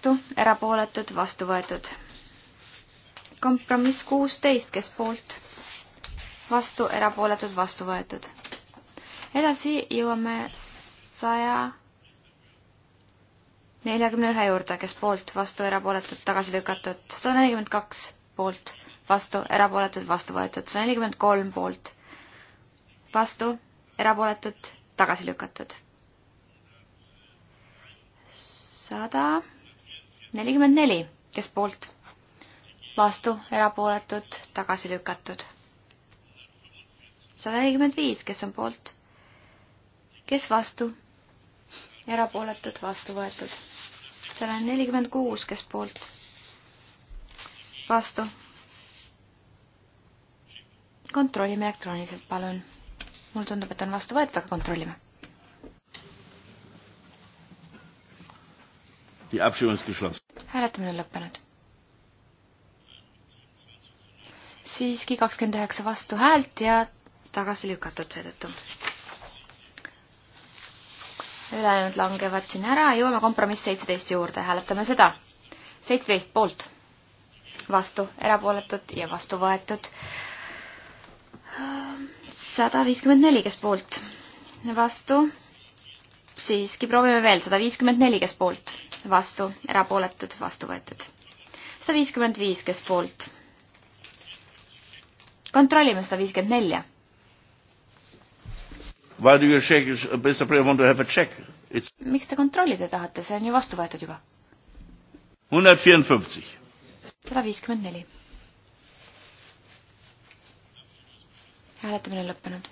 vastu, erapooletud, vastu võetud. kompromiss kuusteist, kes poolt, vastu, erapooletud, vastu võetud. edasi jõuame saja neljakümne ühe juurde, kes poolt, vastu, erapooletud, tagasi lükatud, sada nelikümmend kaks poolt, vastu, erapooletud, vastu võetud, sada nelikümmend kolm poolt, vastu, erapooletud, tagasi lükatud. sada nelikümmend neli, kes poolt, vastu, erapooletud, tagasi lükatud. sada nelikümmend viis, kes on poolt, kes vastu, erapooletud, vastu võetud. sada nelikümmend kuus, kes poolt, vastu. kontrollime elektrooniliselt, palun. mulle tundub, et on vastu võetud, aga kontrollime Die Abstimmung ist geschlossen hääletamine on lõppenud. siiski kakskümmend üheksa vastuhäält ja tagasi lükatud seetõttu. ülejäänud langevad siin ära, jõuame kompromiss seitseteist juurde, hääletame seda. seitseteist poolt, vastu, erapooletud ja vastu võetud. sada viiskümmend neli, kes poolt, vastu siiski proovime veel, sada viiskümmend neli, kes poolt, vastu, erapooletud, vastu võetud. sada viiskümmend viis, kes poolt. kontrollime sada viiskümmend nelja. Why do you shake, uh, Mr President, want to have a check? It's... miks te kontrollida tahate, see on ju vastu võetud juba. sada viiskümmend neli. hääletamine on lõppenud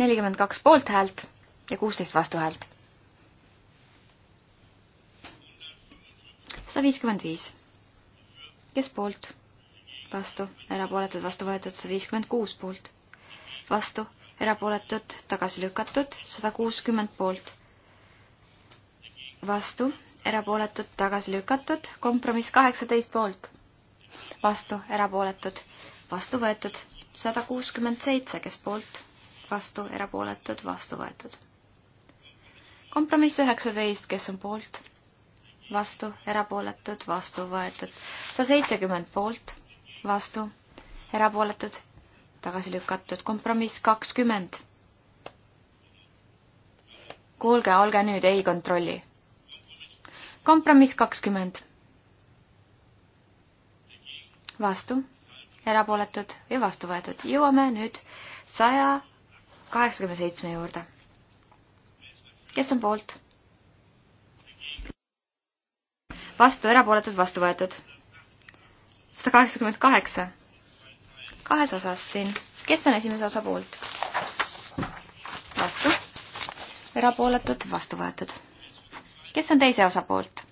nelikümmend kaks poolthäält ja kuusteist vastuhäält. sada viiskümmend viis. kes poolt? vastu, erapooletud, vastu võetud, sada viiskümmend kuus poolt. vastu, erapooletud, tagasi lükatud, sada kuuskümmend poolt. vastu, erapooletud, tagasi lükatud, kompromiss kaheksateist poolt. vastu, erapooletud, vastu võetud, sada kuuskümmend seitse, kes poolt vastu, erapooletud, vastu võetud. kompromiss üheksateist, kes on poolt, vastu, erapooletud, vastu võetud. sada seitsekümmend poolt, vastu, erapooletud, tagasi lükatud. kompromiss kakskümmend. kuulge, olge nüüd, ei kontrolli. kompromiss kakskümmend. vastu erapooletud ja vastu võetud. jõuame nüüd saja kaheksakümne seitsme juurde. kes on poolt? vastu, erapooletud, vastu võetud. sada kaheksakümmend kaheksa. kahes osas siin. kes on esimese osa poolt? vastu, erapooletud, vastu võetud. kes on teise osa poolt?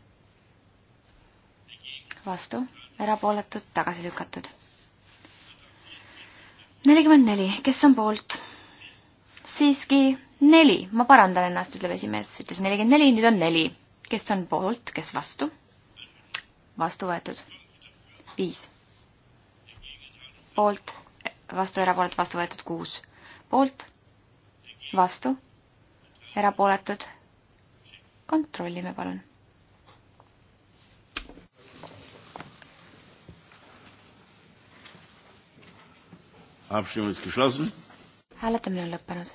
vastu, erapooletud, tagasi lükatud. nelikümmend neli, kes on poolt? siiski neli, ma parandan ennast, ütleb esimees, ütles nelikümmend neli, nüüd on neli. kes on poolt, kes vastu? vastu võetud. viis. poolt, vastu, erapooletud, vastu võetud, kuus. poolt, vastu, erapooletud. kontrollime, palun. Abstimmung ist geschlossen. Hääletamine on lõppenud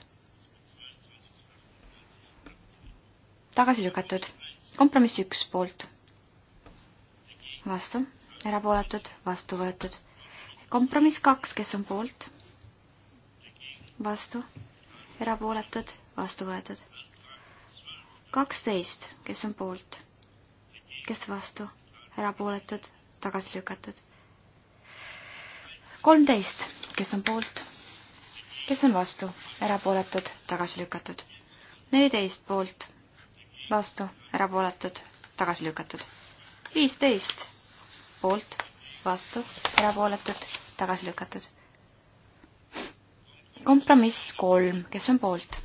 tagasi lükatud. kompromiss üks poolt. vastu, erapooletud, vastu võetud. kompromiss kaks, kes on poolt? vastu, erapooletud, vastu võetud. kaksteist, kes on poolt? kes vastu, erapooletud, tagasi lükatud. kolmteist, kes on poolt? kes on vastu, erapooletud, tagasi lükatud. neliteist poolt vastu, erapooletud, tagasi lükatud. viisteist poolt, vastu, erapooletud, tagasi lükatud. kompromiss kolm, kes on poolt,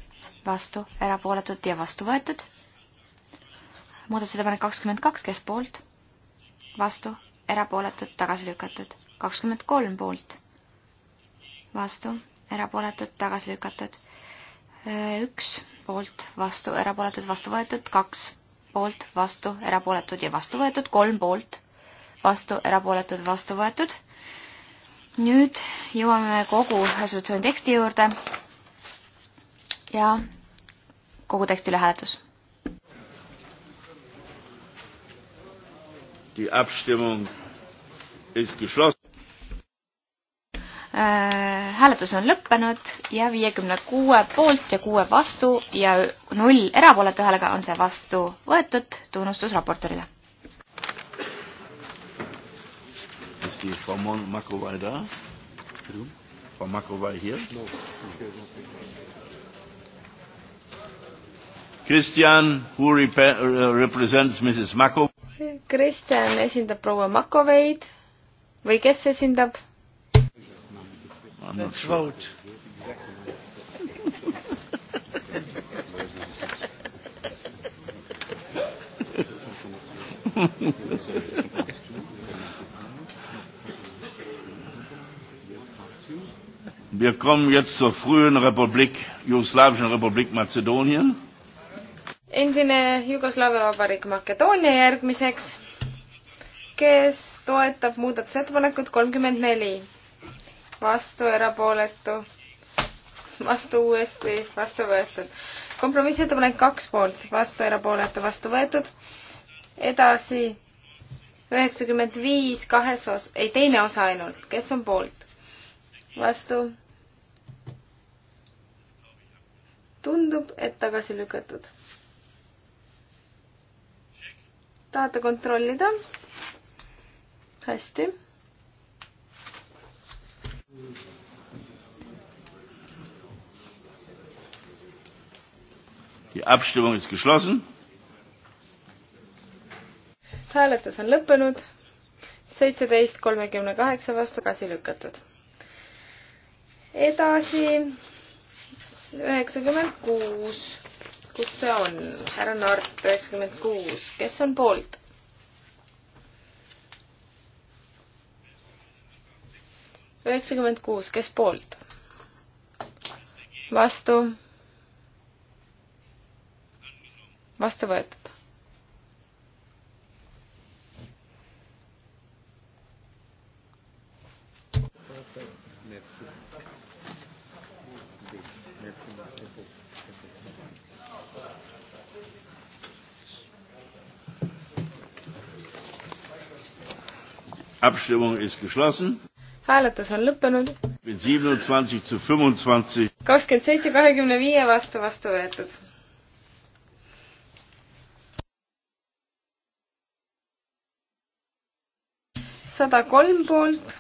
vastu, erapooletud ja vastu võetud. muudatusettepanek kakskümmend kaks, kes poolt, vastu, erapooletud, tagasi lükatud. kakskümmend kolm poolt, vastu, erapooletud, tagasi lükatud. üks poolt, vastu, erapooletud, vastu võetud, kaks poolt, vastu, erapooletud ja vastu võetud, kolm poolt, vastu, erapooletud, vastu võetud. nüüd jõuame kogu resolutsiooni teksti juurde ja kogu teksti üle hääletus. Die Abstimmung ist geschlossen. Äh, hääletus on lõppenud ja viiekümne kuue poolt ja kuue vastu ja null erapooletu häälega on see vastu võetud. tunnustus raportöörile. Kristjan, who uh, represents Mrs Mako-? Kristjan esindab proua Makoveid või kes esindab? Let's sure. vote. Wir kommen jetzt zur frühen Republik, jugoslawischen Republik Mazedonien. Endine Jugoslaavia Vabariik Makedoonia järgmiseks, kes toetab muudatusettepanekut kolmkümmend neli vastu, erapooletu, vastu uuesti, vastu võetud. kompromissettepanek kaks poolt, vastu, erapooletu, vastu võetud. edasi üheksakümmend viis kahes os-, ei, teine osa ainult, kes on poolt? vastu. tundub, et tagasi lükatud. tahate kontrollida? hästi Die Abstimmung ist geschlossen. hääletus on lõppenud, seitseteist kolmekümne kaheksa vastu tagasi lükatud. edasi üheksakümmend kuus, kus see on, härra Nart üheksakümmend kuus, kes on poolt? üheksakümmend kuus, kes poolt? vastu? vastu võetud. Abstimmung ist geschlossen hääletus on lõppenud. kakskümmend seitse kahekümne viie vastu vastu võetud. sada kolm poolt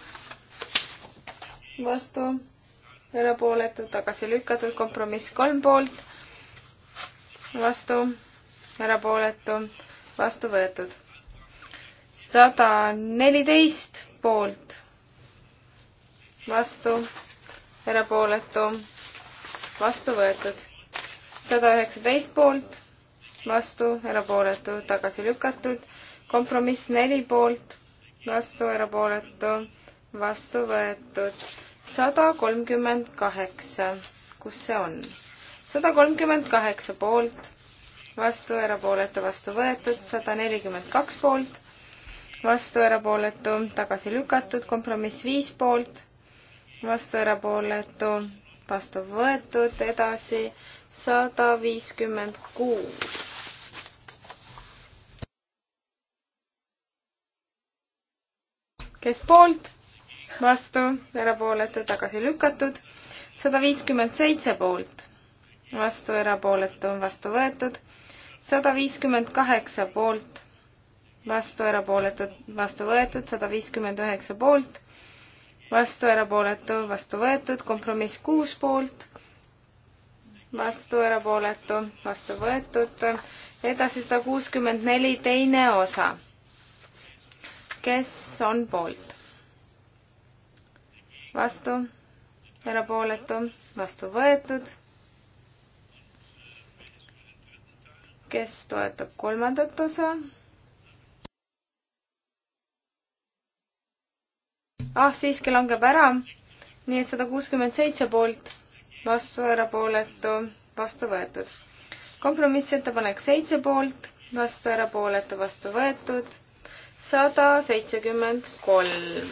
vastu, erapooletud, tagasi lükatud, kompromiss kolm poolt vastu, erapooletu, vastu võetud. sada neliteist poolt vastu, erapooletu, vastu võetud. sada üheksateist poolt, vastu, erapooletu, tagasi lükatud. kompromiss neli poolt, vastu, erapooletu, vastu võetud. sada kolmkümmend kaheksa, kus see on? sada kolmkümmend kaheksa poolt, vastu, erapooletu, vastu võetud, sada nelikümmend kaks poolt, vastu, erapooletu, tagasi lükatud, kompromiss viis poolt vastu erapooletu, vastu võetud, edasi sada viiskümmend kuus. kes poolt, vastu, erapooletu, tagasi lükatud, sada viiskümmend seitse poolt, vastu, erapooletu, vastu võetud, sada viiskümmend kaheksa poolt, vastu, erapooletu, vastu võetud, sada viiskümmend üheksa poolt vastu, erapooletu, vastu võetud, kompromiss kuus poolt, vastu, erapooletu, vastu võetud, edasi sada kuuskümmend neli, teine osa. kes on poolt? vastu, erapooletu, vastu võetud. kes toetab kolmandat osa? ah, siiski langeb ära, nii et sada kuuskümmend seitse poolt, vastu, erapooletu, vastu võetud. kompromissettepanek seitse poolt, vastu, erapooletu, vastu võetud, sada seitsekümmend kolm,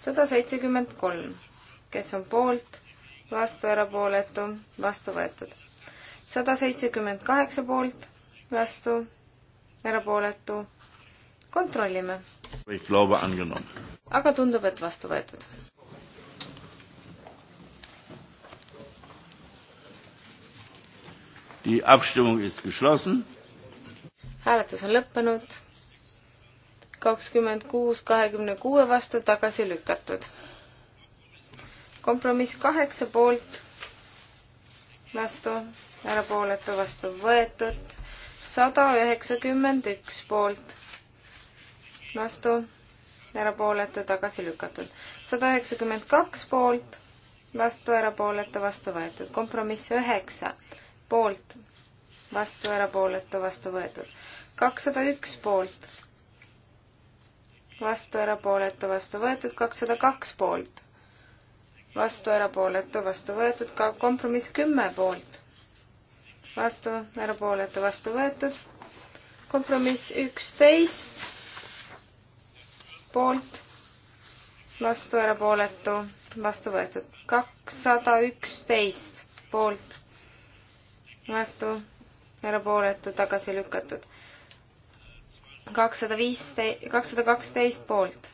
sada seitsekümmend kolm, kes on poolt, vastu, erapooletu, vastu võetud. sada seitsekümmend kaheksa poolt, vastu, erapooletu, kontrollime. võib lauba andnud on aga tundub, et vastu võetud. Die Abstimmung ist geschlossen. hääletus on lõppenud. kakskümmend kuus kahekümne kuue vastu tagasi lükatud. kompromiss kaheksa poolt, vastu, erapooletu vastu võetud, sada üheksakümmend üks poolt, vastu erapooletu, tagasi lükatud. sada üheksakümmend kaks poolt, vastu, erapooletu, vastu võetud. kompromiss üheksa poolt, vastu, erapooletu, vastu võetud. kakssada üks poolt, vastu, erapooletu, vastu võetud. kakssada kaks poolt, vastu, erapooletu, vastu võetud. ka kompromiss kümme poolt, vastu, erapooletu, vastu võetud. kompromiss üksteist poolt, vastu erapooletu, vastu võetud. kakssada üksteist poolt, vastu erapooletu, tagasi lükatud. kakssada viisteist, kakssada kaksteist poolt,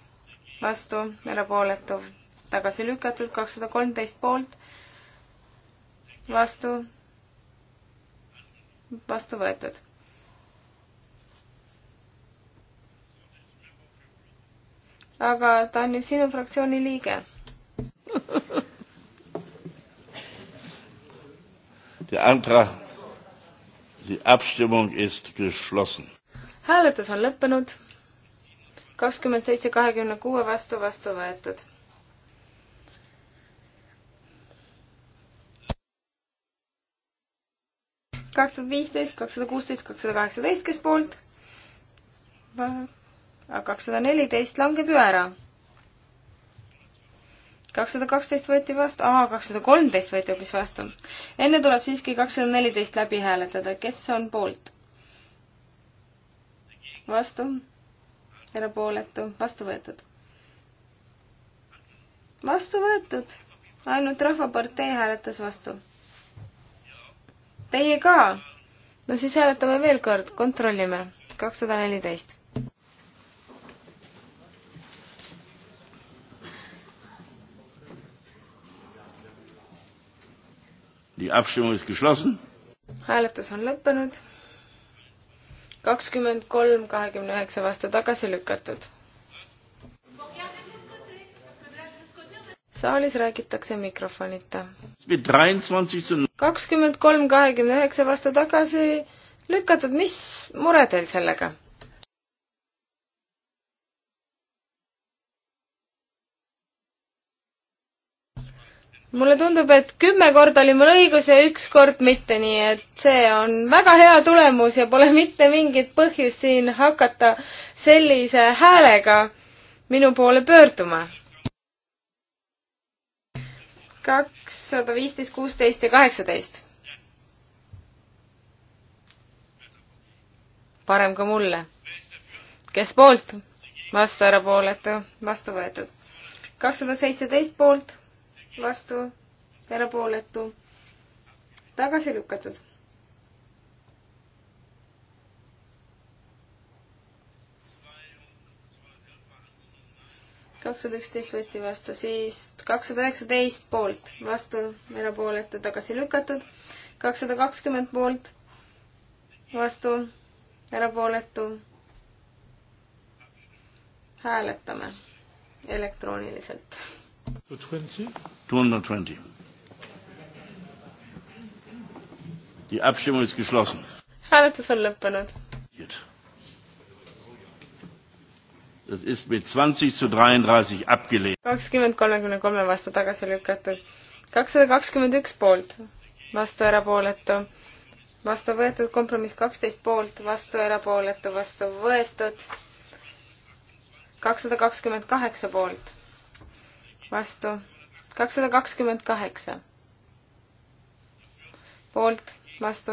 vastu erapooletu, tagasi lükatud. kakssada kolmteist poolt, vastu, vastu võetud aga ta on ju sinu fraktsiooni liige Der Antrag, die Abstimmung ist geschlossen. hääletus on lõppenud. kakskümmend seitse kahekümne kuue vastu vastu võetud. kakssada viisteist, kakssada kuusteist, kakssada kaheksateist, kes poolt? aga kakssada neliteist langeb ju ära. kakssada kaksteist võeti vastu, aa, kakssada kolmteist võeti hoopis vastu. enne tuleb siiski kakssada neliteist läbi hääletada, kes on poolt? vastu? erapooletu, vastu võetud. vastu võetud, ainult Rahvapartei hääletas vastu. Teie ka? no siis hääletame veel kord, kontrollime. kakssada neliteist hääletus on lõppenud. kakskümmend kolm kahekümne üheksa vastu tagasi lükatud. saalis räägitakse mikrofonita. kakskümmend kolm kahekümne üheksa vastu tagasi lükatud, mis mure teil sellega? mulle tundub, et kümme korda oli mul õigus ja üks kord mitte, nii et see on väga hea tulemus ja pole mitte mingit põhjust siin hakata sellise häälega minu poole pöörduma. kakssada viisteist, kuusteist ja kaheksateist. parem ka mulle. kes poolt? vastu, erapooletu, vastu võetud. kakssada seitseteist poolt vastu, erapooletu, tagasi lükatud. kakssada üksteist võeti vastu, siis kakssada üheksateist poolt, vastu, erapooletu, tagasi lükatud, kakssada kakskümmend poolt, vastu, erapooletu. hääletame elektrooniliselt 220. 220. Die Abstimmung ist geschlossen. Hääletus on lõppenud. Das ist mit 20 zu 33 abgelehnt. 20 33 vastu tagasi lükatud. 221 poolt, vastu erapooletu. Vastu võetud kompromiss 12 poolt, vastu erapooletu, vastu võetud. 228 poolt vastu, kakssada kakskümmend kaheksa. poolt, vastu,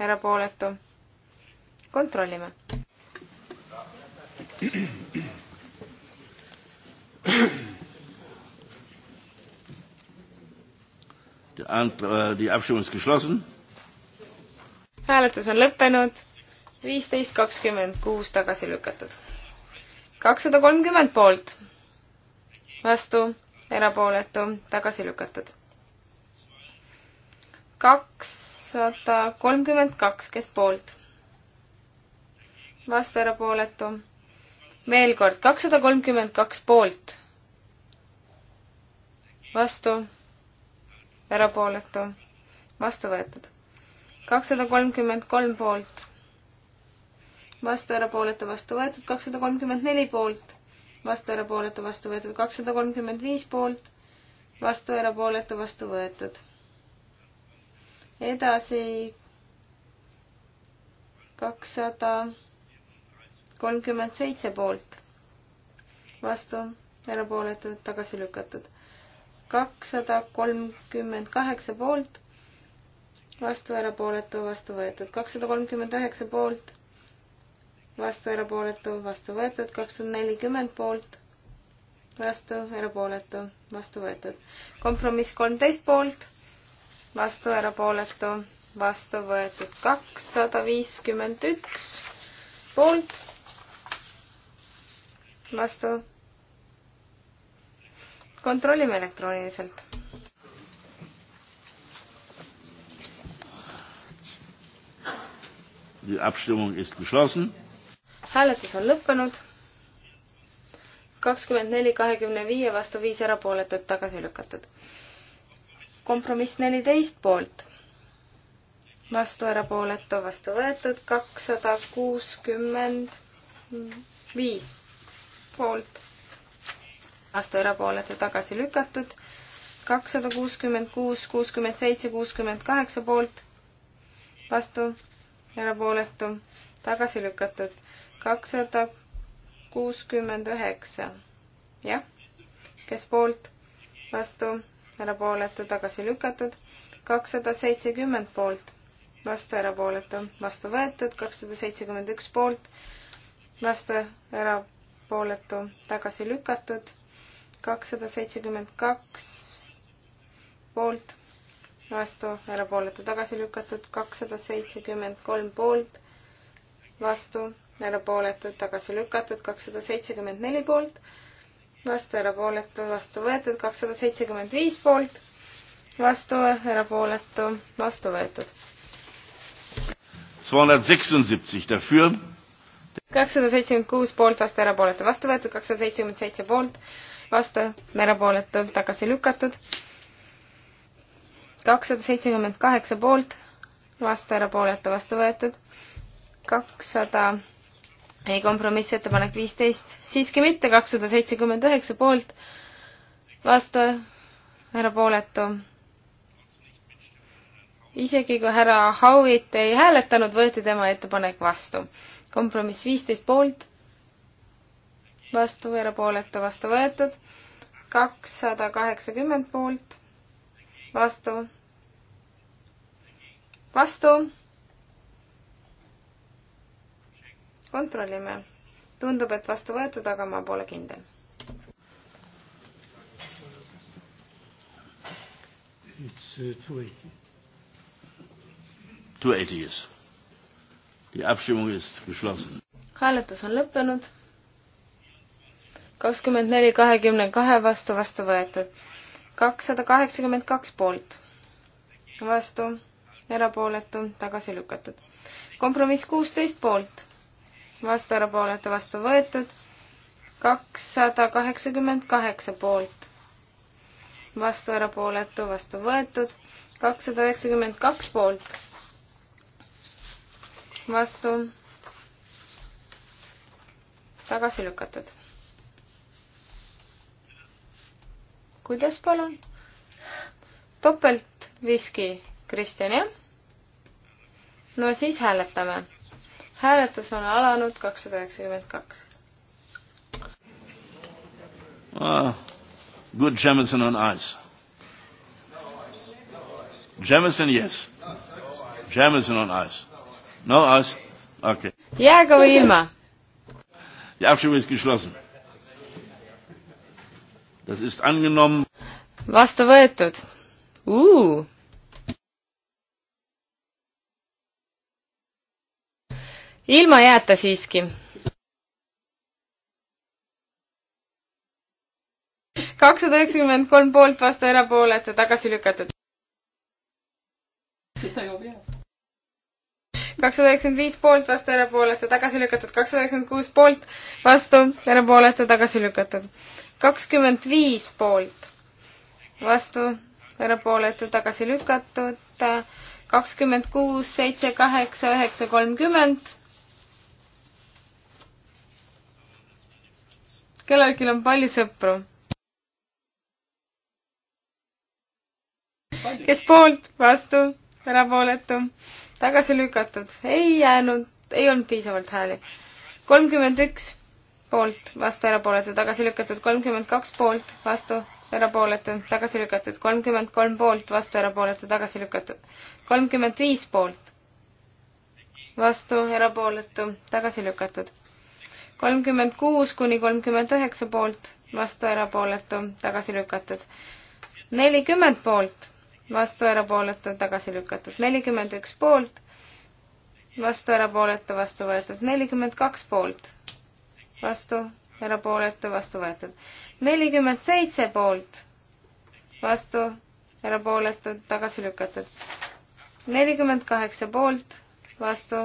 erapooletu. kontrollime. Äh, die Abstimmung ist geschlossen. hääletus on lõppenud, viisteist kakskümmend kuus tagasi lükatud. kakssada kolmkümmend poolt vastu, erapooletu, tagasi lükatud. kakssada kolmkümmend kaks, kes poolt? vastu, erapooletu. veel kord, kakssada kolmkümmend kaks poolt. vastu, erapooletu, vastu võetud. kakssada kolmkümmend kolm poolt vastu, erapooletu vastu võetud, kakssada kolmkümmend neli poolt vastu erapooletu vastu võetud kakssada kolmkümmend viis poolt, vastu erapooletu vastu võetud. edasi kakssada kolmkümmend seitse poolt, vastu erapooletud tagasi lükatud. kakssada kolmkümmend kaheksa poolt, vastu erapooletu vastu võetud, kakssada kolmkümmend üheksa poolt vastu, erapooletu, vastu võetud, kakssada nelikümmend poolt, vastu, erapooletu, vastu võetud. kompromiss kolmteist poolt, vastu, erapooletu, vastu võetud, kakssada viiskümmend üks poolt, vastu. kontrollime elektrooniliselt Die Abstimmung ist geschlossen hääletus on lõppenud. kakskümmend neli, kahekümne viie vastu viis erapooletut tagasi lükatud. kompromiss neliteist poolt, vastu erapooletu, vastu võetud kakssada kuuskümmend viis poolt, vastu erapooletu tagasi lükatud kakssada kuuskümmend kuus, kuuskümmend seitse, kuuskümmend kaheksa poolt, vastu, erapooletu, tagasi lükatud kakssada kuuskümmend üheksa, jah, kes poolt, vastu, erapooletu, tagasi lükatud, kakssada seitsekümmend poolt, vastu, erapooletu, vastu võetud, kakssada seitsekümmend üks poolt, vastu, erapooletu, tagasi lükatud, kakssada seitsekümmend kaks poolt, vastu, erapooletu, tagasi lükatud, kakssada seitsekümmend kolm poolt, vastu, erapooletud, tagasi lükatud, kakssada seitsekümmend neli poolt, vastu erapooletu, vastu võetud, kakssada seitsekümmend viis poolt, vastu erapooletu, vastu võetud. kakssada seitsekümmend kuus poolt, vastu erapooletu, vastu võetud, kakssada seitsekümmend seitse poolt, vastu erapooletu, tagasi lükatud, kakssada seitsekümmend kaheksa poolt, vastu erapooletu, vastu võetud, kakssada 200 ei, kompromissettepanek viisteist, siiski mitte, kakssada seitsekümmend üheksa poolt, vastu, erapooletu. isegi kui härra Howitt ei hääletanud, võeti tema ettepanek vastu. kompromiss viisteist poolt, vastu, erapooletu, vastu võetud, kakssada kaheksakümmend poolt, vastu, vastu kontrollime. tundub, et vastu võetud, aga ma pole kindel. It's uh, 280. 280 ist. Die Abstimmung ist geschlossen. Hääletus on lõppenud. 24 22 vastu vastu võetud. 282 poolt. Vastu erapooletu tagasi lükatud. Kompromiss 16 poolt vastu, erapooletu, vastu võetud. kakssada kaheksakümmend kaheksa poolt, vastu, erapooletu, vastu võetud. kakssada üheksakümmend kaks poolt, vastu, tagasi lükatud. kuidas palun? topeltviski, Kristjan, jah? no siis hääletame hääletus on alanud kakssada üheksakümmend kaks. Ah, good Jemison on ice. Jemison, yes. Jemison on ice. No ice? Okay. jääga või ilma? Die Abstimmung ist geschlossen. Das ist angenommen. Vastu võetud. Uh. ilma jääta siiski. kakssada üheksakümmend kolm poolt, vastu erapooletu, tagasi lükatud. kakssada üheksakümmend viis poolt, vastu erapooletu, tagasi lükatud, kakssada üheksakümmend kuus poolt, vastu erapooletu, tagasi lükatud. kakskümmend viis poolt, vastu erapooletu, tagasi lükatud, kakskümmend kuus, seitse, kaheksa, üheksa, kolmkümmend kellelgi on palju sõpru. kes poolt, vastu, erapooletu, tagasi lükatud, ei jäänud, ei olnud piisavalt hääli. kolmkümmend üks poolt, vastu, erapooletu, tagasi lükatud, kolmkümmend kaks poolt, vastu, erapooletu, tagasi lükatud, kolmkümmend kolm poolt, vastu, erapooletu, tagasi lükatud, kolmkümmend viis poolt, vastu, erapooletu, tagasi lükatud kolmkümmend kuus kuni kolmkümmend üheksa poolt, vastu erapooletu, tagasi lükatud. nelikümmend poolt, vastu erapooletu, tagasi lükatud. nelikümmend üks poolt, vastu erapooletu, vastu võetud. nelikümmend kaks poolt, vastu erapooletu, vastu võetud. nelikümmend seitse poolt, vastu erapooletu, tagasi lükatud. nelikümmend kaheksa poolt vastu,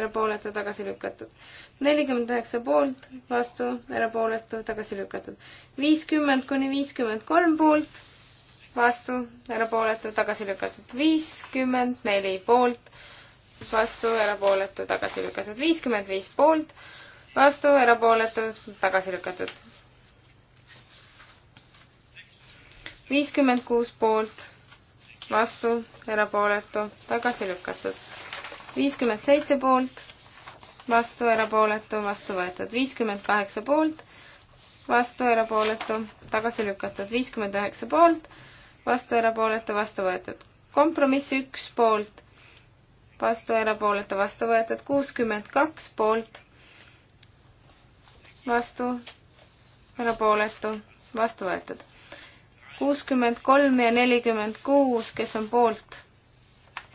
erapooletu, tagasi lükatud. nelikümmend üheksa poolt, vastu, erapooletu, tagasi lükatud. viiskümmend kuni viiskümmend kolm poolt, vastu, erapooletu, tagasi lükatud. viiskümmend neli poolt, vastu, erapooletu, tagasi lükatud. viiskümmend viis poolt, vastu, erapooletu, tagasi lükatud. viiskümmend kuus poolt, vastu, erapooletu, tagasi lükatud viiskümmend seitse poolt, vastu, erapooletu, vastu võetud. viiskümmend kaheksa poolt, vastu, erapooletu, tagasi lükatud. viiskümmend üheksa poolt, vastu, erapooletu, vastu võetud. kompromiss üks poolt, vastu, erapooletu, vastu võetud. kuuskümmend kaks poolt, vastu, erapooletu, vastu võetud kuuskümmend kolm ja nelikümmend kuus, kes on poolt,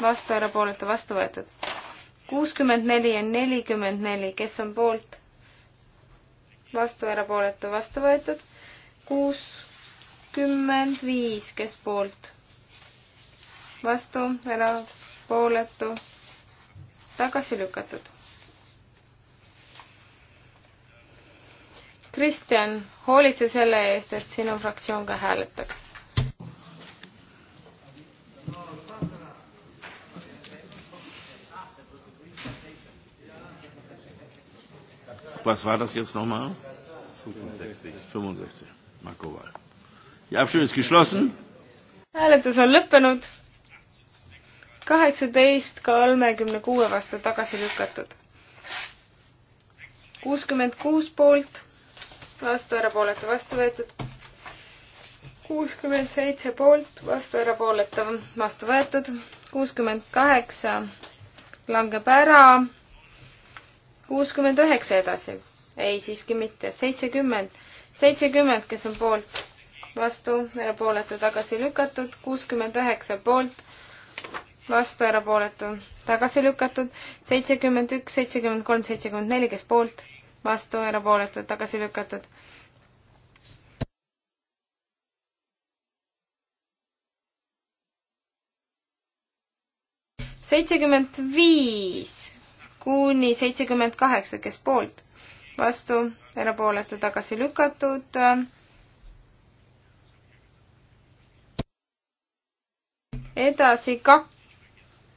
vastu, erapooletu, vastu võetud kuuskümmend neli ja nelikümmend neli, kes on poolt? vastu, erapooletu, vastu võetud. kuuskümmend viis, kes poolt? vastu, erapooletu, tagasi lükatud. Kristjan, hoolitse selle eest, et sinu fraktsioon ka hääletaks Was war das jetzt nochmal? 65. 65. Marco Wall. Die Abstimmung ist geschlossen. hääletus on lõppenud. kaheksateist kolmekümne kuue vastu tagasi lükatud. kuuskümmend kuus poolt, vastu erapooletu, vastu võetud. kuuskümmend seitse poolt, vastu erapooletu, vastu võetud. kuuskümmend kaheksa langeb ära kuuskümmend üheksa edasi. ei, siiski mitte. seitsekümmend, seitsekümmend, kes on poolt, vastu, erapooletu, tagasi lükatud. kuuskümmend üheksa poolt, vastu, erapooletu, tagasi lükatud. seitsekümmend üks, seitsekümmend kolm, seitsekümmend neli, kes poolt, vastu, erapooletu, tagasi lükatud. seitsekümmend viis kuni seitsekümmend kaheksa, kes poolt, vastu, erapooletu, tagasi lükatud. edasi kak-,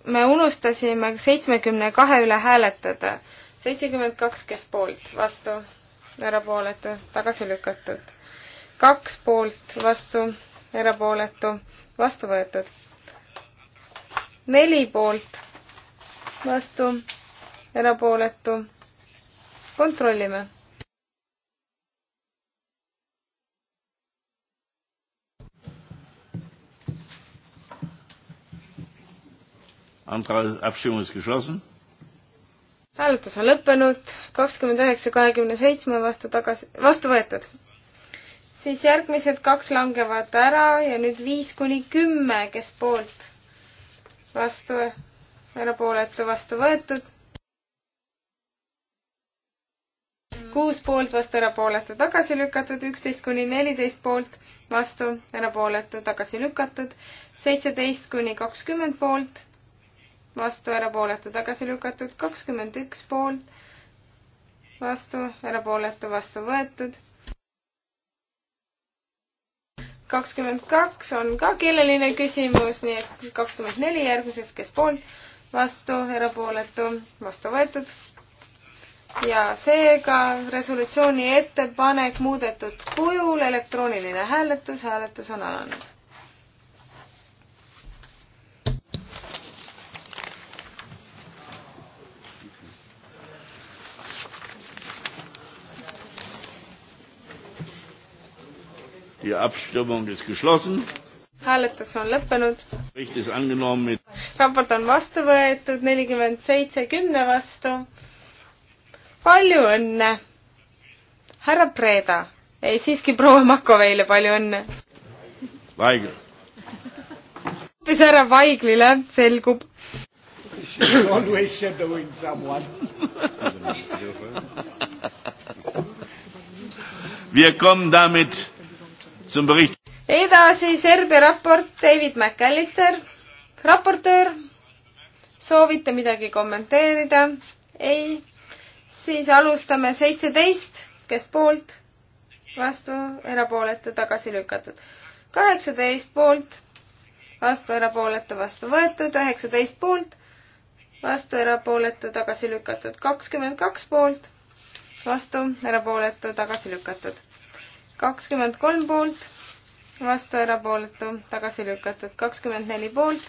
me unustasime seitsmekümne kahe üle hääletada. seitsekümmend kaks, kes poolt, vastu, erapooletu, tagasi lükatud. kaks poolt, vastu, erapooletu, vastu võetud. neli poolt, vastu, erapooletu. kontrollime. hääletus on lõppenud, kakskümmend üheksa, kahekümne seitsme vastu tagasi, vastu võetud siis järgmised kaks langevad ära ja nüüd viis kuni kümme, kes poolt vastu, erapooletu vastu võetud. kuus poolt, vastu, erapooletu, tagasi lükatud, üksteist kuni neliteist poolt, vastu, erapooletu, tagasi lükatud, seitseteist kuni kakskümmend poolt, vastu, erapooletu, tagasi lükatud, kakskümmend üks poolt, vastu, erapooletu, vastu võetud kakskümmend kaks on ka keeleline küsimus, nii et kakskümmend neli järgmises, kes poolt, vastu, erapooletu, vastu võetud ja seega resolutsiooni ettepanek muudetud kujul, elektrooniline hääletus, hääletus on alanud. Die Abstimmung ist geschlossen. hääletus on lõppenud. raport on vastu võetud nelikümmend seitse kümne vastu palju õnne! härra Preda, ei siiski proua Makoveile palju õnne! Vaigel. hoopis härra Vaiglile selgub. Always shadowing someone Wir kommen damit zum Bericht. edasi Serbia raport David McAllister, raportöör. soovite midagi kommenteerida? ei siis alustame seitseteist, kes poolt, vastu, erapooletu, tagasi lükatud. kaheksateist poolt, vastu, erapooletu, vastu võetud, üheksateist poolt, vastu, erapooletu, tagasi lükatud, kakskümmend kaks poolt, vastu, erapooletu, tagasi lükatud. kakskümmend kolm poolt, vastu, erapooletu, tagasi lükatud, kakskümmend neli poolt,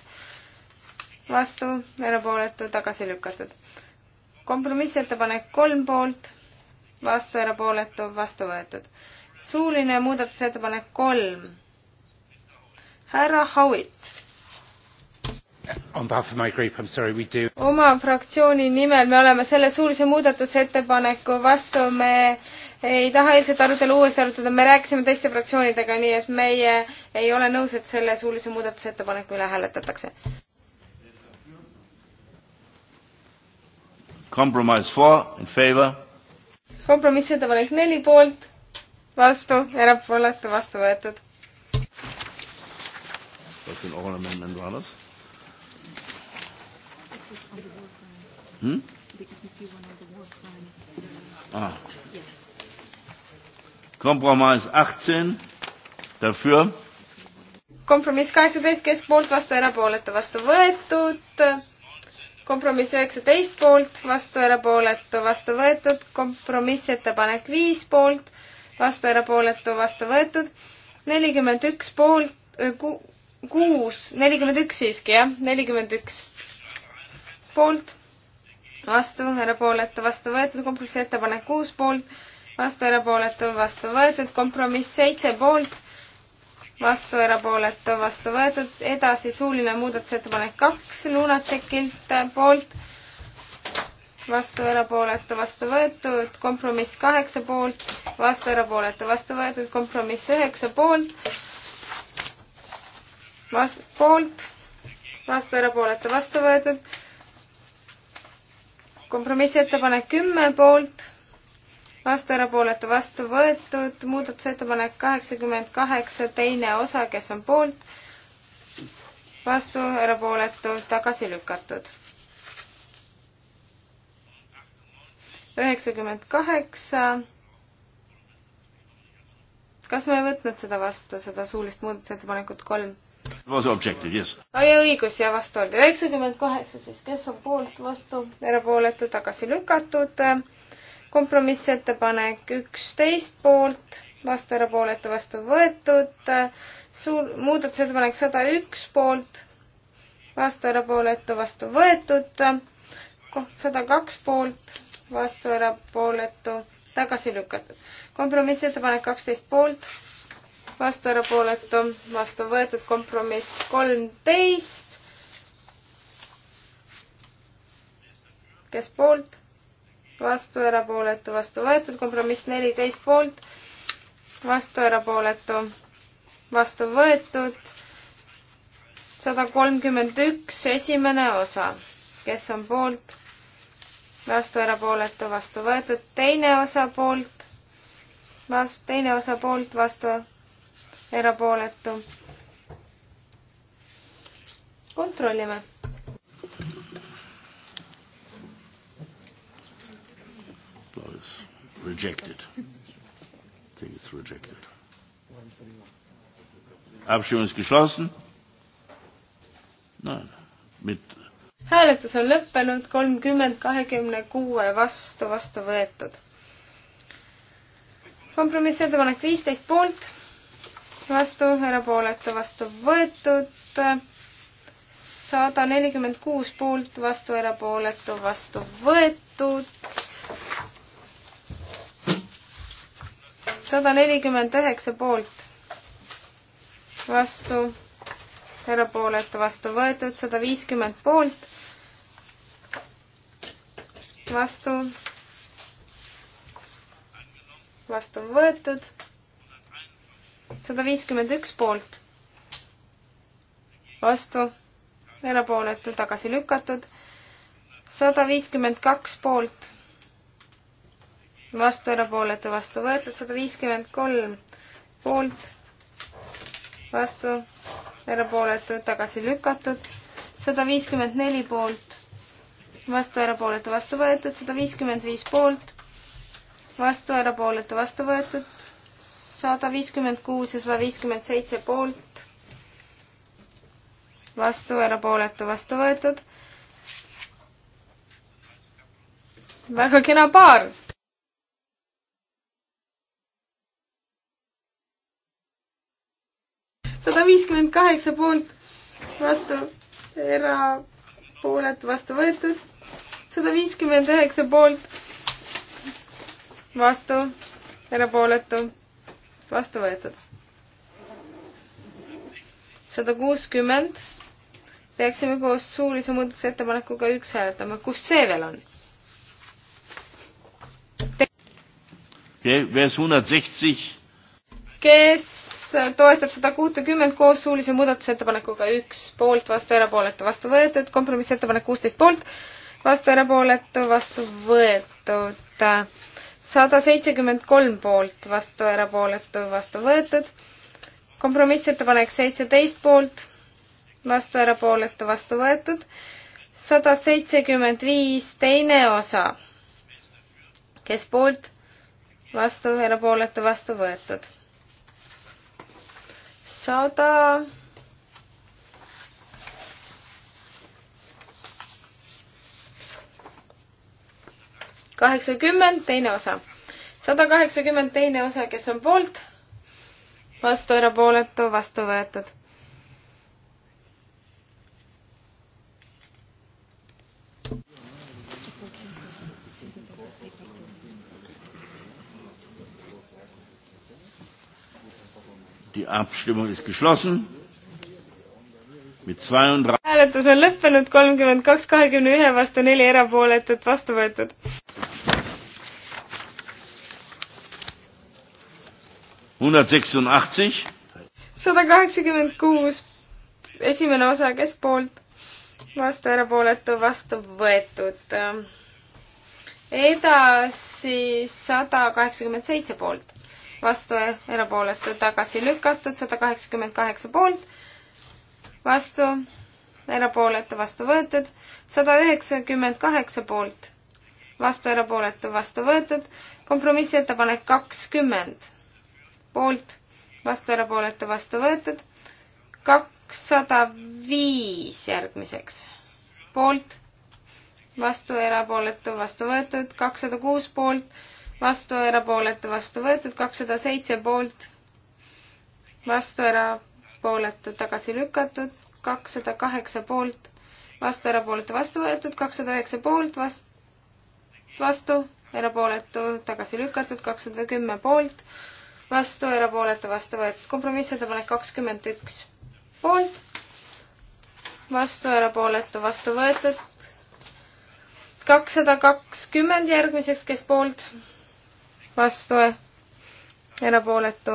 vastu, erapooletu, tagasi lükatud kompromissettepanek kolm poolt, vastu, erapooletu, vastu võetud. suuline muudatusettepanek kolm. härra Howitt. oma fraktsiooni nimel me oleme selle suulise muudatusettepaneku vastu, me ei taha eilset arutelu uuesti arutada, me rääkisime teiste fraktsioonidega, nii et meie ei ole nõus, et selle suulise muudatusettepaneku üle hääletatakse. Compromise four in favor. kompromissettepanek neli poolt, vastu, erapooletu, vastu võetud. Was für ein Oral Amendment war das? Hm? Ah. Kompromiss 18 dafür. kompromiss kaheksateist keskpoolt vastu, erapooletu vastu võetud kompromiss üheksateist poolt, vastu erapooletu, vastu võetud, kompromissettepanek viis poolt, vastu erapooletu, vastu võetud, nelikümmend üks poolt, äh, kuus, nelikümmend üks siiski jah, nelikümmend üks poolt, vastu erapooletu, vastu võetud, kompromissettepanek kuus poolt, vastu erapooletu, vastu võetud, kompromiss seitse poolt vastu erapooletu, vastu võetud, edasi suuline muudatusettepanek kaks Lunatšekilt poolt, vastu erapooletu, vastu võetud, kompromiss kaheksa poolt, vastu erapooletu, vastu võetud, kompromiss üheksa poolt, vas-, poolt, vastu erapooletu, vastu võetud, kompromissettepanek kümme poolt vastu, erapooletu, vastu võetud, muudatusettepanek kaheksakümmend kaheksa, teine osa, kes on poolt, vastu, erapooletu, tagasi lükatud. üheksakümmend kaheksa. kas ma ei võtnud seda vastu, seda suulist muudatusettepanekut kolm? Was objected, yes. ai õigus ja vastu oldi üheksakümmend kaheksa, siis kes on poolt, vastu, erapooletu, tagasi lükatud kompromissettepanek üksteist poolt, vastu erapooletu, vastu võetud. suur, muudatusettepanek sada üks poolt, vastu erapooletu, vastu võetud. sada kaks poolt, vastu erapooletu, tagasi lükatud. kompromissettepanek kaksteist poolt, vastu erapooletu, vastu võetud. kompromiss kolmteist. kes poolt? vastu, erapooletu, vastu võetud, kompromiss neliteist poolt, vastu, erapooletu, vastu võetud, sada kolmkümmend üks, esimene osa, kes on poolt, vastu, erapooletu, vastu võetud, teine osa poolt, vastu, teine osa poolt, vastu, erapooletu. kontrollime this? Rejected. I think it's rejected. Abstimmung ist geschlossen. Nein. Mit hääletus on lõppenud kolmkümmend kahekümne kuue vastu, vastu võetud. kompromissettepanek viisteist poolt, vastu, erapooletu, vastu võetud, sada nelikümmend kuus poolt, vastu, erapooletu, vastu võetud sada nelikümmend üheksa poolt, vastu, erapooletu vastu võetud, sada viiskümmend poolt, vastu, vastu võetud, sada viiskümmend üks poolt, vastu, erapooletu tagasi lükatud, sada viiskümmend kaks poolt vastu, erapooletu, vastu võetud sada viiskümmend kolm poolt, vastu, erapooletu, tagasi lükatud, sada viiskümmend neli poolt, vastu, erapooletu, vastu võetud, sada viiskümmend viis poolt, vastu, erapooletu, vastu võetud, sada viiskümmend kuus ja sada viiskümmend seitse poolt, vastu, erapooletu, vastu võetud. väga kena paar sada viiskümmend kaheksa poolt, vastu, erapooled vastu võetud, sada viiskümmend üheksa poolt, vastu, erapooletu, vastu võetud. sada kuuskümmend, peaksime koos suulise muudatusettepanekuga üks hääletama, kus see veel on? kes toetab sada kuutekümmet koos suulise muudatusettepanekuga üks poolt, vastu, erapooletu, vastu võetud, kompromissettepanek kuusteist poolt, vastu, erapooletu, vastu võetud, sada seitsekümmend kolm poolt, vastu, erapooletu, vastu võetud, kompromissettepanek seitseteist poolt, vastu, erapooletu, vastu võetud, sada seitsekümmend viis, teine osa, kes poolt, vastu, erapooletu, vastu võetud sada kaheksakümmend, teine osa. sada kaheksakümmend, teine osa, kes on poolt? vastu, erapooletu, vastu võetud Die Abstimmung ist geschlossen. hääletus on lõppenud, kolmkümmend kaks, kahekümne ühe vastu, neli erapooletut, vastu võetud. sada kaheksakümmend kuus, esimene osa, kes poolt, vastu, erapooletu, vastu võetud. edasi sada kaheksakümmend seitse poolt vastu erapooletu tagasi lükatud, sada kaheksakümmend kaheksa poolt, vastu erapooletu vastu võetud, sada üheksakümmend kaheksa poolt, vastu erapooletu vastu võetud, kompromissettepanek kakskümmend poolt, vastu erapooletu vastu võetud, kakssada viis järgmiseks poolt, vastu erapooletu vastu võetud, kakssada kuus poolt vastu, erapooletu, vastu võetud, kakssada seitse poolt, vastu, erapooletu, tagasi lükatud, kakssada kaheksa poolt, vastu, erapooletu, vastu võetud, kakssada üheksa poolt, vastu, vastu, erapooletu, tagasi lükatud, kakssada kümme poolt, vastu, erapooletu, vastu võetud, kompromissettepanek kakskümmend üks poolt, vastu, erapooletu, vastu võetud, kakssada kakskümmend järgmiseks, kes poolt vastu, erapooletu,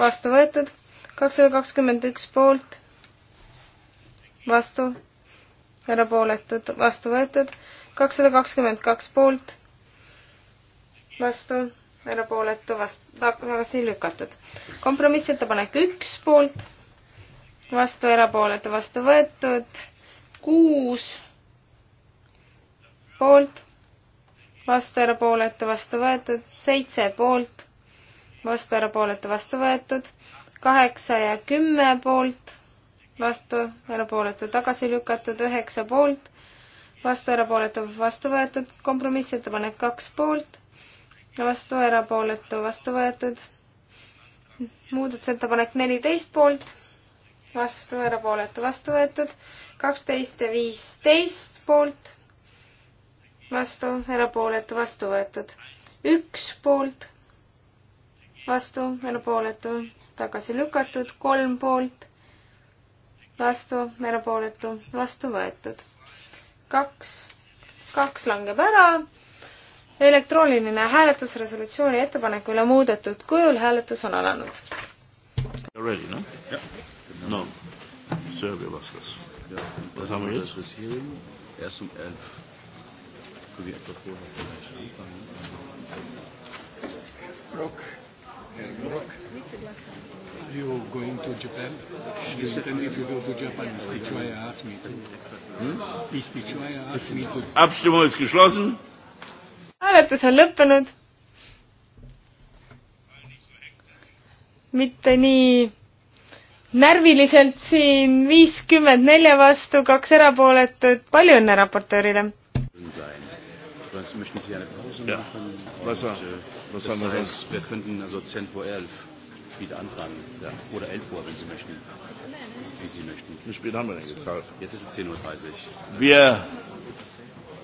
vastu võetud, kakssada kakskümmend üks poolt, vastu, erapooletud, vastu võetud, kakssada kakskümmend kaks poolt, vastu, erapooletu, vastu, tagasi lükatud. kompromissettepanek üks poolt, vastu, erapooletu, vastu võetud, kuus poolt vastu, erapooletu, vastu võetud, seitse poolt, vastu, erapooletu, vastu võetud, kaheksa ja kümme poolt, vastu, erapooletu, tagasi lükatud, üheksa poolt, vastu, erapooletu, vastu võetud, kompromissettepanek kaks poolt, vastu, erapooletu, vastu võetud, muudatusettepanek neliteist poolt, vastu, erapooletu, vastu võetud, kaksteist ja viisteist poolt vastu, erapooletu, vastu võetud. üks poolt, vastu, erapooletu, tagasi lükatud, kolm poolt, vastu, erapooletu, vastu võetud. kaks, kaks langeb ära. elektrooniline hääletus resolutsiooni ettepaneku üle muudetud kujul, hääletus on alanud. Already, noh? no, Serbia vastas. saame nüüd. erst um elf Quindi a proposito Brock. Brock. Are you going to Japan? She is intending to go to Japan. Is the Choya asked me to. Hmm? Is the Choya asked me to. Abstimmung ist geschlossen. Hääletus on lõppenud. mitte nii närviliselt siin viiskümmend nelja vastu, kaks erapooletut, palju õnne raportöörile! sonst möchten Sie eine Pause ja. machen. Was, und, äh, was das heißt, wir, sonst? wir könnten also 10 vor 11 wieder anfangen. Ja. Oder 11 Uhr, wenn Sie möchten. Wie Sie möchten. Wie spät haben wir denn gezahlt? Jetzt ist es 10.30 Uhr. Wir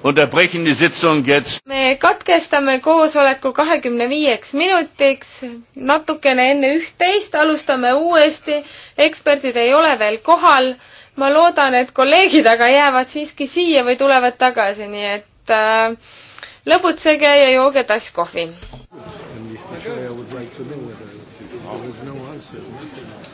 unterbrechen die Sitzung jetzt. me katkestame koosoleku kahekümne viieks minutiks, natukene enne üht-teist, alustame uuesti. eksperdid ei ole veel kohal. ma loodan, et kolleegid aga jäävad siiski siia või tulevad tagasi, nii et äh, lõbutsege ja jooge tass kohvi.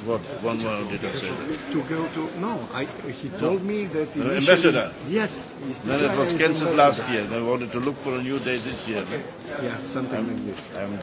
What one word did I say? That? To go to no, I, he told no. me that the ambassador. Yes. Then it was cancelled last year. They wanted to look for a new day this year. Okay. Yeah, something I'm, like this. I'm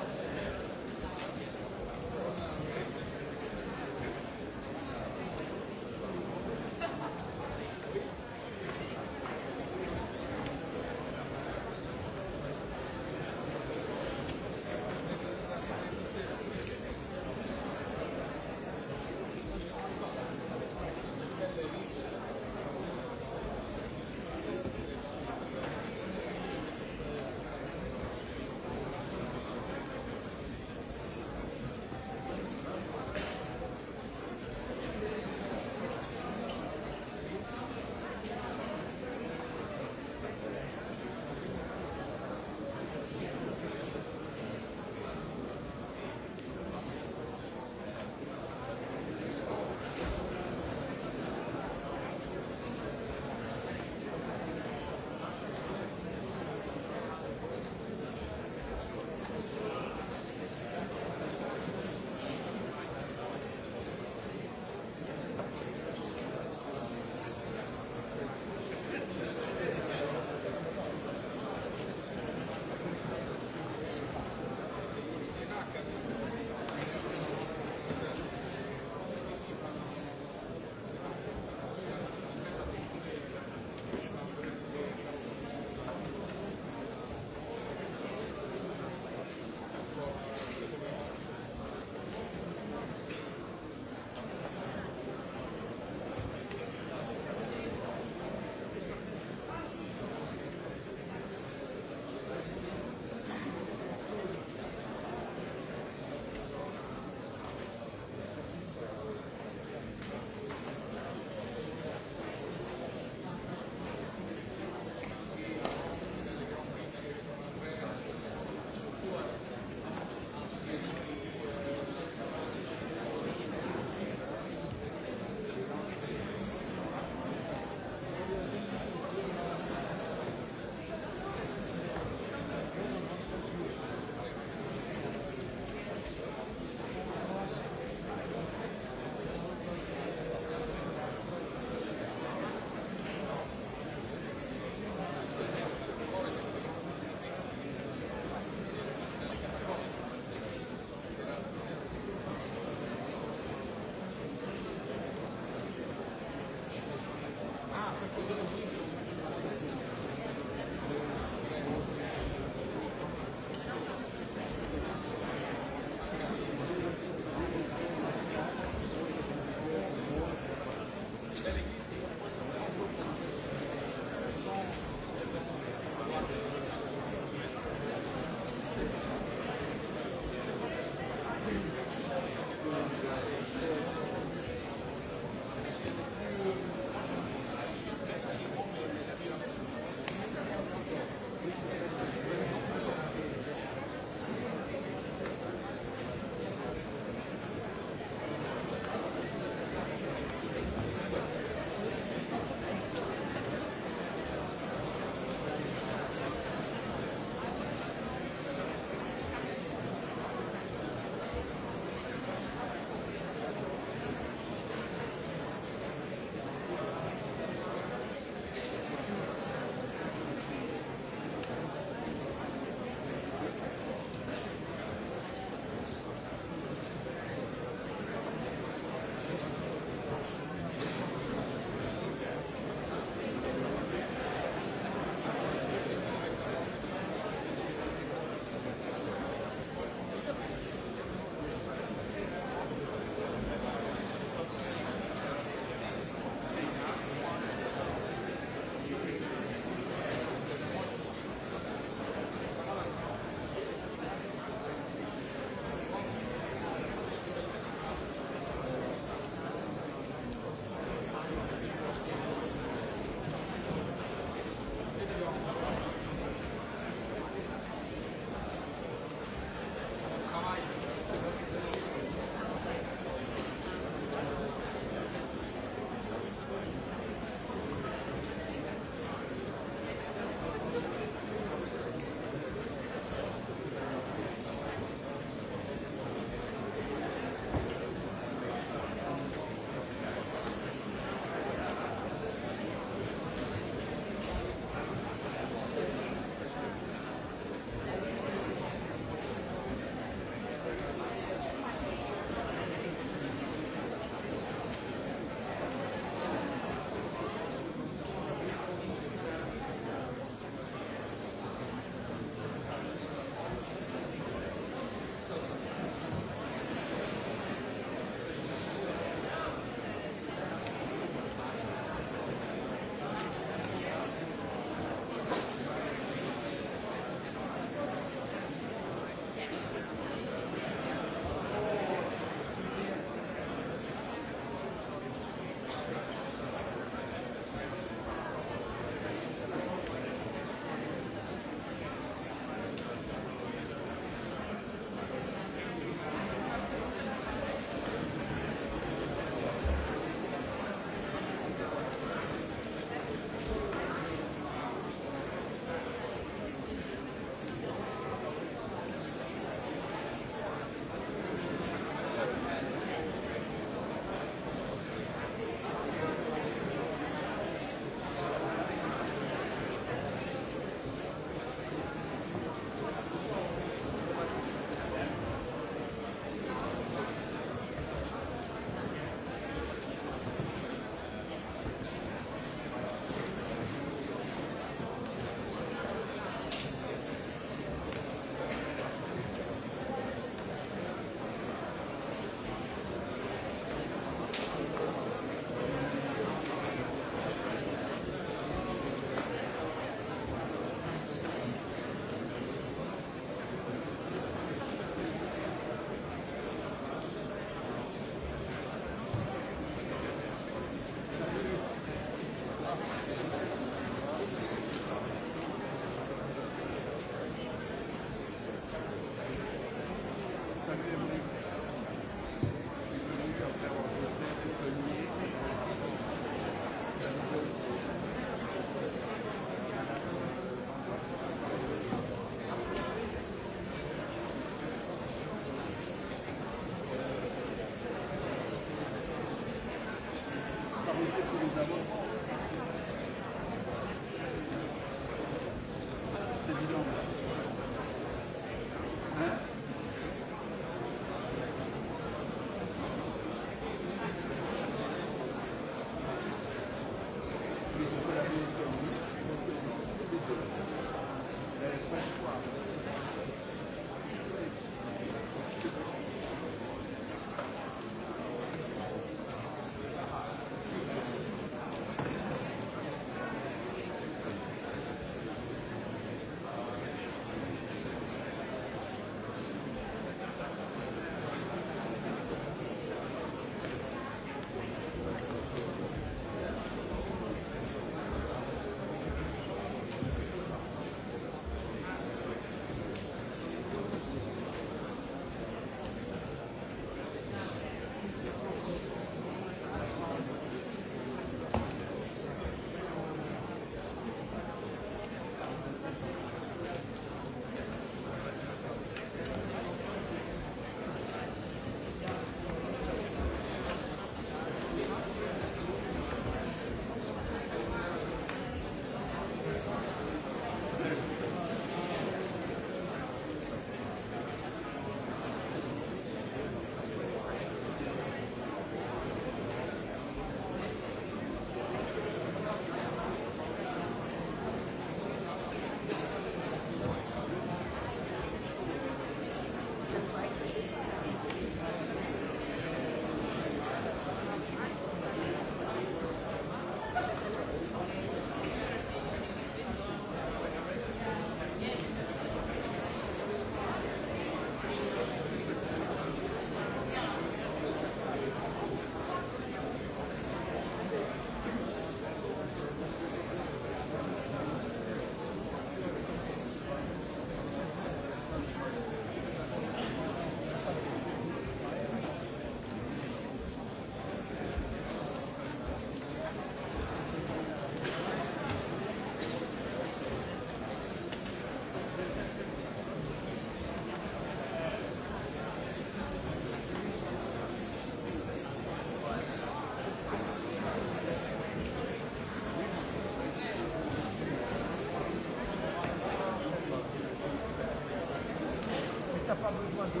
n'a pas besoin de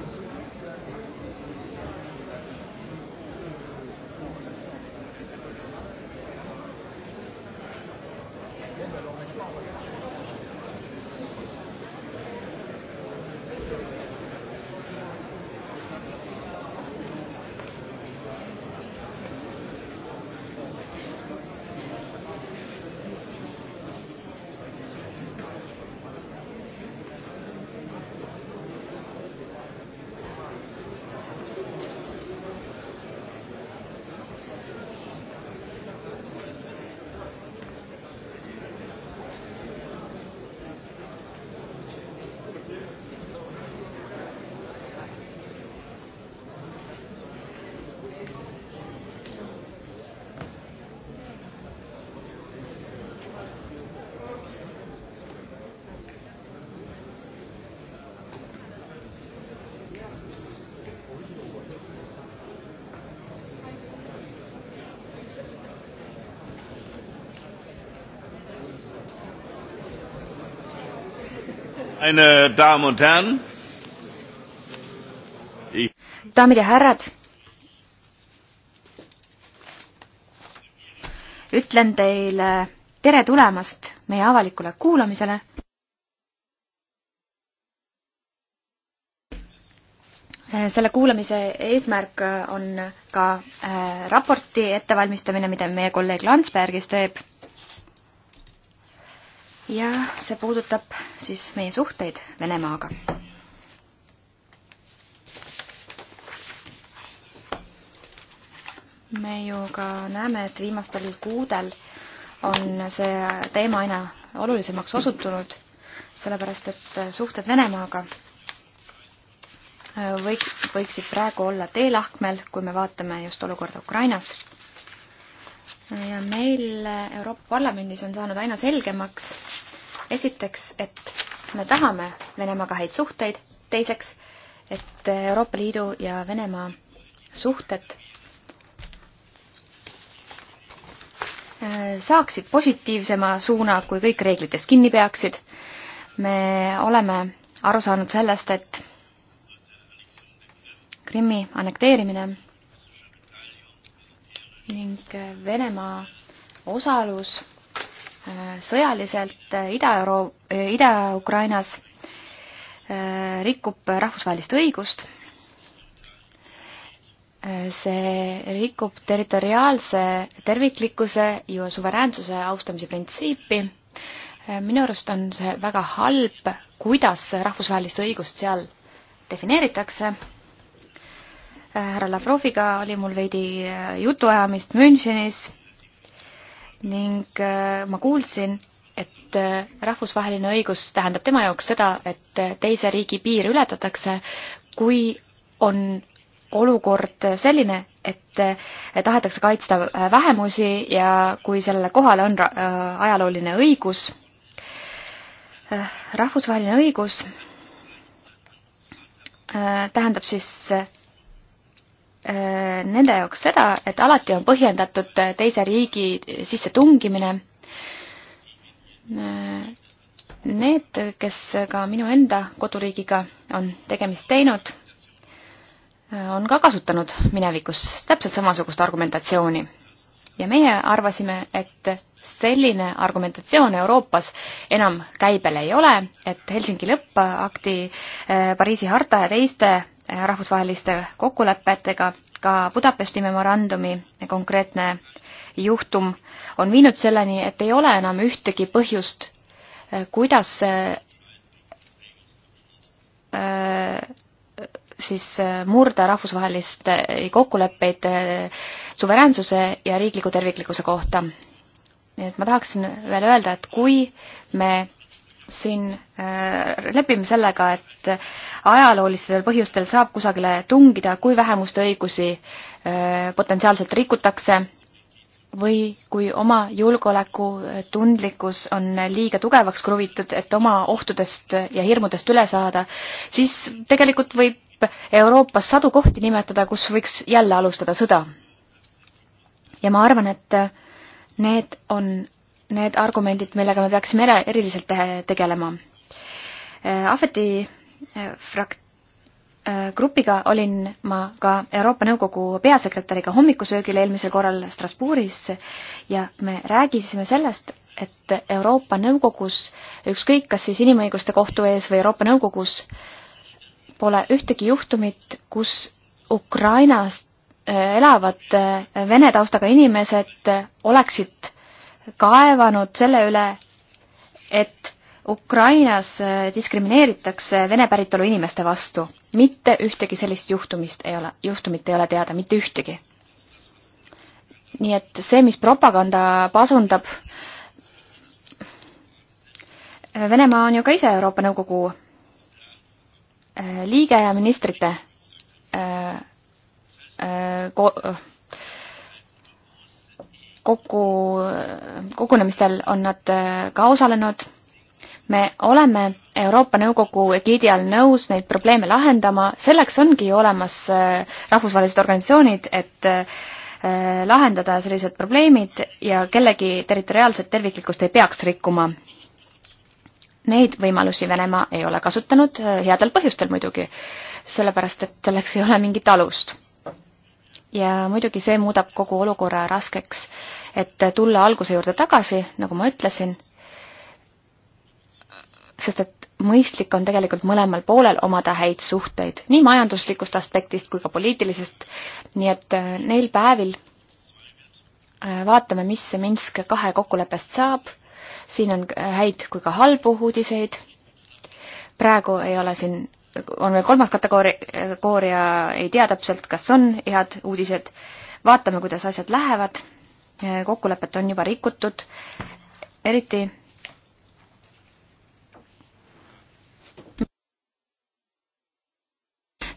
meine Damen und Herren. daamid ja härrad. ütlen teile tere tulemast meie avalikule kuulamisele. selle kuulamise eesmärk on ka äh, raporti ettevalmistamine, mida meie kolleeg Landsbergis teeb ja see puudutab siis meie suhteid Venemaaga. me ju ka näeme, et viimastel kuudel on see teema aina olulisemaks osutunud, sellepärast et suhted Venemaaga äh, võiks, võiksid praegu olla teelahkmel, kui me vaatame just olukorda Ukrainas. ja meil Euroopa Parlamendis on saanud aina selgemaks, esiteks, et me tahame Venemaaga häid suhteid, teiseks, et Euroopa Liidu ja Venemaa suhted äh, saaksid positiivsema suuna, kui kõik reeglitest kinni peaksid. me oleme aru saanud sellest, et Krimmi annekteerimine ning Venemaa osalus sõjaliselt äh, Ida-Euro-, äh, Ida-Ukrainas, äh, rikub rahvusvahelist õigust, see rikub territoriaalse terviklikkuse ja suveräänsuse austamise printsiipi, minu arust on see väga halb, kuidas rahvusvahelist õigust seal defineeritakse, härra Lavroviga oli mul veidi jutuajamist Münchenis ning äh, ma kuulsin, et äh, rahvusvaheline õigus tähendab tema jaoks seda, et äh, teise riigi piir ületatakse, kui on olukord selline, et tahetakse kaitsta vähemusi ja kui sellele kohale on ajalooline õigus, rahvusvaheline õigus tähendab siis Äh, nende jaoks seda, et alati on põhjendatud äh, teise riigi sissetungimine. Äh, need, kes ka minu enda koduriigiga on tegemist teinud, on ka kasutanud minevikus täpselt samasugust argumentatsiooni. ja meie arvasime, et selline argumentatsioon Euroopas enam käibel ei ole, et Helsingi lõppakti, Pariisi harta ja teiste rahvusvaheliste kokkulepetega, ka Budapesti memorandumi konkreetne juhtum on viinud selleni, et ei ole enam ühtegi põhjust, eh, kuidas eh, siis eh, murda rahvusvahelist kokkuleppeid suveräänsuse ja riikliku terviklikkuse kohta. nii et ma tahaksin veel öelda, et kui me siin äh, lepime sellega, et ajaloolistel põhjustel saab kusagile tungida, kui vähemuste õigusi äh, potentsiaalselt rikutakse või kui oma julgeolekutundlikkus äh, on liiga tugevaks kruvitud, et oma ohtudest ja hirmudest üle saada, siis tegelikult võib Euroopas sadu kohti nimetada, kus võiks jälle alustada sõda. ja ma arvan, et need on need argumendid, millega me peaksime ere, eriliselt te tegelema. Äh, Ahveti äh, frak-, äh, grupiga olin ma ka Euroopa Nõukogu peasekretäriga hommikusöögil eelmisel korral Strasbourgis ja me räägisime sellest, et Euroopa Nõukogus, ükskõik kas siis Inimõiguste Kohtu ees või Euroopa Nõukogus, pole ühtegi juhtumit, kus Ukrainast elavad vene taustaga inimesed oleksid kaevanud selle üle, et Ukrainas äh, diskrimineeritakse vene päritolu inimeste vastu. mitte ühtegi sellist juhtumist ei ole, juhtumit ei ole teada, mitte ühtegi. nii et see, mis propaganda pasundab, äh, Venemaa on ju ka ise Euroopa Nõukogu äh, liige ja ministrite ko-, kokku, kogunemistel on nad äh, ka osalenud. me oleme Euroopa Nõukogu egiidi all nõus neid probleeme lahendama, selleks ongi olemas äh, rahvusvahelised organisatsioonid, et äh, lahendada sellised probleemid ja kellegi territoriaalset terviklikkust ei peaks rikkuma. Neid võimalusi Venemaa ei ole kasutanud, headel põhjustel muidugi, sellepärast et selleks ei ole mingit alust ja muidugi see muudab kogu olukorra raskeks. et tulla alguse juurde tagasi, nagu ma ütlesin, sest et mõistlik on tegelikult mõlemal poolel omada häid suhteid, nii majanduslikust aspektist kui ka poliitilisest, nii et äh, neil päevil äh, vaatame, mis Minsk kahe kokkuleppest saab, siin on äh, häid kui ka halbu uudiseid, praegu ei ole siin on veel kolmas kategooria, ei tea täpselt, kas on head uudised. vaatame, kuidas asjad lähevad. kokkulepet on juba rikutud, eriti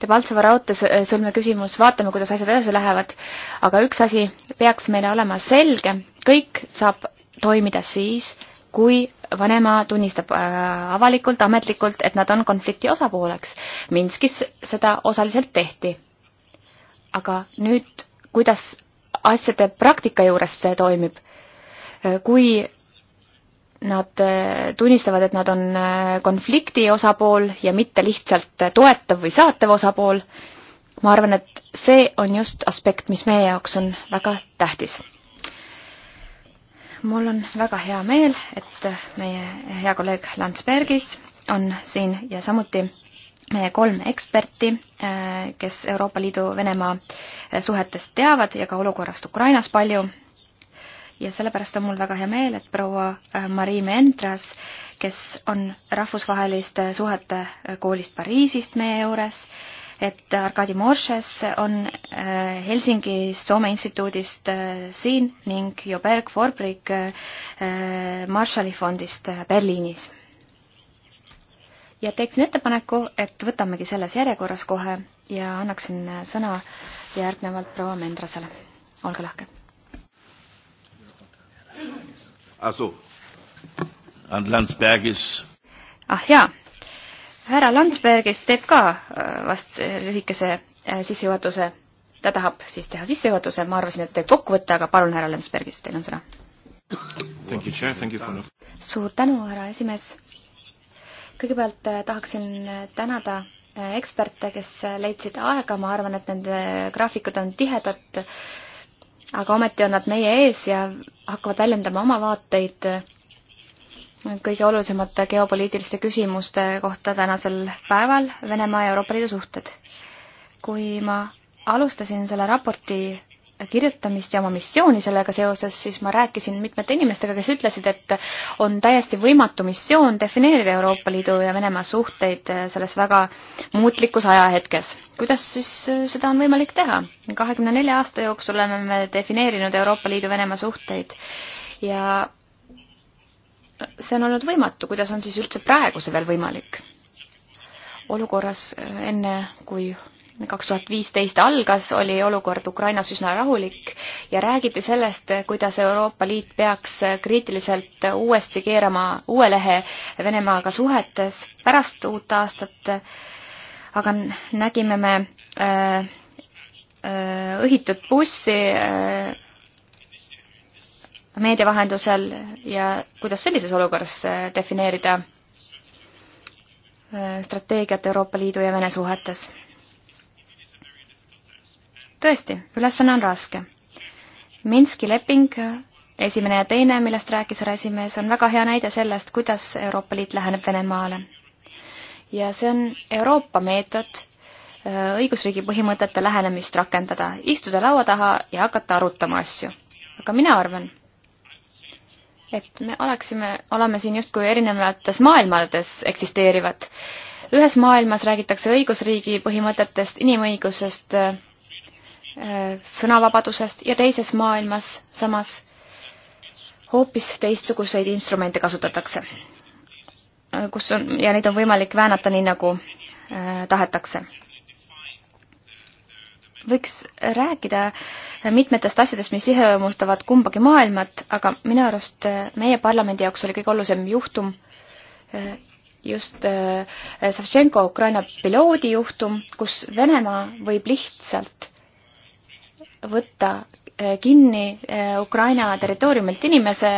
Debaltseva raudtees sõlme küsimus, vaatame, kuidas asjad edasi lähevad. aga üks asi peaks meile olema selge, kõik saab toimida siis, kui vanema tunnistab äh, avalikult, ametlikult, et nad on konflikti osapooleks. Minskis seda osaliselt tehti. aga nüüd, kuidas asjade praktika juures see toimib? Äh, kui nad äh, tunnistavad, et nad on konflikti osapool ja mitte lihtsalt toetav või saatev osapool, ma arvan, et see on just aspekt, mis meie jaoks on väga tähtis mul on väga hea meel, et meie hea kolleeg Landsbergis on siin ja samuti meie kolm eksperti, äh, kes Euroopa Liidu Venemaa äh, suhetest teavad ja ka olukorrast Ukrainas palju. ja sellepärast on mul väga hea meel, et proua äh, Marii Mendras, kes on rahvusvaheliste suhete koolist Pariisist meie juures, et Arkadi Morses on äh, Helsingis Soome instituudist äh, siin ning Joberg Forbrig äh, Marshalli fondist Berliinis. ja teeksin ettepaneku, et võtamegi selles järjekorras kohe ja annaksin sõna järgnevalt proua Mendrasele. olge lahke. ah jaa härra Landsbergis teeb ka äh, vast lühikese äh, sissejuhatuse. ta tahab siis teha sissejuhatuse, ma arvasin, et ta teeb kokkuvõtte, aga palun, härra Landsbergis, teil on sõna. suur tänu, härra esimees. kõigepealt äh, tahaksin tänada eksperte, kes leidsid aega, ma arvan, et nende graafikud on tihedad, aga ometi on nad meie ees ja hakkavad väljendama oma vaateid kõige olulisemate geopoliitiliste küsimuste kohta tänasel päeval, Venemaa ja Euroopa Liidu suhted. kui ma alustasin selle raporti kirjutamist ja oma missiooni sellega seoses, siis ma rääkisin mitmete inimestega, kes ütlesid, et on täiesti võimatu missioon defineerida Euroopa Liidu ja Venemaa suhteid selles väga muutlikus ajahetkes. kuidas siis seda on võimalik teha? kahekümne nelja aasta jooksul oleme me defineerinud Euroopa Liidu-Venemaa suhteid ja see on olnud võimatu, kuidas on siis üldse praegu see veel võimalik? olukorras äh, enne, kui kaks tuhat viisteist algas, oli olukord Ukrainas üsna rahulik ja räägiti sellest, kuidas Euroopa Liit peaks äh, kriitiliselt äh, uuesti keerama uue lehe Venemaaga suhetes pärast uut aastat. aga nägime me äh, õhitud bussi äh, meedia vahendusel ja kuidas sellises olukorras äh, defineerida äh, strateegiat Euroopa Liidu ja Vene suhetes? tõesti, ülesanne on raske. Minski leping, esimene ja teine, millest rääkis härra esimees, on väga hea näide sellest, kuidas Euroopa Liit läheneb Venemaale. ja see on Euroopa meetod äh, õigusriigi põhimõtete lähenemist rakendada, istuda laua taha ja hakata arutama asju. aga mina arvan, et me oleksime, oleme siin justkui erinevates maailmades eksisteerivad. ühes maailmas räägitakse õigusriigi põhimõtetest, inimõigusest, äh, sõnavabadusest ja teises maailmas samas hoopis teistsuguseid instrumente kasutatakse, äh, kus on, ja neid on võimalik väänata nii, nagu äh, tahetakse võiks rääkida mitmetest asjadest, mis iseloomustavad kumbagi maailmat, aga minu arust äh, meie parlamendi jaoks oli kõige olulisem juhtum äh, just äh, Savtšenko Ukraina piloodi juhtum, kus Venemaa võib lihtsalt võtta kinni Ukraina territooriumilt inimese,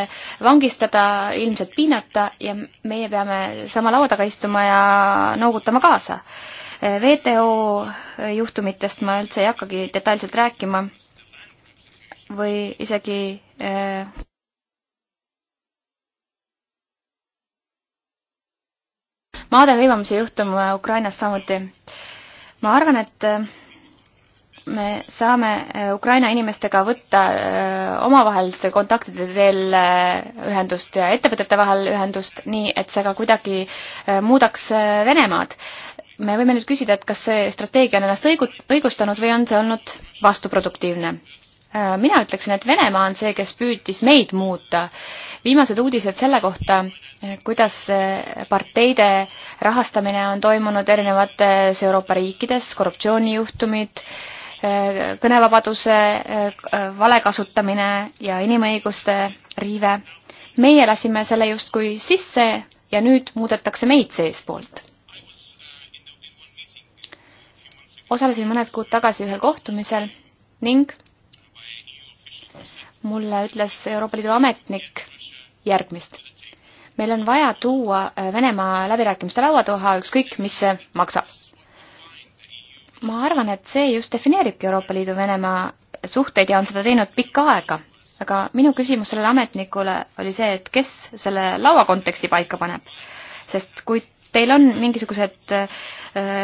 vangistada, ilmselt piinata ja meie peame sama laua taga istuma ja noogutama kaasa WTO juhtumitest ma üldse ei hakkagi detailselt rääkima või isegi äh, maade hõivamise juhtum äh, Ukrainas samuti. ma arvan, et äh, me saame Ukraina inimestega võtta omavaheliste kontaktide teel ühendust ja ettevõtete vahel ühendust, nii et see ka kuidagi muudaks Venemaad me võime nüüd küsida, et kas see strateegia on ennast õigut-, õigustanud või on see olnud vastuproduktiivne. Äh, mina ütleksin, et Venemaa on see, kes püüdis meid muuta. viimased uudised selle kohta, äh, kuidas parteide rahastamine on toimunud erinevates Euroopa riikides, korruptsioonijuhtumid, äh, kõnevabaduse vale kasutamine ja inimõiguste riive. meie lasime selle justkui sisse ja nüüd muudetakse meid seestpoolt osalesin mõned kuud tagasi ühel kohtumisel ning mulle ütles Euroopa Liidu ametnik järgmist. meil on vaja tuua äh, Venemaa läbirääkimiste laua taha, ükskõik mis see maksab. ma arvan, et see just defineeribki Euroopa Liidu Venemaa suhteid ja on seda teinud pikka aega. aga minu küsimus sellele ametnikule oli see, et kes selle laua konteksti paika paneb. sest kui teil on mingisugused äh,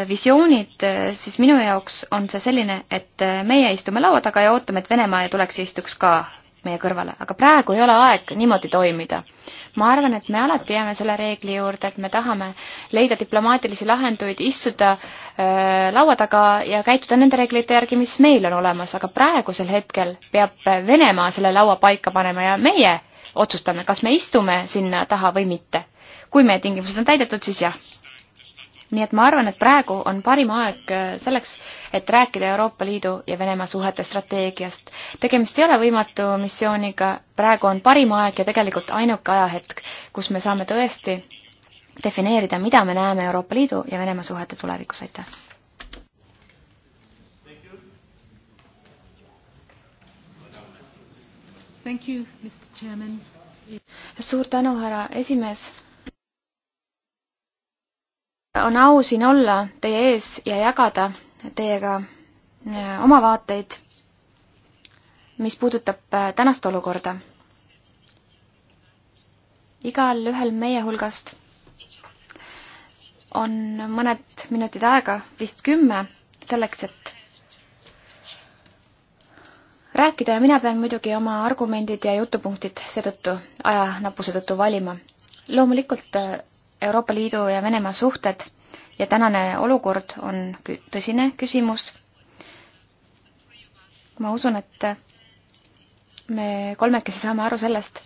visioonid, äh, siis minu jaoks on see selline, et äh, meie istume laua taga ja ootame, et Venemaa tuleks ja istuks ka meie kõrvale, aga praegu ei ole aeg niimoodi toimida. ma arvan, et me alati jääme selle reegli juurde, et me tahame leida diplomaatilisi lahenduid, istuda öö, laua taga ja käituda nende reeglite järgi, mis meil on olemas, aga praegusel hetkel peab Venemaa selle laua paika panema ja meie otsustame, kas me istume sinna taha või mitte kui meie tingimused on täidetud, siis jah. nii et ma arvan, et praegu on parim aeg äh, selleks, et rääkida Euroopa Liidu ja Venemaa suhete strateegiast. tegemist ei ole võimatu missiooniga, praegu on parim aeg ja tegelikult ainuke ajahetk, kus me saame tõesti defineerida, mida me näeme Euroopa Liidu ja Venemaa suhete tulevikus, aitäh! suur tänu, härra esimees on au siin olla teie ees ja jagada teiega äh, oma vaateid, mis puudutab äh, tänast olukorda. igal ühel meie hulgast on mõned minutid aega, vist kümme, selleks, et rääkida ja mina pean muidugi oma argumendid ja jutupunktid seetõttu ajanappuse tõttu valima. loomulikult äh, Euroopa Liidu ja Venemaa suhted ja tänane olukord on tõsine küsimus. ma usun, et me kolmekesi saame aru sellest,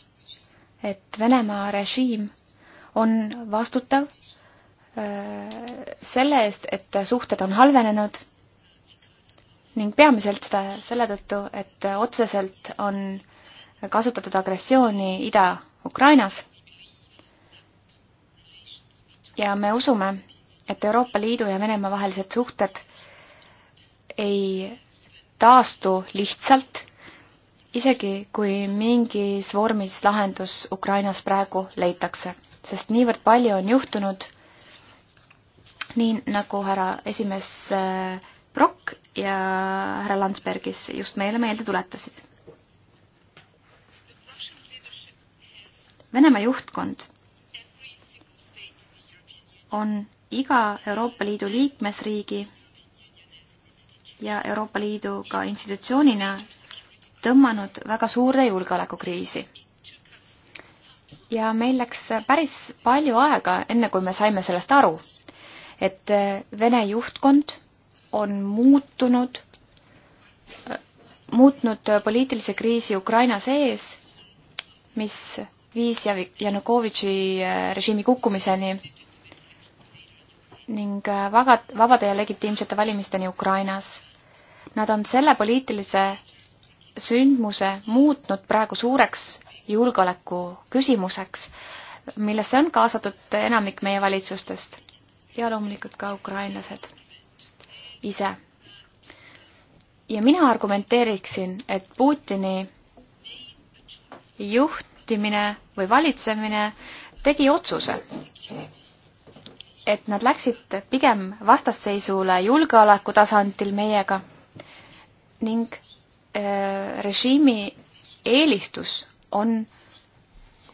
et Venemaa režiim on vastutav selle eest, et suhted on halvenenud ning peamiselt seda selle tõttu, et otseselt on kasutatud agressiooni Ida-Ukrainas ja me usume, et Euroopa Liidu ja Venemaa vahelised suhted ei taastu lihtsalt, isegi kui mingis vormis lahendus Ukrainas praegu leitakse, sest niivõrd palju on juhtunud, nii nagu härra esimees äh, Brock ja härra Landsbergis just meile meelde tuletasid. Venemaa juhtkond on iga Euroopa Liidu liikmesriigi ja Euroopa Liidu ka institutsioonina tõmmanud väga suurde julgeolekukriisi. ja meil läks päris palju aega, enne kui me saime sellest aru, et Vene juhtkond on muutunud, muutnud poliitilise kriisi Ukraina sees, mis viis Janukovitši režiimi kukkumiseni ning äh, vagad, vabade ja legitiimsete valimisteni Ukrainas. Nad on selle poliitilise sündmuse muutnud praegu suureks julgeoleku küsimuseks, millesse on kaasatud enamik meie valitsustest ja loomulikult ka ukrainlased ise. ja mina argumenteeriksin, et Putini juhtimine või valitsemine tegi otsuse et nad läksid pigem vastasseisule julgeoleku tasandil meiega ning äh, režiimi eelistus on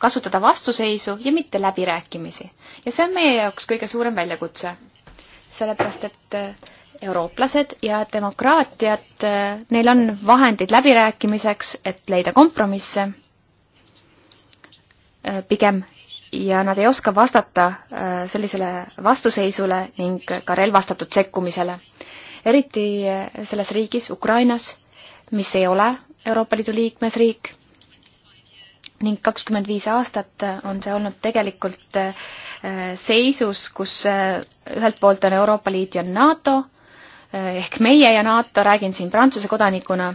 kasutada vastuseisu ja mitte läbirääkimisi. ja see on meie jaoks kõige suurem väljakutse. sellepärast, et eurooplased ja demokraatiad, neil on vahendid läbirääkimiseks, et leida kompromisse, pigem ja nad ei oska vastata äh, sellisele vastuseisule ning ka relvastatud sekkumisele. eriti äh, selles riigis, Ukrainas, mis ei ole Euroopa Liidu liikmesriik ning kakskümmend viis aastat äh, on see olnud tegelikult seisus, kus ühelt poolt on Euroopa Liit ja NATO ehk meie ja NATO, räägin siin Prantsuse kodanikuna,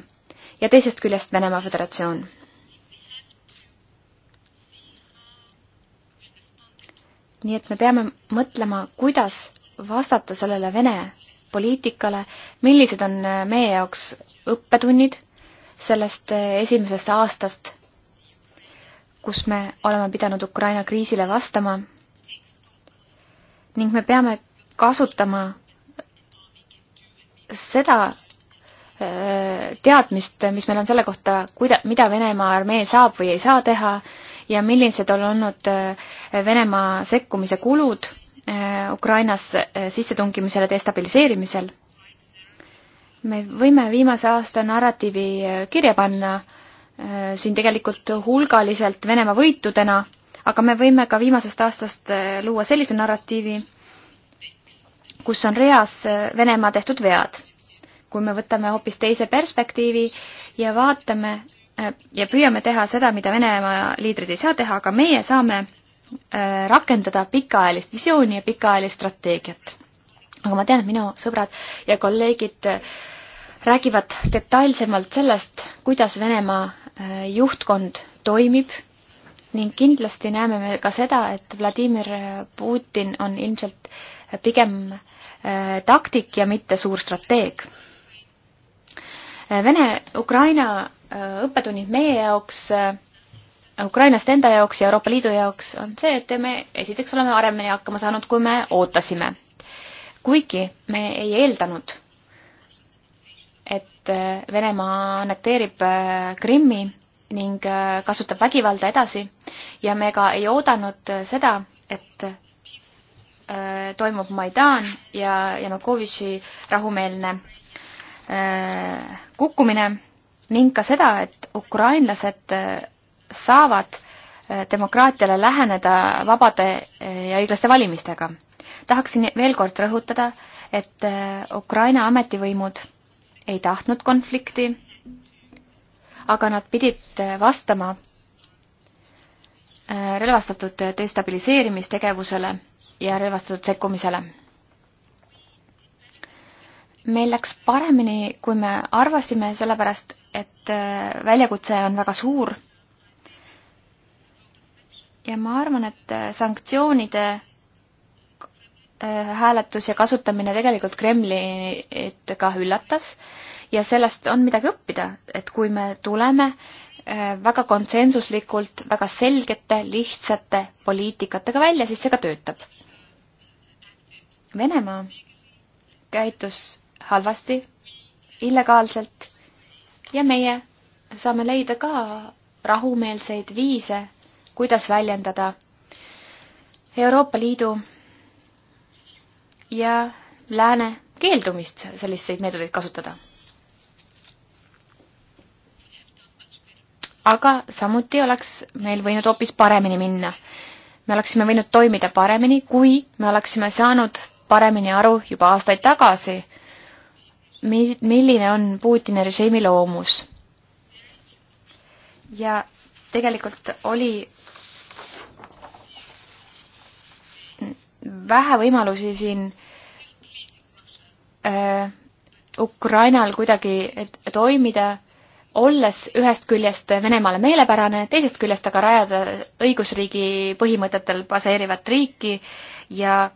ja teisest küljest Venemaa Föderatsioon nii et me peame mõtlema, kuidas vastata sellele Vene poliitikale, millised on äh, meie jaoks õppetunnid sellest äh, esimesest aastast, kus me oleme pidanud Ukraina kriisile vastama ning me peame kasutama äh, seda teadmist, mis meil on selle kohta, kuida-, mida Venemaa armee saab või ei saa teha, ja millised on olnud äh, Venemaa sekkumise kulud äh, Ukrainas äh, sissetungimisele destabiliseerimisel. me võime viimase aasta narratiivi kirja panna siin tegelikult hulgaliselt Venemaa võitudena, aga me võime ka viimasest aastast luua sellise narratiivi, kus on reas Venemaa tehtud vead. kui me võtame hoopis teise perspektiivi ja vaatame, ja püüame teha seda, mida Venemaa liidrid ei saa teha, aga meie saame äh, rakendada pikaajalist visiooni ja pikaajalist strateegiat. aga ma tean, et minu sõbrad ja kolleegid äh, räägivad detailsemalt sellest, kuidas Venemaa äh, juhtkond toimib ning kindlasti näeme me ka seda, et Vladimir Putin on ilmselt pigem taktik ja mitte suur strateeg. Vene-Ukraina Äh, õppetunnid meie jaoks, äh, ukrainlaste enda jaoks ja Euroopa Liidu jaoks on see, et me esiteks oleme paremini hakkama saanud, kui me ootasime. kuigi me ei eeldanud, et äh, Venemaa annekteerib Krimmi ning kasutab vägivalda edasi ja me ka ei oodanud seda, et toimub Maidan ja Janukovitši rahumeelne kukkumine ning ka seda, et ukrainlased äh, saavad äh, demokraatiale läheneda vabade äh, ja õiglaste valimistega. tahaksin veel kord rõhutada, et Ukraina ametivõimud ei tahtnud konflikti, aga nad pidid vastama relvastatud destabiliseerimistegevusele ja relvastatud sekkumisele meil läks paremini, kui me arvasime, sellepärast et äh, väljakutse on väga suur. ja ma arvan, et äh, sanktsioonide äh, hääletus ja kasutamine tegelikult Kremlit ka üllatas ja sellest on midagi õppida, et kui me tuleme väga konsensuslikult, väga selgete, lihtsate poliitikatega välja, siis see ka töötab. Venemaa käitus halvasti, illegaalselt ja meie saame leida ka rahumeelseid viise, kuidas väljendada Euroopa Liidu ja lääne keeldumist selliseid meetodeid kasutada. aga samuti oleks meil võinud hoopis paremini minna. me oleksime võinud toimida paremini, kui me oleksime saanud paremini aru juba aastaid tagasi mi-, milline on Putini režiimi loomus. ja tegelikult oli vähe võimalusi siin äh, Ukrainal kuidagi toimida, olles ühest küljest Venemaale meelepärane, teisest küljest aga rajada õigusriigi põhimõtetel baseerivat riiki ja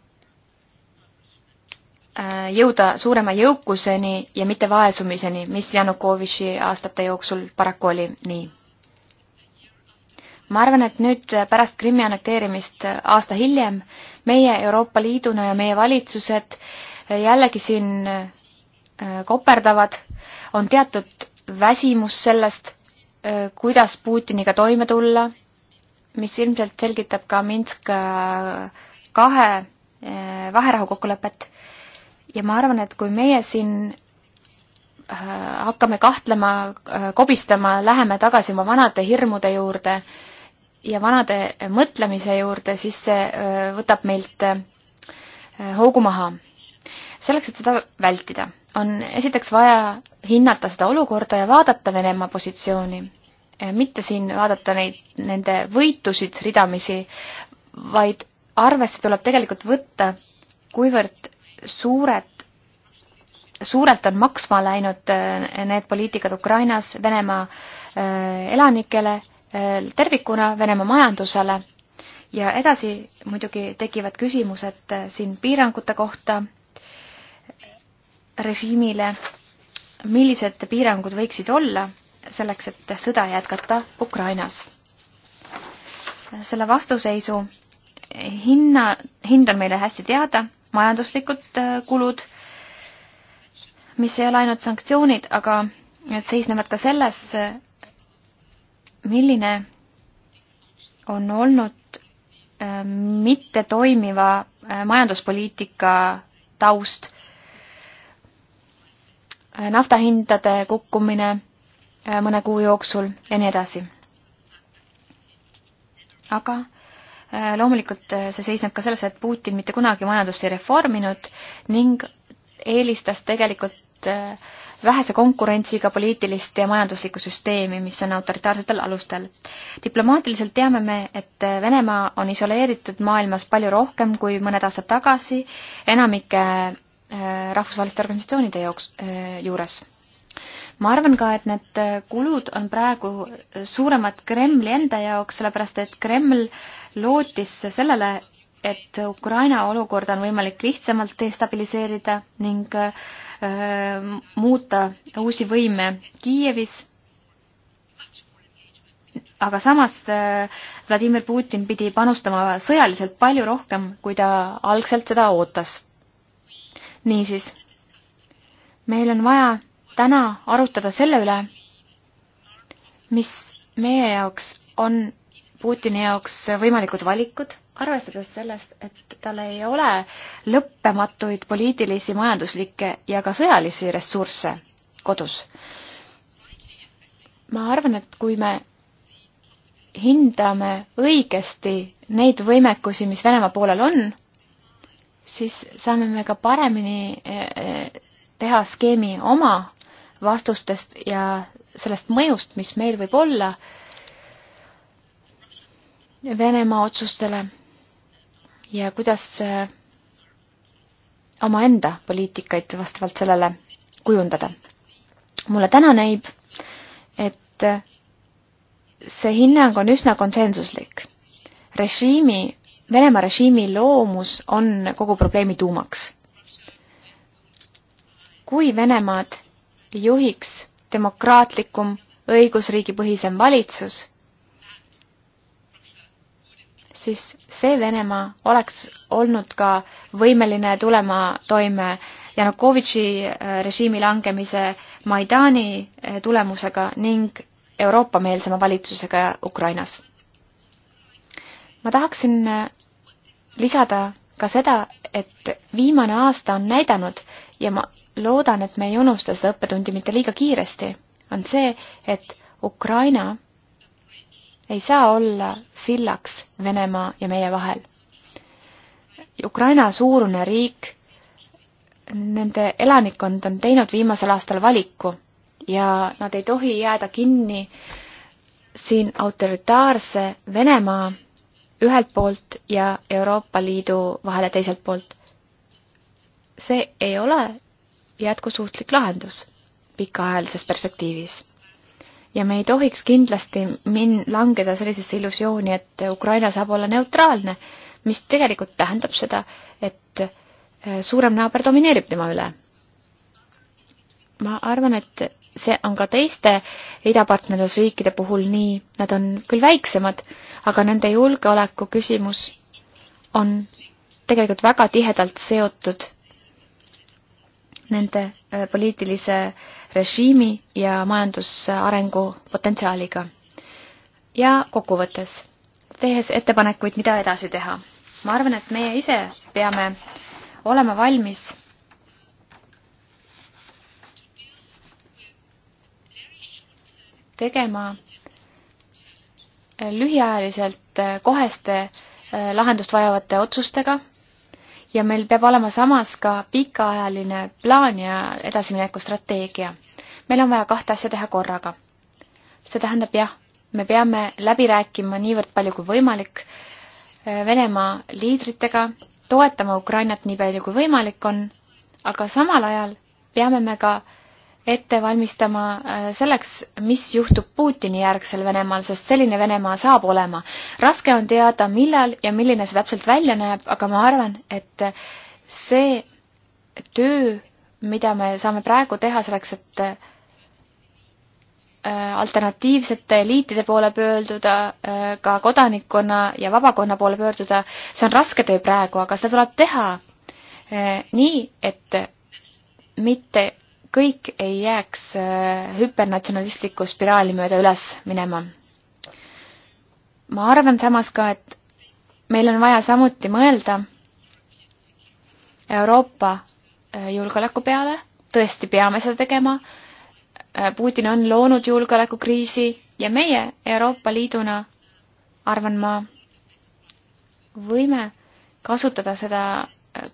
Äh, jõuda suurema jõukuseni ja mitte vaesumiseni, mis Janukovitši aastate jooksul paraku oli nii. ma arvan, et nüüd pärast Krimmi annekteerimist aasta hiljem meie Euroopa Liiduna ja meie valitsused äh, jällegi siin äh, koperdavad, on teatud väsimus sellest, kuidas Putiniga toime tulla, mis ilmselt selgitab ka Minsk kahe vaherahu kokkulepet ja ma arvan, et kui meie siin äh, hakkame kahtlema, äh, kobistama, läheme tagasi oma vanade hirmude juurde ja vanade mõtlemise juurde, siis see äh, võtab meilt hoogu maha. selleks, et seda vältida, on esiteks vaja hinnata seda olukorda ja vaadata Venemaa positsiooni. mitte siin vaadata neid, nende võitusid ridamisi, vaid arvesse tuleb tegelikult võtta, kuivõrd suured, suurelt on maksma läinud äh, need poliitikad Ukrainas Venemaa äh, elanikele äh, tervikuna, Venemaa majandusele ja edasi muidugi tekivad küsimused siin piirangute kohta režiimile, millised piirangud võiksid olla selleks, et sõda jätkata Ukrainas. selle vastuseisu hinna, hind on meile hästi teada majanduslikud äh, kulud, mis ei ole ainult sanktsioonid, aga need seisnevad ka selles, äh, milline on olnud äh, mittetoimiva majanduspoliitika taust, naftahindade kukkumine mõne kuu jooksul ja nii edasi. aga Äh, loomulikult äh, see seisneb ka selles, et Putin mitte kunagi majandust ei reforminud ning eelistas tegelikult äh, vähese konkurentsiga poliitilist ja majanduslikku süsteemi, mis on autoritaarsetel alustel. diplomaatiliselt teame me, et Venemaa on isoleeritud maailmas palju rohkem kui mõned aastad tagasi enamike rahvusvaheliste organisatsioonide jooks, juures. ma arvan ka, et need kulud on praegu suuremad Kremli enda jaoks, sellepärast et Kreml äh, lootis sellele, et Ukraina olukorda on võimalik lihtsamalt destabiliseerida ning äh, muuta uusi võime Kiievis. aga samas äh, Vladimir Putin pidi panustama sõjaliselt palju rohkem, kui ta algselt seda ootas. niisiis, meil on vaja täna arutada selle üle, mis meie jaoks on Putini jaoks võimalikud valikud, arvestades sellest, et tal ei ole lõppematuid poliitilisi, majanduslikke ja ka sõjalisi ressursse kodus. ma arvan, et kui me hindame õigesti neid võimekusi, mis Venemaa poolel on, siis saame me ka paremini eh, eh, teha skeemi oma vastustest ja sellest mõjust, mis meil võib olla äh, Venemaa otsustele ja kuidas äh, omaenda poliitikaid vastavalt sellele kujundada. mulle täna näib, et äh, see hinnang on üsna konsensuslik. režiimi, Venemaa režiimi loomus on kogu probleemi tuumaks. kui Venemaad juhiks demokraatlikum, õigusriigipõhisem valitsus siis see Venemaa oleks olnud ka võimeline tulema toime Janukovitši äh, režiimi langemise Maidani äh, tulemusega ning Euroopa-meelsema valitsusega Ukrainas. ma tahaksin äh, lisada ka seda, et viimane aasta on näidanud ja ma loodan, et me ei unusta seda õppetundi mitte liiga kiiresti, on see, et Ukraina ei saa olla sillaks Venemaa ja meie vahel. Ukraina suurune riik, nende elanikkond on teinud viimasel aastal valiku ja nad ei tohi jääda kinni siin autoritaarse Venemaa ühelt poolt ja Euroopa Liidu vahele teiselt poolt. see ei ole jätkusuutlik lahendus pikaajalises perspektiivis ja me ei tohiks kindlasti min-, langeda sellisesse illusiooni, et Ukraina saab olla neutraalne, mis tegelikult tähendab seda, et äh, suurem naaber domineerib tema üle. ma arvan, et see on ka teiste idapartnerlusriikide puhul nii, nad on küll väiksemad, aga nende julgeoleku küsimus on tegelikult väga tihedalt seotud nende äh, poliitilise režiimi ja majandusarengu potentsiaaliga. ja kokkuvõttes, tehes ettepanekuid, mida edasi teha. ma arvan, et meie ise peame olema valmis tegema äh, lühiajaliselt äh, koheste lahendust vajavate otsustega ja meil peab olema samas ka pikaajaline plaan ja edasimineku strateegia. meil on vaja kahte asja teha korraga. see tähendab jah, me peame läbi rääkima niivõrd palju kui võimalik äh, Venemaa liidritega, toetama Ukrainat nii palju kui võimalik on, aga samal ajal peame me ka äh, ette valmistama äh, selleks, mis juhtub Putini järgsel Venemaal, sest selline Venemaa saab olema. raske on teada, millal ja milline see täpselt välja näeb, aga ma arvan, et see töö, mida me saame praegu teha selleks, et äh, alternatiivsete eliitide poole pöörduda, äh, ka kodanikkonna ja vabakonna poole pöörduda, see on raske töö praegu, aga seda tuleb teha nii, et mitte kõik ei jääks äh, hüpernatsionalistlikku spiraali mööda üles minema. ma arvan samas ka, et meil on vaja samuti mõelda Euroopa äh, julgeoleku peale, tõesti peame seda tegema. Äh, Putin on loonud julgeolekukriisi ja meie Euroopa Liiduna, arvan ma, võime kasutada seda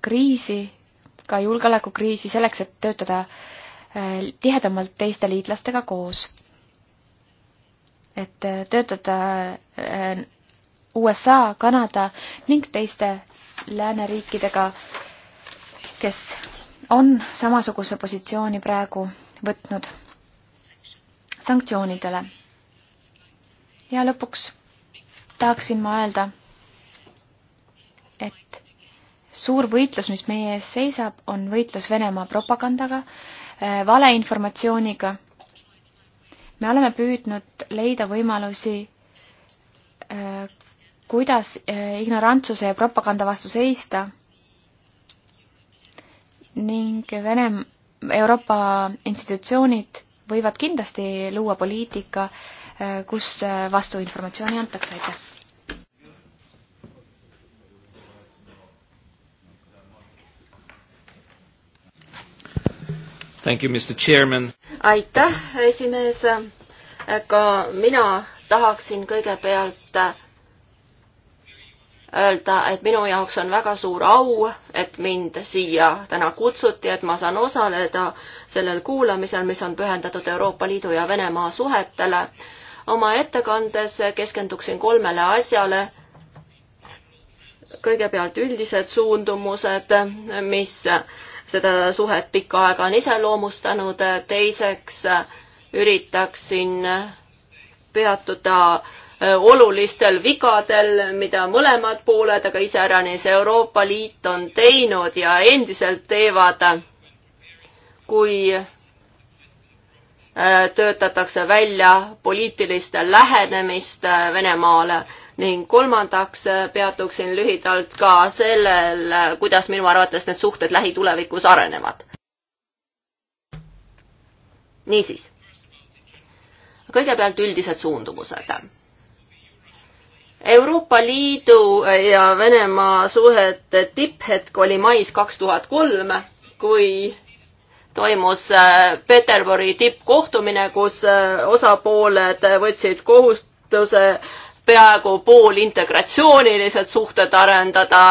kriisi, ka julgeolekukriisi selleks, et töötada äh, Äh, tihedamalt teiste liitlastega koos. et äh, töötada äh, USA, Kanada ning teiste lääneriikidega, kes on samasuguse positsiooni praegu võtnud sanktsioonidele. ja lõpuks tahaksin ma öelda, et suur võitlus, mis meie ees seisab, on võitlus Venemaa propagandaga, Äh, valeinformatsiooniga. me oleme püüdnud leida võimalusi, äh, kuidas äh, ignorantsuse ja propaganda vastu seista ning Venem-, Euroopa institutsioonid võivad kindlasti luua poliitika, kus vastuinformatsiooni antakse, aitäh! aitäh, esimees. ka mina tahaksin kõigepealt öelda, et minu jaoks on väga suur au, et mind siia täna kutsuti, et ma saan osaleda sellel kuulamisel, mis on pühendatud Euroopa Liidu ja Venemaa suhetele. oma ettekandes keskenduksin kolmele asjale. kõigepealt üldised suundumused, mis seda suhet pikka aega on iseloomustanud, teiseks üritaksin peatuda äh, olulistel vigadel, mida mõlemad pooled, aga iseäranis Euroopa Liit on teinud ja endiselt teevad, kui äh, töötatakse välja poliitilist lähenemist äh, Venemaale ning kolmandaks äh, peatuksin lühidalt ka sellel, äh, kuidas minu arvates need suhted lähitulevikus arenevad. niisiis, kõigepealt üldised suundumused Euroopa Liidu ja Venemaa suhete tipphetk oli mais kaks tuhat kolm, kui toimus äh, Peterburi tippkohtumine, kus osapooled võtsid kohustuse peaaegu poolintegratsioonilised suhted arendada,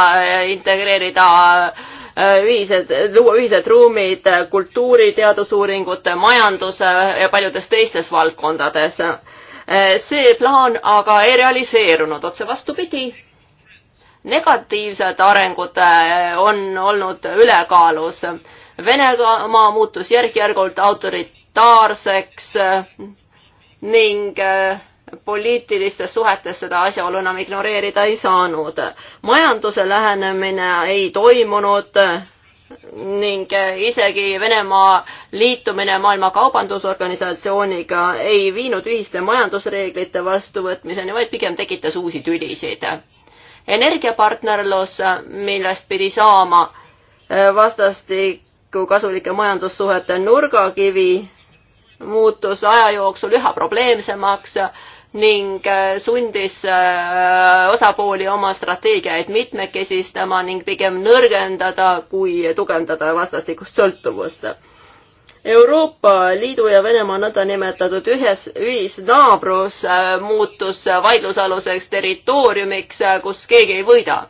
integreerida äh, ühised, luua ühised ruumid kultuuri, teadusuuringute, majanduse ja paljudes teistes valdkondades. Äh, see plaan aga ei realiseerunud, otse vastupidi. negatiivsed arengud äh, on olnud ülekaalus. Venemaa muutus järk-järgult autoritaarseks ning poliitilistes suhetes seda asjaolu enam ignoreerida ei saanud. majanduse lähenemine ei toimunud ning isegi Venemaa liitumine Maailma Kaubandusorganisatsiooniga ei viinud ühiste majandusreeglite vastuvõtmiseni, vaid pigem tekitas uusi tülisid. energiapartnerlus, millest pidi saama eh, vastastikku kasulike majandussuhete nurgakivi, muutus aja jooksul üha probleemsemaks ning äh, sundis äh, osapooli oma strateegiaid mitmekesistama ning pigem nõrgendada kui tugevdada vastastikust sõltuvust Euroopa Liidu ja Venemaa nõndanimetatud ühes, ühisnaabrus äh, muutus vaidlusaluseks territooriumiks, kus keegi ei võida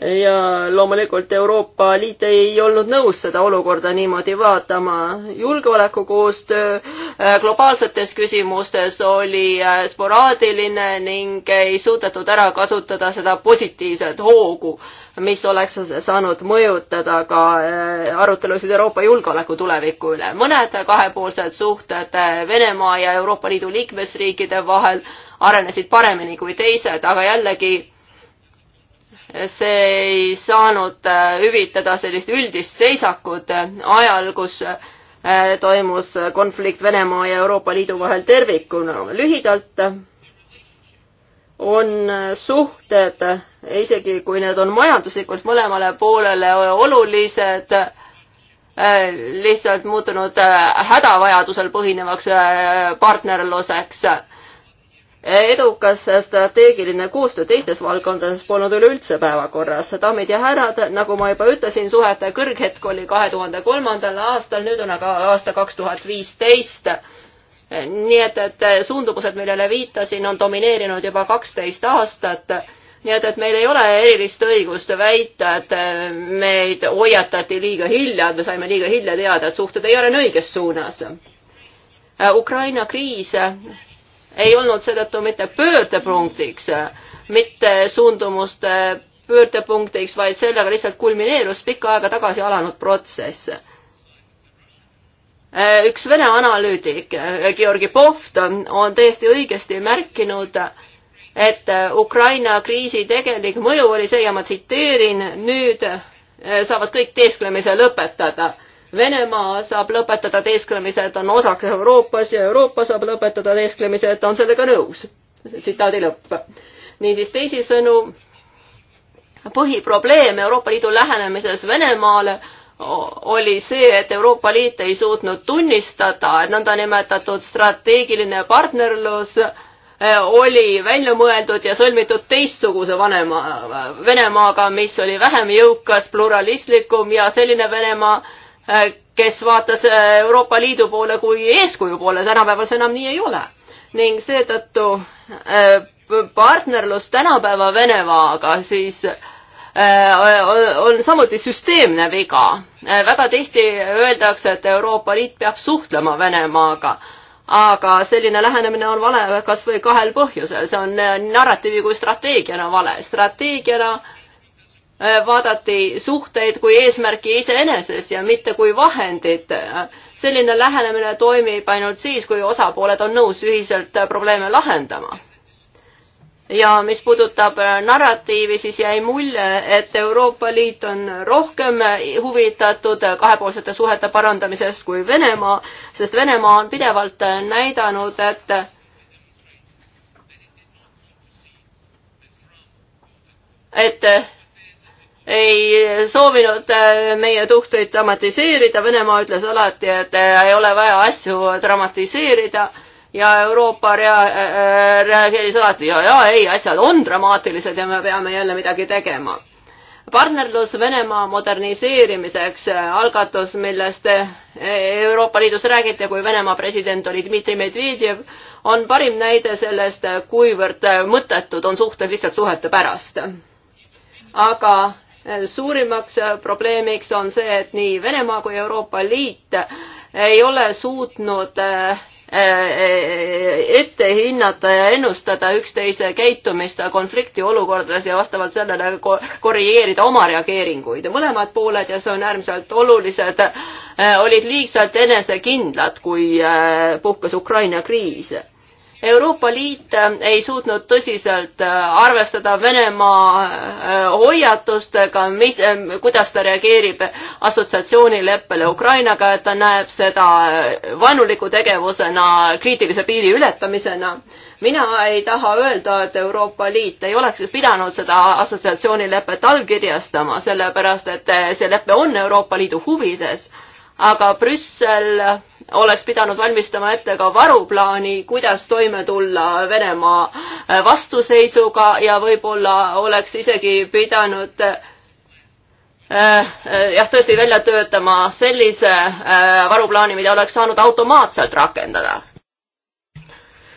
ja loomulikult Euroopa Liit ei olnud nõus seda olukorda niimoodi vaatama. julgeolekukoostöö äh, globaalsetes küsimustes oli äh, sporaadiline ning ei suudetud ära kasutada seda positiivset hoogu, mis oleks saanud mõjutada ka äh, arutelusid Euroopa julgeoleku tuleviku üle. mõned kahepoolsed suhted Venemaa ja Euroopa Liidu liikmesriikide vahel arenesid paremini kui teised, aga jällegi see ei saanud äh, hüvitada sellist üldist seisakut äh, ajal, kus äh, toimus konflikt Venemaa ja Euroopa Liidu vahel tervikuna. lühidalt on suhted, isegi kui need on majanduslikult mõlemale poolele olulised, lihtsalt muutunud hädavajadusel põhinevaks partnerluseks edukas strateegiline koostöö teistes valdkondades polnud üleüldse päevakorras. daamid ja härrad, nagu ma juba ütlesin, suhete kõrghetk oli kahe tuhande kolmandal aastal, nüüd on aga aasta kaks tuhat viisteist. nii et, et suundumused, millele viitasin, on domineerinud juba kaksteist aastat nii et, et meil ei ole erilist õigust väita, et meid hoiatati liiga hilja, et me saime liiga hilja teada, et suhted ei arene õiges suunas. Ukraina kriis ei olnud seetõttu mitte pöördepunktiks, mitte suundumuste pöördepunktiks, vaid sellega lihtsalt kulmineerus pikka aega tagasi alanud protsess. üks Vene analüütik, Georgi Poft, on täiesti õigesti märkinud, et Ukraina kriisi tegelik mõju oli see ja ma tsiteerin, nüüd saavad kõik teesklemise lõpetada Venemaa saab lõpetada teesklemise, et on osake Euroopas ja Euroopa saab lõpetada teesklemise, et ta on sellega nõus. tsitaadi lõpp. niisiis teisisõnu, põhiprobleem Euroopa Liidu lähenemises Venemaale oli see, et Euroopa Liit ei suutnud tunnistada, et nõndanimetatud strateegiline partnerlus e, oli välja mõeldud ja sõlmitud teistsuguse vanema, Venemaaga, mis oli vähem jõukas, pluralistlikum ja selline Venemaa, Äh, kes vaatas äh, Euroopa Liidu poole kui eeskuju poole, tänapäeval see enam nii ei ole. ning seetõttu äh, partnerlus tänapäeva Venemaaga siis on samuti süsteemne viga. väga tihti öeldakse, et Euroopa Liit peab suhtlema Venemaaga, aga selline lähenemine on vale kas või kahel põhjusel, see on narratiivi kui strateegiana vale. strateegiana Äh, vaadati suhteid kui eesmärki iseeneses ja mitte kui vahendit. selline lähenemine toimib ainult siis, kui osapooled on nõus ühiselt probleeme lahendama. ja mis puudutab äh, narratiivi, siis jäi mulje, et Euroopa Liit on rohkem huvitatud kahepoolsete suhete parandamisest kui Venemaa, sest Venemaa on pidevalt näidanud, et et ei soovinud äh, meie suhteid dramatiseerida, Venemaa ütles alati, et äh, ei ole vaja asju dramatiseerida ja Euroopa rea-, äh, reageeris alati ja, ja ei, asjad on dramaatilised ja me peame jälle midagi tegema. partnerlus Venemaa moderniseerimiseks, algatus, millest Euroopa Liidus räägiti, kui Venemaa president oli Dmitri Medvedjev, on parim näide sellest, kuivõrd mõttetud on suhted lihtsalt suhete pärast aga suurimaks äh, probleemiks on see, et nii Venemaa kui Euroopa Liit ei ole suutnud äh, äh, ette hinnata ja ennustada üksteise käitumist konfliktiolukordades ja vastavalt sellele korrigeerida oma reageeringuid. mõlemad pooled, ja see on äärmiselt olulised, olid liigselt enesekindlad, kui puhkes Ukraina kriis Euroopa Liit äh, ei suutnud tõsiselt äh, arvestada Venemaa äh, hoiatustega, mis, kuidas ta reageerib assotsiatsioonileppele Ukrainaga, et ta näeb seda vaenuliku tegevusena, kriitilise piiri ületamisena. mina ei taha öelda, et Euroopa Liit ei oleks pidanud seda assotsiatsioonilepet allkirjastama, sellepärast et see lepe on Euroopa Liidu huvides, aga Brüssel oleks pidanud valmistama ette ka varuplaani, kuidas toime tulla Venemaa äh, vastuseisuga ja võib-olla oleks isegi pidanud äh, äh, jah, tõesti välja töötama sellise varuplaani, mida oleks saanud automaatselt rakendada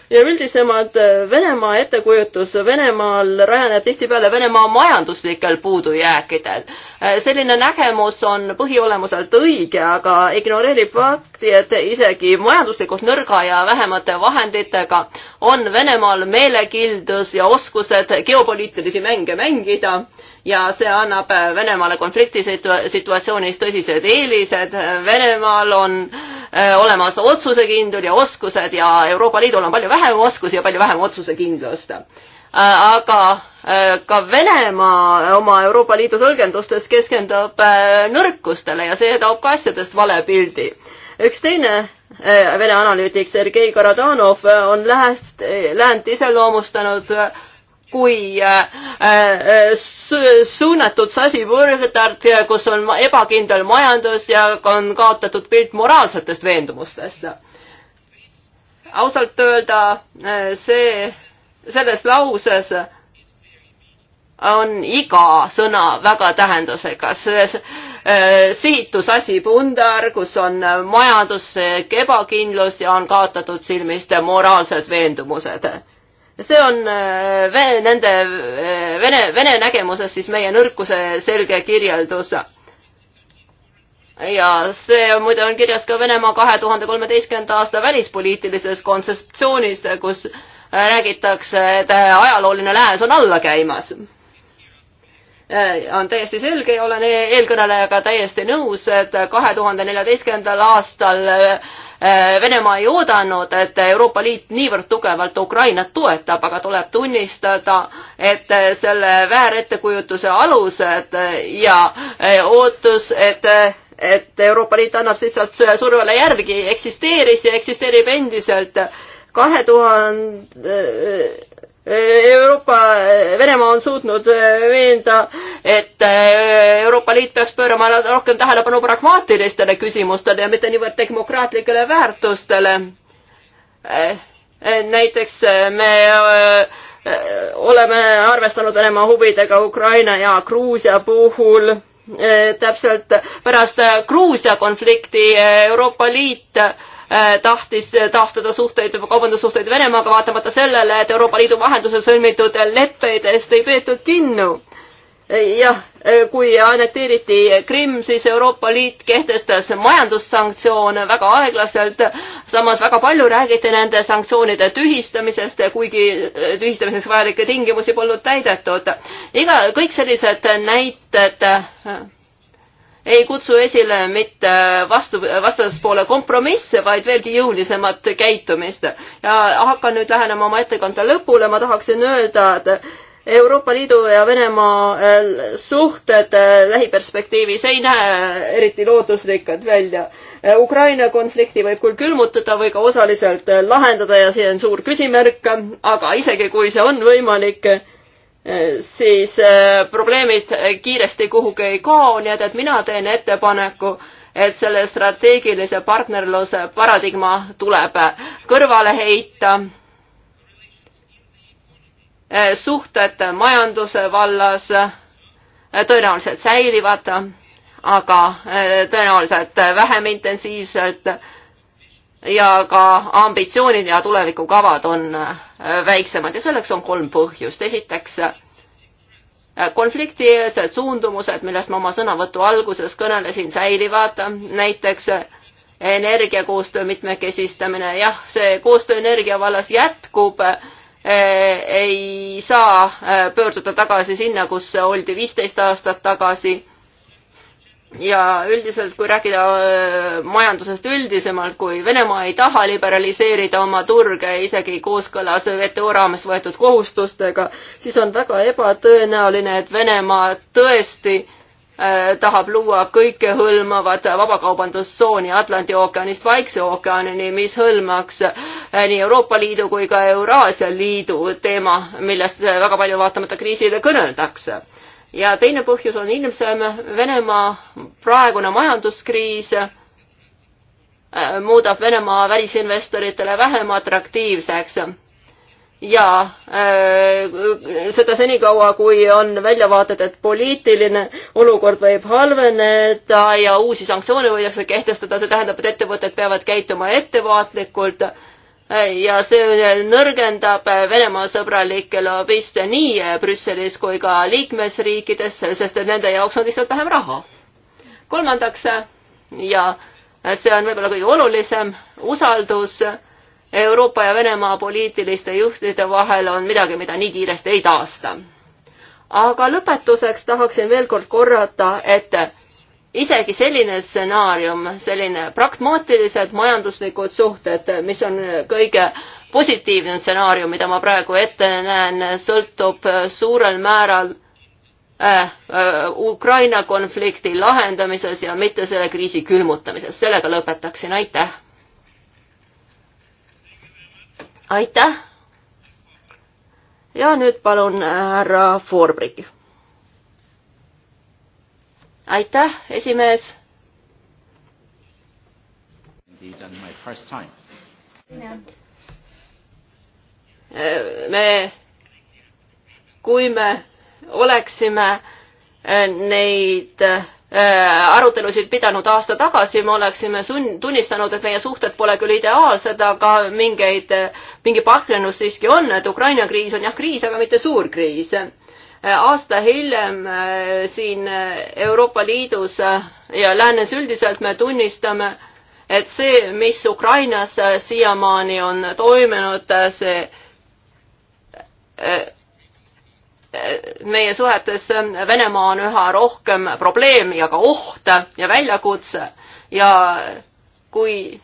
ja üldisemad äh, Venemaa ettekujutus Venemaal rajaneb tihtipeale Venemaa majanduslikel puudujääkidel. Äh, selline nägemus on põhiolemuselt õige, aga ignoreerib fakti, et isegi majanduslikult nõrga ja vähemate vahenditega on Venemaal meelekildus ja oskused geopoliitilisi mänge mängida ja see annab äh, Venemaale konfliktisituatsioonis tõsised eelised. Venemaal on äh, olemas otsusekindlud ja oskused ja Euroopa Liidul on palju vähem oskusi ja palju vähem otsusekindlust. Äh, aga ka Venemaa oma Euroopa Liidu tõlgendustes keskendub nõrkustele ja see toob ka asjadest vale pildi üks teine Vene analüütik Sergei Karadanov on lääst, läänt iseloomustanud kui äh, äh, suunatud sasipõrdard, kus on ebakindel majandus ja on kaotatud pilt moraalsetest veendumustest. ausalt öelda äh, see, selles lauses on iga sõna väga tähendusega, selles äh, sihitus asi pundar, kus on majanduslik ebakindlus ja on kaotatud silmist moraalsed veendumused see on äh, vene, nende äh, vene, vene nägemuses siis meie nõrkuse selge kirjeldus. ja see on muide on kirjas ka Venemaa kahe tuhande kolmeteistkümnenda aasta välispoliitilises kontseptsioonis, kus äh, räägitakse, et ajalooline lääs on alla käimas on täiesti selge ja olen e-, eelkõnelejaga täiesti nõus, et kahe tuhande neljateistkümnendal aastal Äh, Venemaa ei oodanud, et Euroopa Liit niivõrd tugevalt Ukrainat toetab, aga tuleb tunnistada, et äh, selle väärettekujutuse alused äh, ja ootus, et et Euroopa Liit annab lihtsalt survele järgi, eksisteeris ja eksisteerib endiselt. kahe tuhande Euroopa, Venemaa on suutnud äh, veenda, et äh, Euroopa Liit peaks pöörama rohkem tähelepanu pragmaatilistele küsimustele ja mitte niivõrd demokraatlikele väärtustele. Äh, näiteks me oleme arvestanud Venemaa huvidega Ukraina ja Gruusia puhul täpselt pärast Gruusia konflikti Euroopa Liit Äh, tahtis taastada suhteid, kaubandussuhteid Venemaaga, vaatamata sellele, et Euroopa Liidu vahendusel sõlmitud leppeidest ei peetud kinni. jah, äh, kui annekteeriti Krimm, siis Euroopa Liit kehtestas majandussanktsioone väga aeglaselt, samas väga palju räägiti nende sanktsioonide tühistamisest, kuigi äh, tühistamiseks vajalikke tingimusi polnud täidetud. iga, kõik sellised näited ei kutsu esile mitte vastu, vastaspoole kompromisse, vaid veelgi jõulisemat käitumist. ja hakkan nüüd lähenema oma ettekande lõpule, ma tahaksin öelda, et Euroopa Liidu ja Venemaa äh, suhted äh, lähiperspektiivis ei näe eriti lootusrikkad välja. Äh, Ukraina konflikti võib küll külmutada või ka osaliselt lahendada ja see on suur küsimärk, aga isegi kui see on võimalik, siis äh, probleemid kiiresti kuhugi ei kao, nii et, et mina teen ettepaneku, et selle strateegilise partnerluse paradigma tuleb kõrvale heita. Äh, suhted majanduse vallas äh, tõenäoliselt säilivad, aga tõenäoliselt vähem intensiivselt ja ka ambitsioonid ja tulevikukavad on äh, väiksemad ja selleks on kolm põhjust. esiteks äh, konfliktieelsed suundumused, millest ma oma sõnavõtu alguses kõnelesin, säilivad, näiteks äh, energiakoostöö mitmekesistamine, jah, see koostöö energia vallas jätkub, ei saa pöörduda tagasi sinna, kus oldi viisteist aastat tagasi ja üldiselt, kui rääkida äh, majandusest üldisemalt, kui Venemaa ei taha liberaliseerida oma turge isegi kooskõlas WTO raames võetud kohustustega, siis on väga ebatõenäoline, et Venemaa tõesti äh, tahab luua kõikehõlmavat vabakaubandustsooni Atlandi ookeanist Vaikse ookeanini, mis hõlmaks äh, nii Euroopa Liidu kui ka Euraasia Liidu teema, millest äh, väga palju vaatamata kriisile kõneldakse ja teine põhjus on ilmsem Venemaa praegune majanduskriis äh, muudab Venemaa välisinvestoritele vähem atraktiivseks. ja äh, seda senikaua, kui on väljavaated, et poliitiline olukord võib halveneda ja uusi sanktsioone võidakse kehtestada, see tähendab, et ettevõtted peavad käituma ettevaatlikult ja see nõrgendab Venemaa sõbralikke lobiste nii Brüsselis kui ka liikmesriikides, sest et nende jaoks on lihtsalt vähem raha. kolmandaks ja see on võib-olla kõige olulisem, usaldus Euroopa ja Venemaa poliitiliste juhtide vahel on midagi, mida nii kiiresti ei taasta. aga lõpetuseks tahaksin veel kord korrata, et isegi selline stsenaarium, selline pragmaatilised majanduslikud suhted, mis on kõige positiivne stsenaarium, mida ma praegu ette näen, sõltub suurel määral äh, äh Ukraina konflikti lahendamises ja mitte selle kriisi külmutamises. sellega lõpetaksin, aitäh. aitäh. ja nüüd palun äh, härra Forbrigi aitäh, esimees. Äh, me, kui me oleksime äh, neid äh, arutelusid pidanud aasta tagasi, me oleksime sun-, tunnistanud, et meie suhted pole küll ideaalsed, aga mingeid, mingi parklenus siiski on, et Ukraina kriis on jah kriis, aga mitte suur kriis aasta hiljem äh, siin äh, Euroopa Liidus äh, ja läänes üldiselt me tunnistame, et see, mis Ukrainas siiamaani on toimunud, see meie suhetes Venemaa on üha rohkem probleem ja ka oht ja väljakutse ja kui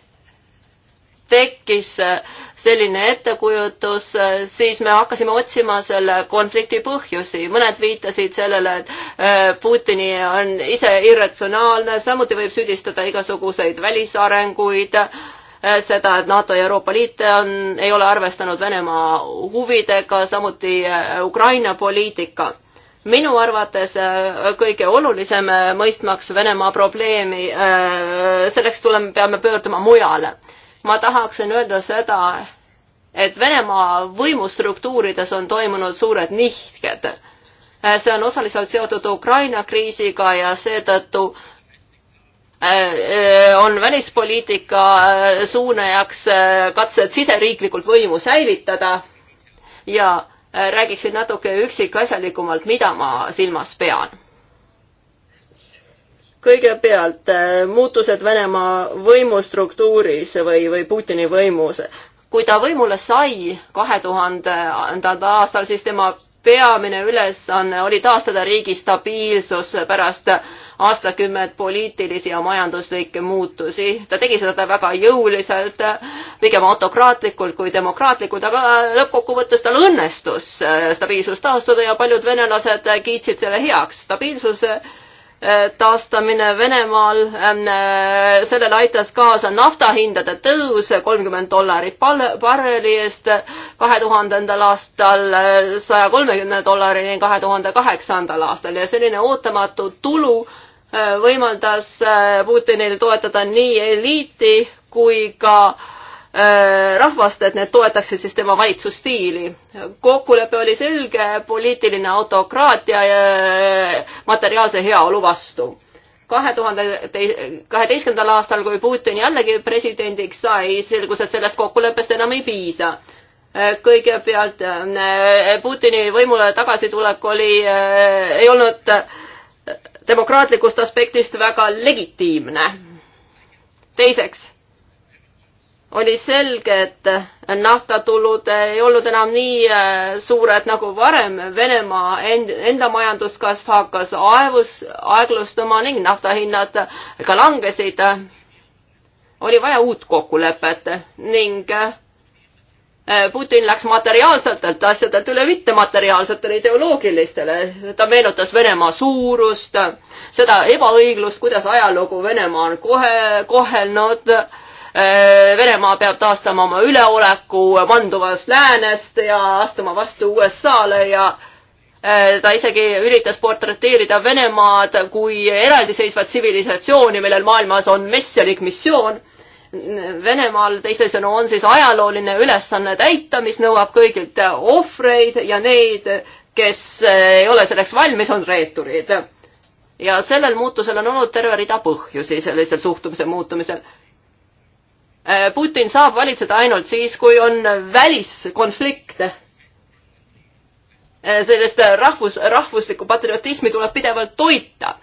tekkis äh, selline ettekujutus, äh, siis me hakkasime otsima selle konflikti põhjusi. mõned viitasid sellele, et äh, Putini on ise irratsionaalne, samuti võib süüdistada igasuguseid välisarenguid, seda, et NATO ja Euroopa Liit on, ei ole arvestanud Venemaa huvidega, samuti Ukraina poliitika minu arvates kõige olulisem mõistmaks Venemaa probleemi, selleks tuleme, peame pöörduma mujale ma tahaksin öelda seda, et Venemaa võimustruktuurides on toimunud suured nihked. see on osaliselt seotud Ukraina kriisiga ja seetõttu eh, on välispoliitika eh, suunajaks eh, katsed siseriiklikult võimu säilitada ja räägiksin natuke üksikasjalikumalt, mida ma silmas pean kõigepealt äh, muutused Venemaa võimustruktuuris või, või Putini võimus. kui ta võimule sai kahe tuhandendal aastal, siis tema peamine ülesanne oli taastada riigi stabiilsus pärast aastakümmet poliitilisi ja majanduslikke muutusi. ta tegi seda väga jõuliselt, pigem autokraatlikult kui demokraatlikult, aga lõppkokkuvõttes tal õnnestus stabiilsus taastada ja paljud venelased kiitsid selle heaks. stabiilsuse Äh, taastamine Venemaal, ähm, äh, sellele aitas kaasa naftahindade tõus kolmkümmend dollarit barreli eest kahe tuhandendal aastal äh, saja kolmekümne dollarini kahe tuhande kaheksandal aastal ja selline ootamatu tulu võimaldas Putinil toetada nii eliiti kui ka Äh, rahvast, et need toetaksid siis tema valitsusstiili. kokkulepe oli selge poliitiline autokraatia ja äh, materiaalse heaolu vastu. kahe tuhande kaheteistkümnendal aastal, kui Putin jällegi presidendiks sai, selgus, et sellest kokkuleppest enam ei piisa äh, kõigepealt Putini võimule tagasitulek oli, ei olnud demokraatlikust aspektist väga legitiimne. teiseks oli selge, et naftatulud ei olnud enam nii äh, suured nagu varem. Venemaa enda majanduskasv hakkas aevus, aeglustuma ning naftahinnad ka langesid. oli vaja uut kokkulepet ning äh, Putin läks materiaalsetelt asjadelt üle mittemateriaalsetele ideoloogilistele. ta meenutas Venemaa suurust, seda ebaõiglust, kuidas ajalugu Venemaa on kohe kohelnud no, Äh, Venemaa peab taastama oma üleoleku manduvast läänest ja astuma vastu USA-le ja äh, ta isegi üritas portreteerida Venemaad kui eraldiseisvat tsivilisatsiooni, millel maailmas on messialik missioon. Venemaal teisisõnu on siis ajalooline ülesanne täita, mis nõuab kõigilt ohvreid ja neid, kes äh, ei ole selleks valmis, on reeturid. ja sellel muutusel on olnud terve rida põhjusi, sellisel suhtumise muutumisel Äh, Putin saab valitseda ainult siis, kui on väliskonflikte. Äh, sellest äh, rahvus, rahvuslikku patriotismi tuleb pidevalt toita.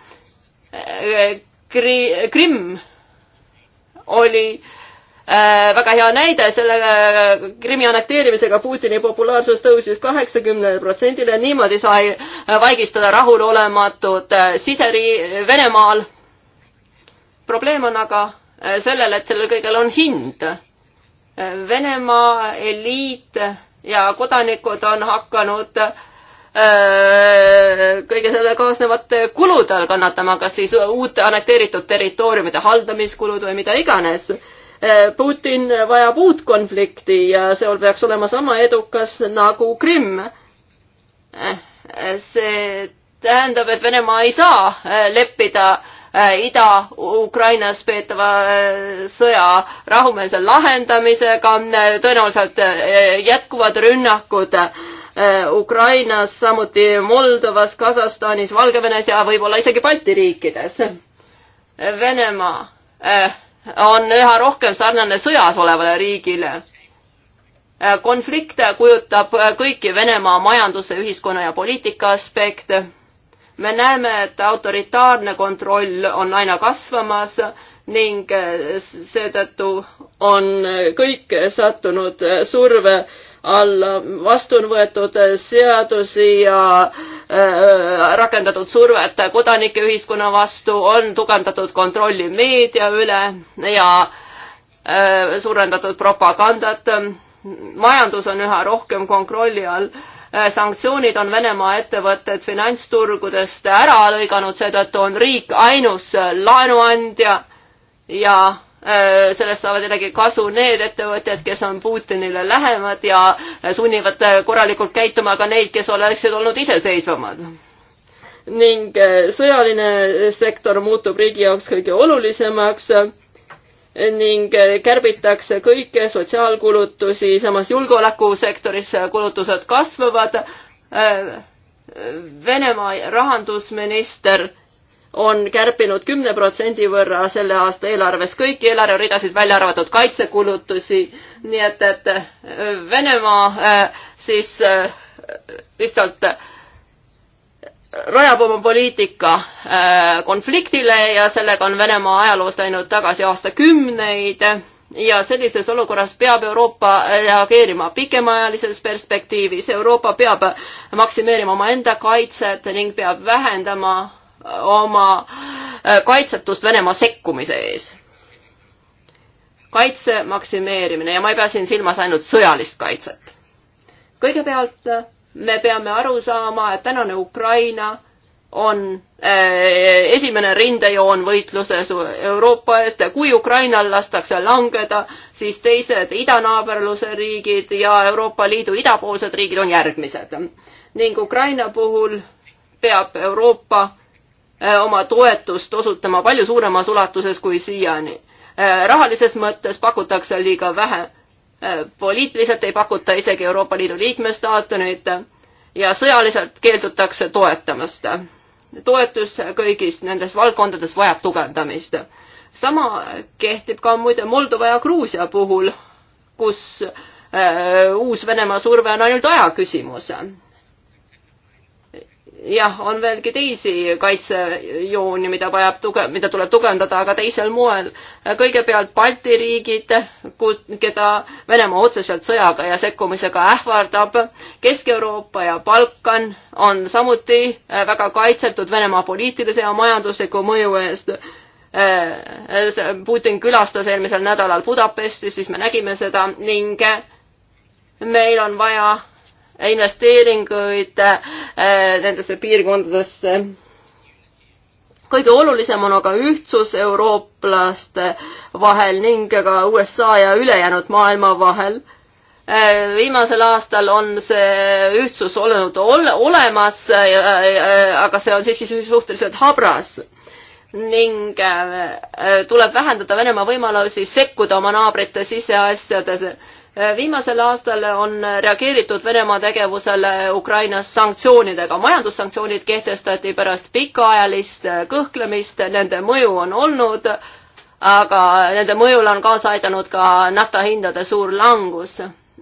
Kri-, Krimm oli väga hea näide, selle Krimmi annekteerimisega Putini populaarsus tõusis kaheksakümnele protsendile, niimoodi sai vaigistada rahulolematud siseri-, Venemaal. probleem on aga Äh, sellele, et sellel kõigel on hind. Äh, Venemaa eliit ja kodanikud on hakanud äh, kõige selle kaasnevate kulude all kannatama, kas siis uute annekteeritud territooriumide haldamiskulud või mida iganes. Putin vajab uut konflikti ja seal peaks olema sama edukas nagu Krimm. see tähendab, et Venemaa ei saa leppida äh, Äh, Ida-Ukrainas peetava äh, sõja rahumeelse lahendamisega, äh, tõenäoliselt jätkuvad rünnakud Ukrainas, samuti Moldovas, Kasahstanis, Valgevenes ja võib-olla isegi Balti riikides. Venemaa on üha rohkem sarnane sõjas olevale riigile. konflikt kujutab kõiki Venemaa majanduse, ühiskonna ja poliitika aspekte me näeme, et autoritaarne kontroll on aina kasvamas ning eh, seetõttu on kõik sattunud surve alla, vastu on võetud seadusi ja eh, rakendatud survet kodanike ühiskonna vastu, on tugevdatud kontrolli meedia üle ja eh, suurendatud propagandat. majandus on üha rohkem kontrolli all Äh, sanktsioonid on Venemaa ettevõtted finantsturgudest ära lõiganud, seetõttu on riik ainus äh, laenuandja ja äh, sellest saavad jällegi kasu need ettevõtjad, kes on Putinile lähemad ja sunnivad korralikult käituma ka neid, kes oleksid olnud iseseisvamad. ning sõjaline sektor muutub riigi jaoks kõige olulisemaks ning eh, kärbitakse kõiki sotsiaalkulutusi, samas julgeolekusektoris kulutused kasvavad. Eh, Venemaa rahandusminister on kärpinud kümne protsendi võrra selle aasta eelarves kõiki eelarveridasid, välja arvatud kaitsekulutusi, nii et, et Venemaa eh, siis lihtsalt äh, rajab oma poliitika äh, konfliktile ja sellega on Venemaa ajaloos läinud tagasi aastakümneid ja sellises olukorras peab Euroopa reageerima pikemaajalises perspektiivis, Euroopa peab maksimeerima omaenda kaitset ning peab vähendama oma äh, kaitsetust Venemaa sekkumise ees. kaitse maksimeerimine ja ma ei pea siin silmas ainult sõjalist kaitset. kõigepealt me peame aru saama, et tänane Ukraina on eh, esimene rindejoon võitluses Euroopa eest. kui Ukrainal lastakse langeda, siis teised idanaaberluse riigid ja Euroopa Liidu idapoolsed riigid on järgmised. ning Ukraina puhul peab Euroopa eh, oma toetust osutama palju suuremas ulatuses kui siiani. Eh, rahalises mõttes pakutakse liiga vähe Äh, poliitiliselt ei pakuta isegi Euroopa Liidu liikmestaatunit ja sõjaliselt keeldutakse toetamast. toetus kõigis nendes valdkondades vajab tugevdamist. sama kehtib ka muide Moldova ja Gruusia puhul, kus äh, Uus-Venemaa surve on ainult aja küsimus jah, on veelgi teisi kaitsejooni, mida vajab tuge-, mida tuleb tugevdada, aga teisel moel. kõigepealt Balti riigid, kus, keda Venemaa otseselt sõjaga ja sekkumisega ähvardab. Kesk-Euroopa ja Balkan on samuti äh, väga kaitsetud Venemaa poliitilise ja majandusliku mõju eest. Äh, Putin külastas eelmisel nädalal Budapesti, siis me nägime seda ning meil on vaja investeeringuid äh, nendesse piirkondadesse. kõige olulisem on aga ühtsus eurooplaste vahel ning ka USA ja ülejäänud maailma vahel äh, viimasel aastal on see ühtsus olnud ole, olemas, äh, aga see on siiski suhteliselt habras ning tuleb vähendada Venemaa võimalusi sekkuda oma naabrite siseasjades Äh, viimasel aastal on reageeritud Venemaa tegevusele Ukrainas sanktsioonidega. majandussanktsioonid kehtestati pärast pikaajalist äh, kõhklemist, nende mõju on olnud, aga nende mõjul on kaasa aidanud ka naftahindade suur langus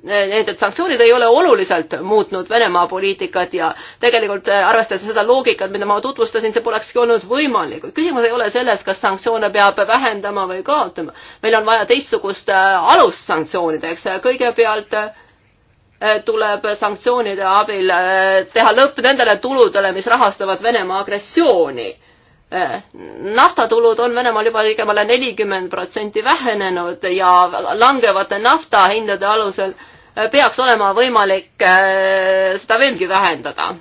need sanktsioonid ei ole oluliselt muutnud Venemaa poliitikat ja tegelikult äh, arvestades seda loogikat, mida ma tutvustasin, see polekski olnud võimalik. küsimus ei ole selles, kas sanktsioone peab vähendama või kaotama. meil on vaja teistsugust äh, alust sanktsioonideks. kõigepealt äh, tuleb sanktsioonide abil teha lõpp nendele tuludele, mis rahastavad Venemaa agressiooni naftatulud on Venemaal juba ligemale nelikümmend protsenti vähenenud ja langevate naftahindade alusel peaks olema võimalik äh, seda veelgi vähendada.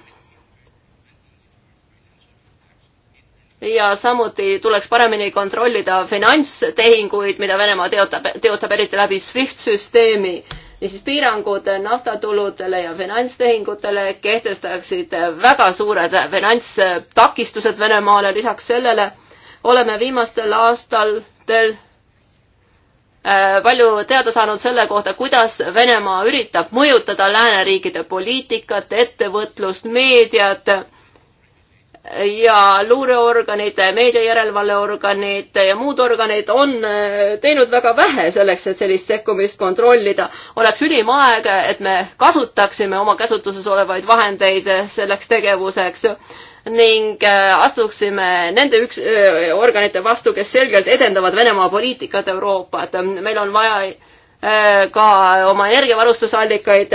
ja samuti tuleks paremini kontrollida finantstehinguid, mida Venemaa teotab, teotab eriti läbi SWIFT süsteemi. niisiis piirangud naftatuludele ja finantstehingutele kehtestaksid väga suured finantstakistused Venemaale, lisaks sellele oleme viimastel aastatel Äh, palju teada saanud selle kohta, kuidas Venemaa üritab mõjutada lääneriikide poliitikat, ettevõtlust, meediat ja luureorganid, meediajärelevalveorganid ja muud organid on äh, teinud väga vähe selleks, et sellist sekkumist kontrollida. oleks ülim aeg, et me kasutaksime oma käsutuses olevaid vahendeid selleks tegevuseks ning äh, astuksime nende üks, öö, äh, organite vastu, kes selgelt edendavad Venemaa poliitikat Euroopat. meil on vaja äh, ka oma energiavarustusallikaid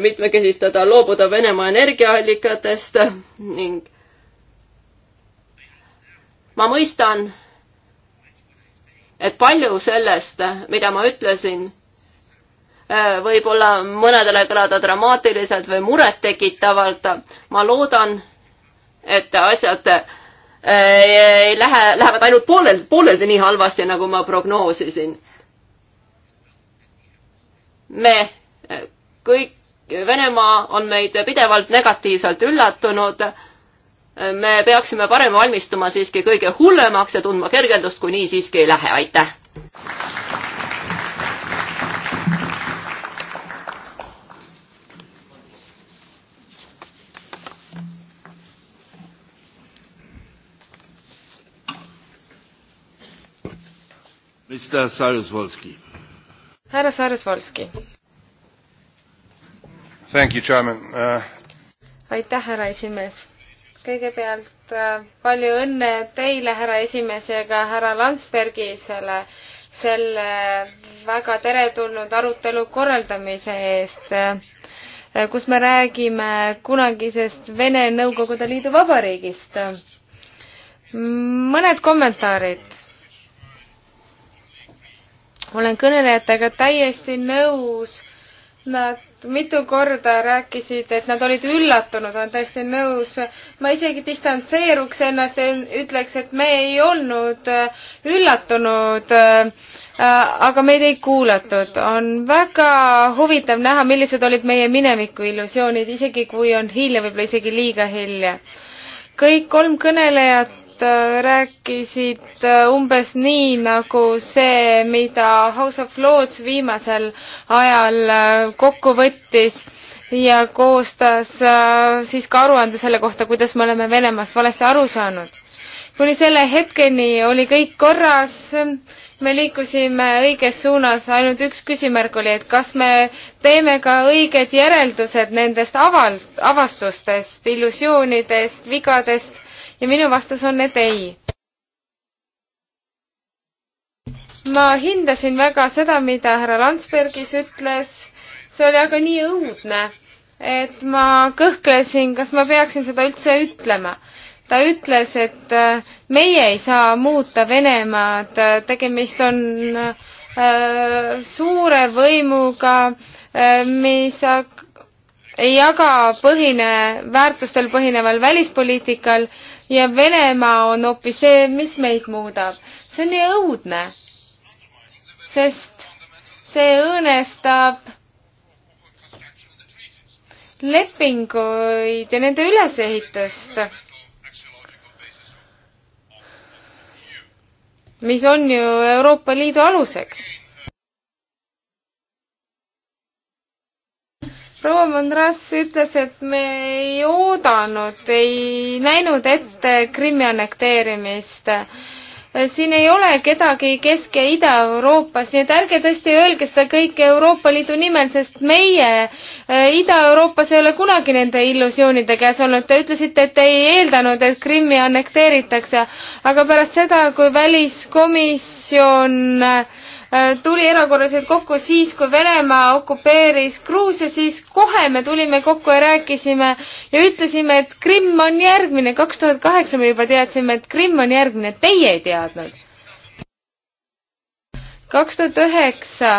mitmekesistada, loobuda Venemaa energiaallikatest ning ma mõistan, et palju sellest, mida ma ütlesin, võib-olla mõnedele kõlada dramaatiliselt või murettekitavalt. ma loodan, et asjad äh, ei lähe, lähevad ainult poolel, pooleldi nii halvasti, nagu ma prognoosisin. me kõik, Venemaa on meid pidevalt negatiivselt üllatunud. me peaksime parem valmistuma siiski kõige hullemaks ja tundma kergendust, kui nii siiski ei lähe, aitäh. härra Sarjusvolski. Uh... aitäh, härra esimees. kõigepealt uh, palju õnne teile, härra esimees, ja ka härra Landsbergisele selle väga teretulnud arutelu korraldamise eest, uh, kus me räägime kunagisest Vene Nõukogude Liidu Vabariigist. mõned kommentaarid olen kõnelejatega täiesti nõus. Nad mitu korda rääkisid, et nad olid üllatunud, olen täiesti nõus. ma isegi distantseeruks ennast ja ütleks, et me ei olnud äh, üllatunud äh, aga meid ei kuulatud. on väga huvitav näha, millised olid meie mineviku illusioonid, isegi kui on hilja, võib-olla isegi liiga hilja. kõik kolm kõnelejat äh, rääkisid täpselt äh, umbes nii, nagu see, mida House of Lords viimasel ajal äh, kokku võttis ja koostas äh, siis ka aruande selle kohta, kuidas me oleme Venemaast valesti aru saanud. kuni selle hetkeni oli kõik korras, me liikusime õiges suunas, ainult üks küsimärk oli, et kas me teeme ka õiged järeldused nendest aval-, avastustest, illusioonidest, vigadest ja minu vastus on, et ei ma hindasin väga seda, mida härra Landsbergis ütles, see oli aga nii õudne, et ma kõhklesin, kas ma peaksin seda üldse ütlema. ta ütles, et äh, meie ei saa muuta Venemaad, tegemist on äh, suure võimuga, äh, mis ei jaga põhine, väärtustel põhineval välispoliitikal ja Venemaa on hoopis see, mis meid muudab. see on nii õudne sest see õõnestab lepinguid ja nende ülesehitust, mis on ju Euroopa Liidu aluseks. proua Mandras ütles, et me ei oodanud, ei näinud ette Krimmi annekteerimist Äh, siin ei ole kedagi Kesk- ja Ida-Euroopas, nii et ärge tõesti öelge seda kõike Euroopa Liidu nimel, sest meie äh, Ida-Euroopas ei ole kunagi nende illusioonide käes olnud. Te ütlesite, et te ei eeldanud, et Krimmi annekteeritakse, aga pärast seda, kui väliskomisjon äh, Äh, tuli erakorraliselt kokku siis, kui Venemaa okupeeris Gruusia, siis kohe me tulime kokku ja rääkisime ja ütlesime, et Krimm on järgmine. kaks tuhat kaheksa me juba teadsime, et Krimm on järgmine, teie ei teadnud. kaks tuhat üheksa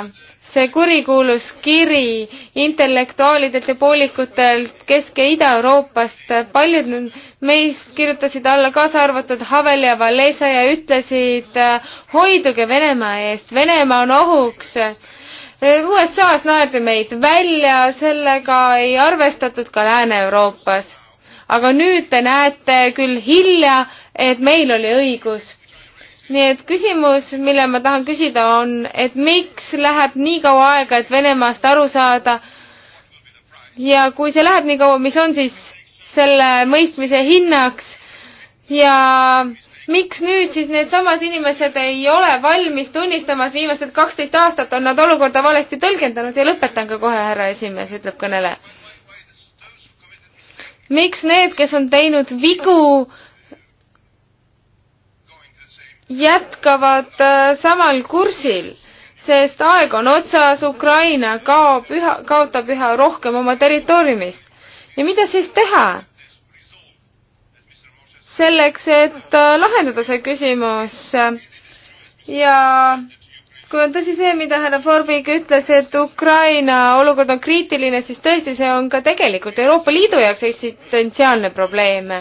see kurikuulus kiri intellektuaalidelt ja poolikutelt Kesk- ja Ida-Euroopast. paljud meist kirjutasid alla, kaasa arvatud Havel ja Valesa ja ütlesid hoiduge Venemaa eest, Venemaa on ohuks. USA-s naerdi meid välja, sellega ei arvestatud ka Lääne-Euroopas. aga nüüd te näete küll hilja, et meil oli õigus nii et küsimus, mille ma tahan küsida, on, et miks läheb nii kaua aega, et Venemaast aru saada ja kui see läheb nii kaua, mis on siis selle mõistmise hinnaks ja miks nüüd siis needsamad inimesed ei ole valmis tunnistama, et viimased kaksteist aastat on nad olukorda valesti tõlgendanud ja lõpetan ka kohe, härra esimees, ütleb kõneleja. miks need, kes on teinud vigu, jätkavad äh, samal kursil, sest aeg on otsas, Ukraina kaob üha, kaotab üha rohkem oma territooriumist. ja mida siis teha? selleks, et äh, lahendada see küsimus ja kui on tõsi see, mida härra Forbik ütles, et Ukraina olukord on kriitiline, siis tõesti, see on ka tegelikult Euroopa Liidu jaoks eksistentsiaalne probleem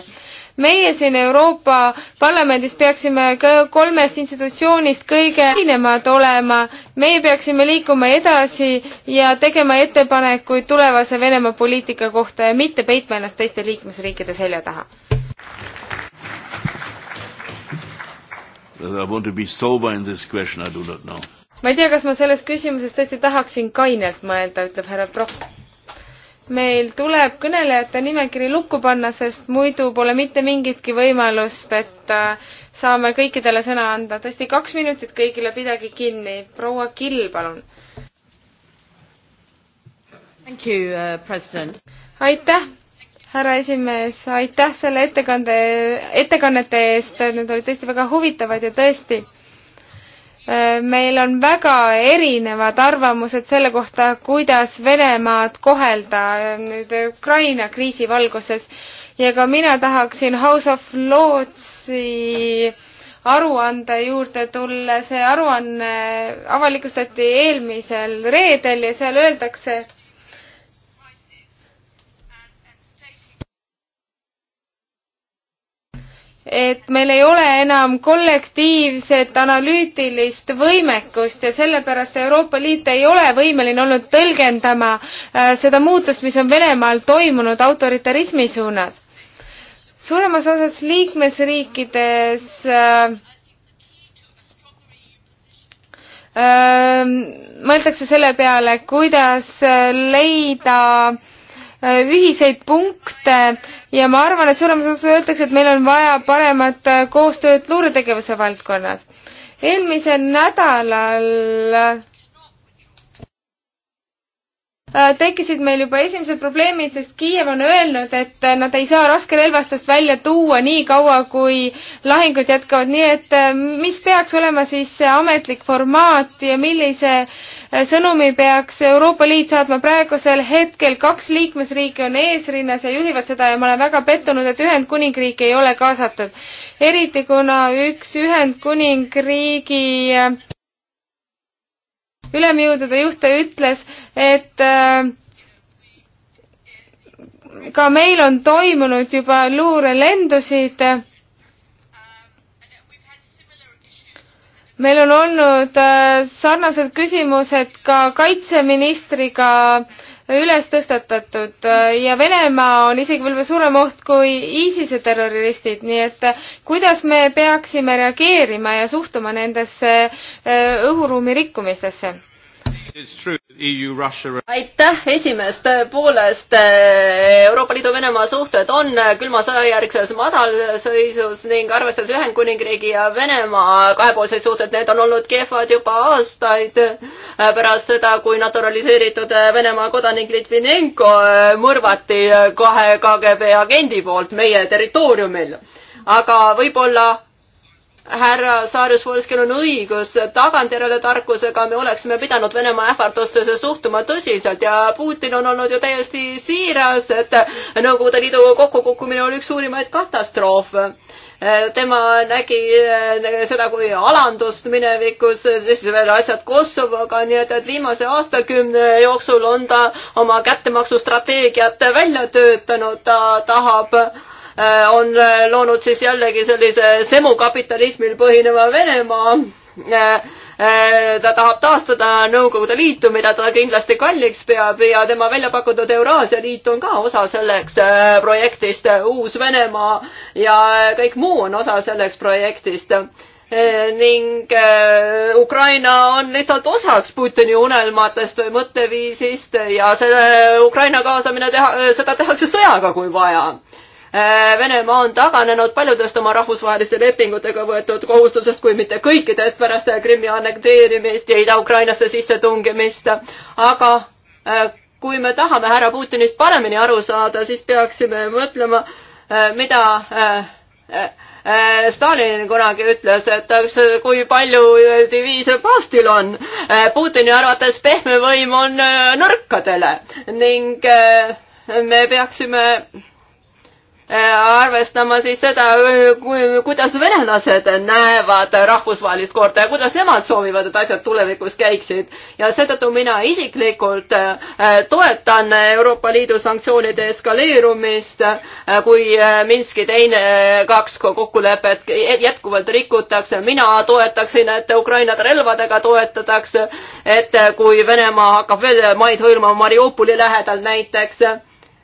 meie siin Euroopa Parlamendis peaksime kolmest institutsioonist kõige erinevad olema. meie peaksime liikuma edasi ja tegema ettepanekuid tulevase Venemaa poliitika kohta ja mitte peitma ennast teiste liikmesriikide selja taha. ma ei tea, kas ma selles küsimuses tõesti tahaksin kainelt mõelda, ütleb härra Prokk meil tuleb kõnelejate nimekiri lukku panna, sest muidu pole mitte mingitki võimalust, et äh, saame kõikidele sõna anda. tõesti, kaks minutit kõigile, pidage kinni. proua Kill, palun. Uh, aitäh, härra esimees, aitäh selle ettekande, ettekannete eest, need olid tõesti väga huvitavad ja tõesti meil on väga erinevad arvamused selle kohta, kuidas Venemaad kohelda nüüd Ukraina kriisi valguses ja ka mina tahaksin House of Lordsi aruande juurde tulla, see aruanne avalikustati eelmisel reedel ja seal öeldakse, et et meil ei ole enam kollektiivset analüütilist võimekust ja sellepärast Euroopa Liit ei ole võimeline olnud tõlgendama äh, seda muutust, mis on Venemaal toimunud autoritarismi suunas. suuremas osas liikmesriikides äh, äh, mõeldakse selle peale, kuidas leida äh, Äh, ühiseid punkte ja ma arvan, et suuremas osas öeldakse, et meil on vaja paremat äh, koostööd luuretegevuse valdkonnas. eelmisel nädalal äh, tekkisid meil juba esimesed probleemid, sest Kiiev on öelnud, et nad ei saa raskerelvastust välja tuua nii kaua, kui lahingud jätkavad, nii et mis peaks olema siis see ametlik formaat ja millise äh, sõnumi peaks Euroopa Liit saatma praegusel hetkel, kaks liikmesriiki on eesrinnas ja juhivad seda ja ma olen väga pettunud, et Ühendkuningriik ei ole kaasatud. eriti kuna üks Ühendkuningriigi äh, ülemjõudude juhte ütles, et äh, ka meil on toimunud juba luurelendusid meil on olnud äh, sarnased küsimused ka kaitseministriga üles tõstatatud äh, ja Venemaa on isegi võib-olla suurem oht kui ISISe terroristid, nii et äh, kuidas me peaksime reageerima ja suhtuma nendesse õhuruumi rikkumistesse? E aitäh, esimees, tõepoolest eh, Euroopa Liidu Venemaa suhted on külma sõjajärgses madalseisus ning arvestades Ühendkuningriigi ja Venemaa kahepoolseid suhteid, need on olnud kehvad juba aastaid eh, pärast seda, kui naturaliseeritud eh, Venemaa kodanik Litvinenko mõrvati kahe KGB agendi poolt meie territooriumil. aga võib-olla härra Saarjus-Volskil on õigus, tagantjärele tarkusega me oleksime pidanud Venemaa ähvardustesse suhtuma tõsiselt ja Putin on olnud ju täiesti siiras, et Nõukogude Liidu kokkukukkumine oli üks suurimaid katastroofe tema nägi äh, seda kui alandust minevikus, siis veel asjad Kosovoga, nii et, et viimase aastakümne jooksul on ta oma kättemaksustrateegiat välja töötanud, ta tahab äh, Äh, on äh, loonud siis jällegi sellise semukapitalismil põhineva Venemaa. Äh, ta tahab taastada Nõukogude Liitu, mida ta kindlasti kalliks peab ja tema välja pakutud Euraasia Liit on ka osa selleks projektist, Uus-Venemaa ja kõik muu on osa sellest projektist ning Ukraina on lihtsalt osaks Putini unelmatest või mõtteviisist ja selle Ukraina kaasamine teha, seda tehakse sõjaga, kui vaja Äh, Venemaa on taganenud paljudest oma rahvusvaheliste lepingutega võetud kohustusest, kui mitte kõikidest pärast Krimmi annekteerimist ja Ida-Ukrainasse sissetungimist. aga äh, kui me tahame härra Putinist paremini aru saada, siis peaksime mõtlema, äh, mida Stalin kunagi ütles, et kui palju diviise paavstil on. Putini arvates pehme võim on nõrkadele ning me peaksime Äh, arvestama siis seda, kuidas venelased näevad rahvusvahelist korda ja kuidas nemad soovivad, et asjad tulevikus käiksid. ja seetõttu mina isiklikult äh, toetan Euroopa Liidu sanktsioonide eskaleerumist, äh, kui Minski teine kaks kokkulepet jätkuvalt rikutakse. mina toetaksin, et Ukrainat relvadega toetatakse, et kui Venemaa hakkab veel maid hõlmama Mariupoli lähedal näiteks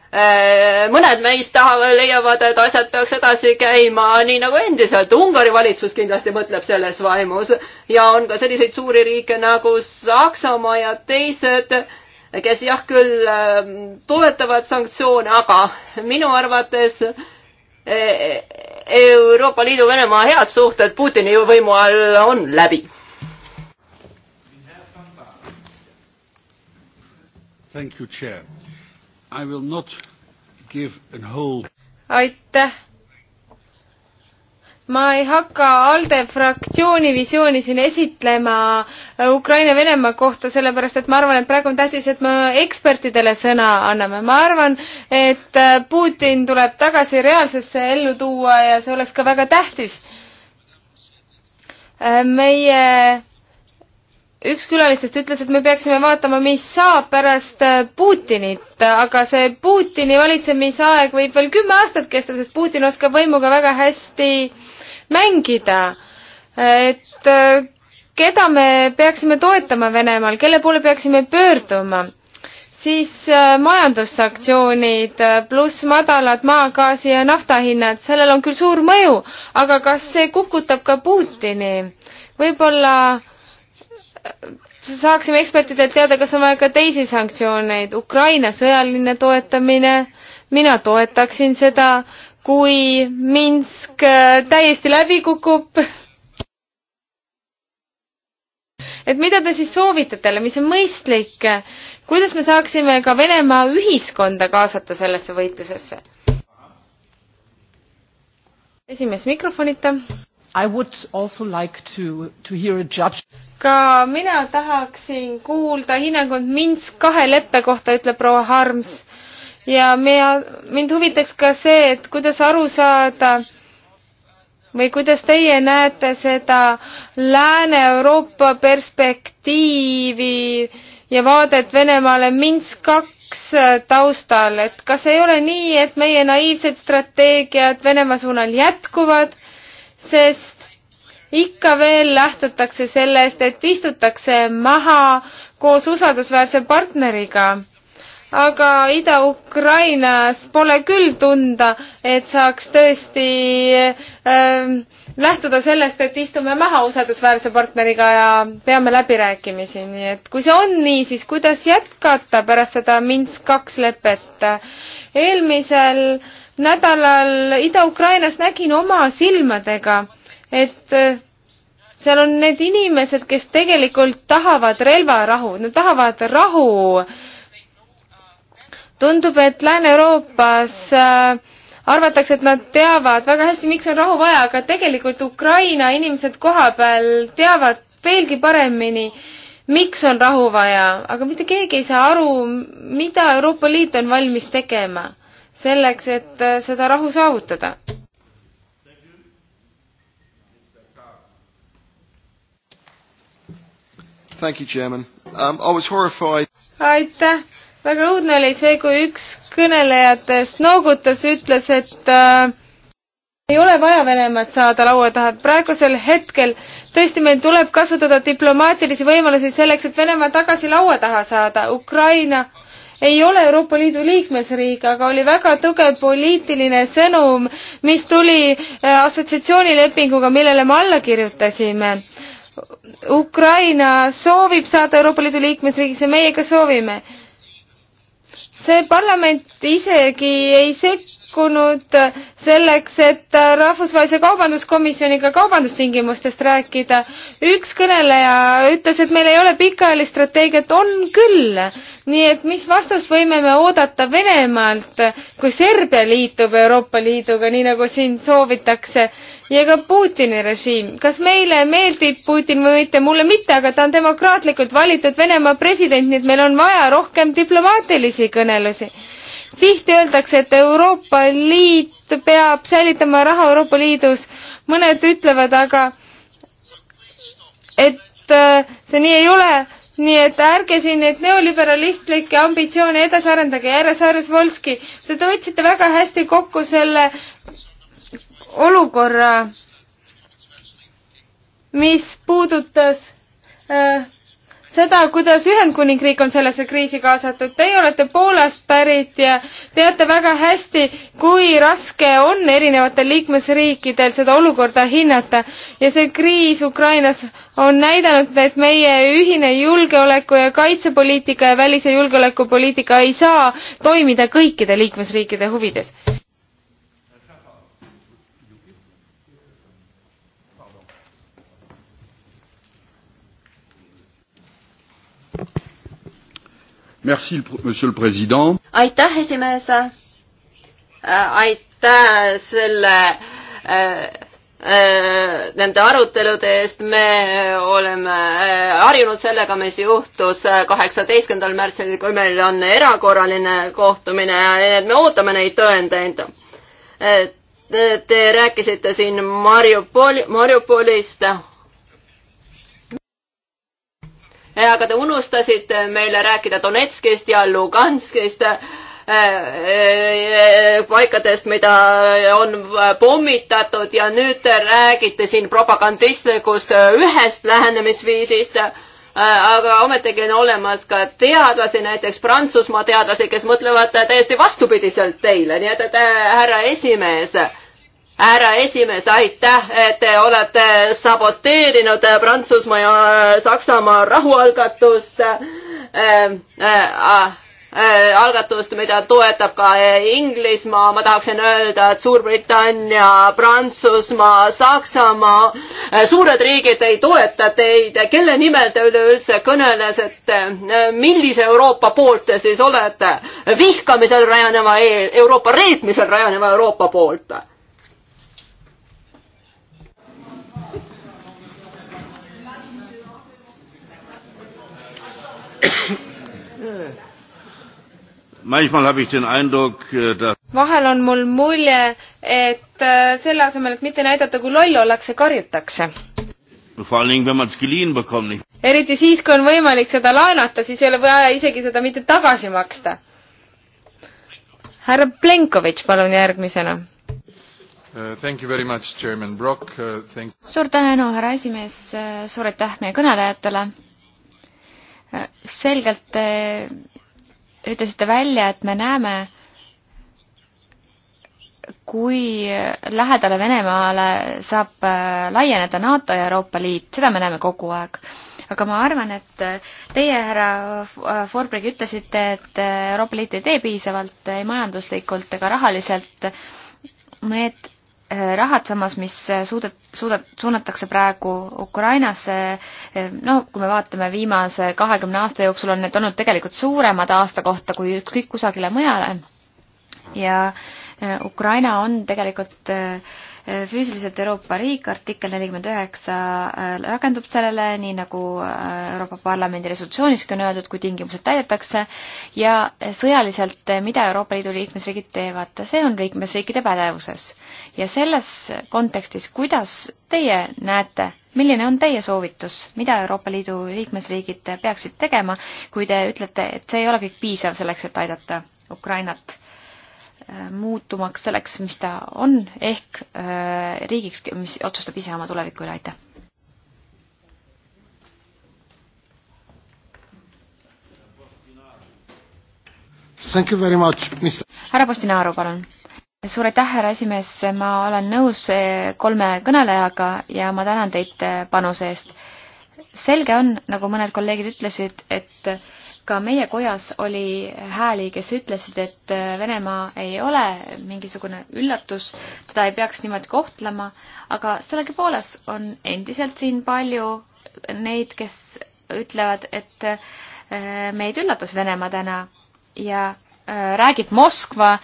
Äh, mõned meist tahavad, leiavad, et asjad peaks edasi käima nii nagu endiselt. Ungari valitsus kindlasti mõtleb selles vaimus ja on ka selliseid suuri riike nagu Saksamaa ja teised, kes jah küll ähm, toetavad sanktsioone, aga minu arvates äh, Euroopa Liidu Venemaa head suhted Putini võimu all on läbi. Thank you, Chair I will not give a whole aitäh! ma ei hakka ALDE fraktsiooni visiooni siin esitlema Ukraina-Venemaa kohta, sellepärast et ma arvan, et praegu on tähtis, et me ekspertidele sõna anname. ma arvan, et Putin tuleb tagasi reaalsesse ellu tuua ja see oleks ka väga tähtis. meie üks külalistest ütles, et me peaksime vaatama, mis saab pärast äh, Putinit, aga see Putini valitsemisaeg võib veel kümme aastat kesta, sest Putin oskab võimuga väga hästi mängida. et äh, keda me peaksime toetama Venemaal, kelle poole peaksime pöörduma? siis äh, majandussanktsioonid pluss madalad maagaasi ja naftahinnad, sellel on küll suur mõju, aga kas see kukutab ka Putini? võib-olla äh, saaksime ekspertidelt teada, kas on vaja ka teisi sanktsiooneid. Ukraina sõjaline toetamine, mina toetaksin seda, kui Minsk äh, täiesti läbi kukub. et mida te siis soovitate talle, mis on mõistlik, kuidas me saaksime ka Venemaa ühiskonda kaasata sellesse võitlusesse? esimees mikrofonita. I would also like to, to hear a judge ka mina tahaksin kuulda hinnangut Minsk kahe leppe kohta, ütleb proua Harms. ja mina, mind huvitaks ka see, et kuidas aru saada või kuidas teie näete seda Lääne-Euroopa perspektiivi ja vaadet Venemaale Minsk kaks taustal, et kas ei ole nii, et meie naiivsed strateegiad Venemaa suunal jätkuvad, sest ikka veel lähtutakse sellest, et istutakse maha koos usaldusväärse partneriga. aga Ida-Ukrainas pole küll tunda, et saaks tõesti äh, lähtuda sellest, et istume maha usaldusväärse partneriga ja peame läbirääkimisi, nii et kui see on nii, siis kuidas jätkata pärast seda Minsk kaks lepet? eelmisel nädalal Ida-Ukrainas nägin oma silmadega et äh, seal on need inimesed, kes tegelikult tahavad relvarahu, nad tahavad rahu. tundub, et Lääne-Euroopas äh, arvatakse, et nad teavad väga hästi, miks on rahu vaja, aga tegelikult Ukraina inimesed kohapeal teavad veelgi paremini, miks on rahu vaja, aga mitte keegi ei saa aru, mida Euroopa Liit on valmis tegema selleks, et äh, seda rahu saavutada Thank you, Chairman um,. I was horrified. aitäh, väga õudne oli see, kui üks kõnelejatest noogutas, ütles, et äh, ei ole vaja Venemaad saada laua taha, praegusel hetkel tõesti meil tuleb kasutada diplomaatilisi võimalusi selleks, et Venemaa tagasi laua taha saada, Ukraina ei ole Euroopa Liidu liikmesriik, aga oli väga tugev poliitiline sõnum, mis tuli äh, assotsiatsioonilepinguga, millele me alla kirjutasime Ukraina soovib saada Euroopa Liidu liikmesriigiks ja meie ka soovime. see parlament isegi ei sekkunud selleks, et Rahvusvahelise Kaubanduskomisjoniga kaubandustingimustest rääkida. üks kõneleja ütles, et meil ei ole pikaajalist strateegiat, on küll. nii et mis vastust võime me oodata Venemaalt, kui Serbia liitub Euroopa Liiduga, nii nagu siin soovitakse ja ka Putini režiim. kas meile meeldib Putin või mitte, mulle mitte, aga ta on demokraatlikult valitud Venemaa president, nii et meil on vaja rohkem diplomaatilisi kõnelusi. tihti öeldakse, et Euroopa Liit peab säilitama raha Euroopa Liidus, mõned ütlevad aga, et äh, see nii ei ole, nii et ärge siin neid neoliberalistlikke ambitsioone edasi arendage ja härra Sarasvolski, te võtsite väga hästi kokku selle olukorra, mis puudutas äh, seda, kuidas Ühendkuningriik on sellesse kriisi kaasatud. Teie olete Poolast pärit ja teate väga hästi, kui raske on erinevatel liikmesriikidel seda olukorda hinnata ja see kriis Ukrainas on näidanud, et meie ühine julgeoleku ja kaitsepoliitika ja välis- ja julgeolekupoliitika ei saa toimida kõikide liikmesriikide huvides aitäh, esimees. Äh, aitäh selle äh, äh, nende arutelude eest, me äh, oleme harjunud sellega, mis juhtus kaheksateistkümnendal märtsil, kui meil on erakorraline kohtumine, nii et me ootame neid tõendeid. Te rääkisite siin Mariupol-, Mariupolist Äh, aga te unustasite meile rääkida Donetskist ja Luganskist äh, äh, paikadest, mida on pommitatud ja nüüd te räägite siin propagandistlikust ühest lähenemisviisist aga ometigi on olemas ka teadlasi, näiteks Prantsusmaa teadlasi, kes mõtlevad täiesti vastupidiselt teile, nii et, et härra esimees äh,, härra esimees, aitäh, et te olete saboteerinud Prantsusmaa ja Saksamaa rahualgatust ähm,. Äh, äh, ah, äh, algatust, mida toetab ka Inglismaa, ma tahaksin öelda, et Suurbritannia, Prantsusmaa, Saksamaa, äh, suured riigid ei toeta teid, kelle nimel te üleüldse kõneles, et äh, millise Euroopa poolt te siis olete? vihkamisel rajaneva, e-, Euroopa reetmisel rajaneva Euroopa poolt Äh, vahel on mul mulje, et äh, selle asemel, et mitte näidata, kui loll ollakse, karjutakse. eriti siis, kui on võimalik seda laenata, siis ei ole vaja isegi seda mitte tagasi maksta. härra Plenkovitš, palun järgmisena. Äh, much, suur tänu, härra esimees, suur aitäh meie kõnelejatele selgelt te eh, ütlesite välja, et me näeme, kui lähedale Venemaale saab eh, laieneda NATO ja Euroopa Liit, seda me näeme kogu aeg. aga ma arvan, et eh, teie, härra äh, Forberg, ütlesite, et Euroopa Liit ei tee piisavalt ei majanduslikult ega rahaliselt. Need Eh, rahad samas, mis eh, suudet-, suudet-, suunatakse praegu Ukrainasse, eh, no kui me vaatame viimase kahekümne aasta jooksul, on need olnud tegelikult suuremad aasta kohta kui ükskõik kusagile mujale. ja Ukraina on tegelikult äh, füüsiliselt Euroopa riik, artikkel nelikümmend üheksa äh, rakendub sellele, nii nagu äh, Euroopa Parlamendi resolutsiooniski on öeldud, kui tingimused täidetakse, ja sõjaliselt, äh, mida Euroopa Liidu liikmesriigid teevad, see on liikmesriikide pädevuses. ja selles kontekstis, kuidas teie näete, milline on teie soovitus, mida Euroopa Liidu liikmesriigid peaksid tegema, kui te ütlete, et see ei ole kõik piisav selleks, et aidata Ukrainat? Äh, muutumaks selleks, mis ta on, ehk äh, riigiks, mis otsustab ise oma tuleviku üle, aitäh! härra Postinaaru, palun! suur aitäh, härra esimees, ma olen nõus kolme kõnelejaga ja ma tänan teid panuse eest. selge on, nagu mõned kolleegid ütlesid, et ka meie kojas oli hääli, kes ütlesid, et äh, Venemaa ei ole mingisugune üllatus, teda ei peaks niimoodi kohtlema, aga sellegipoolest on endiselt siin palju neid, kes ütlevad, et äh, meid üllatas Venemaa täna ja äh, räägib Moskva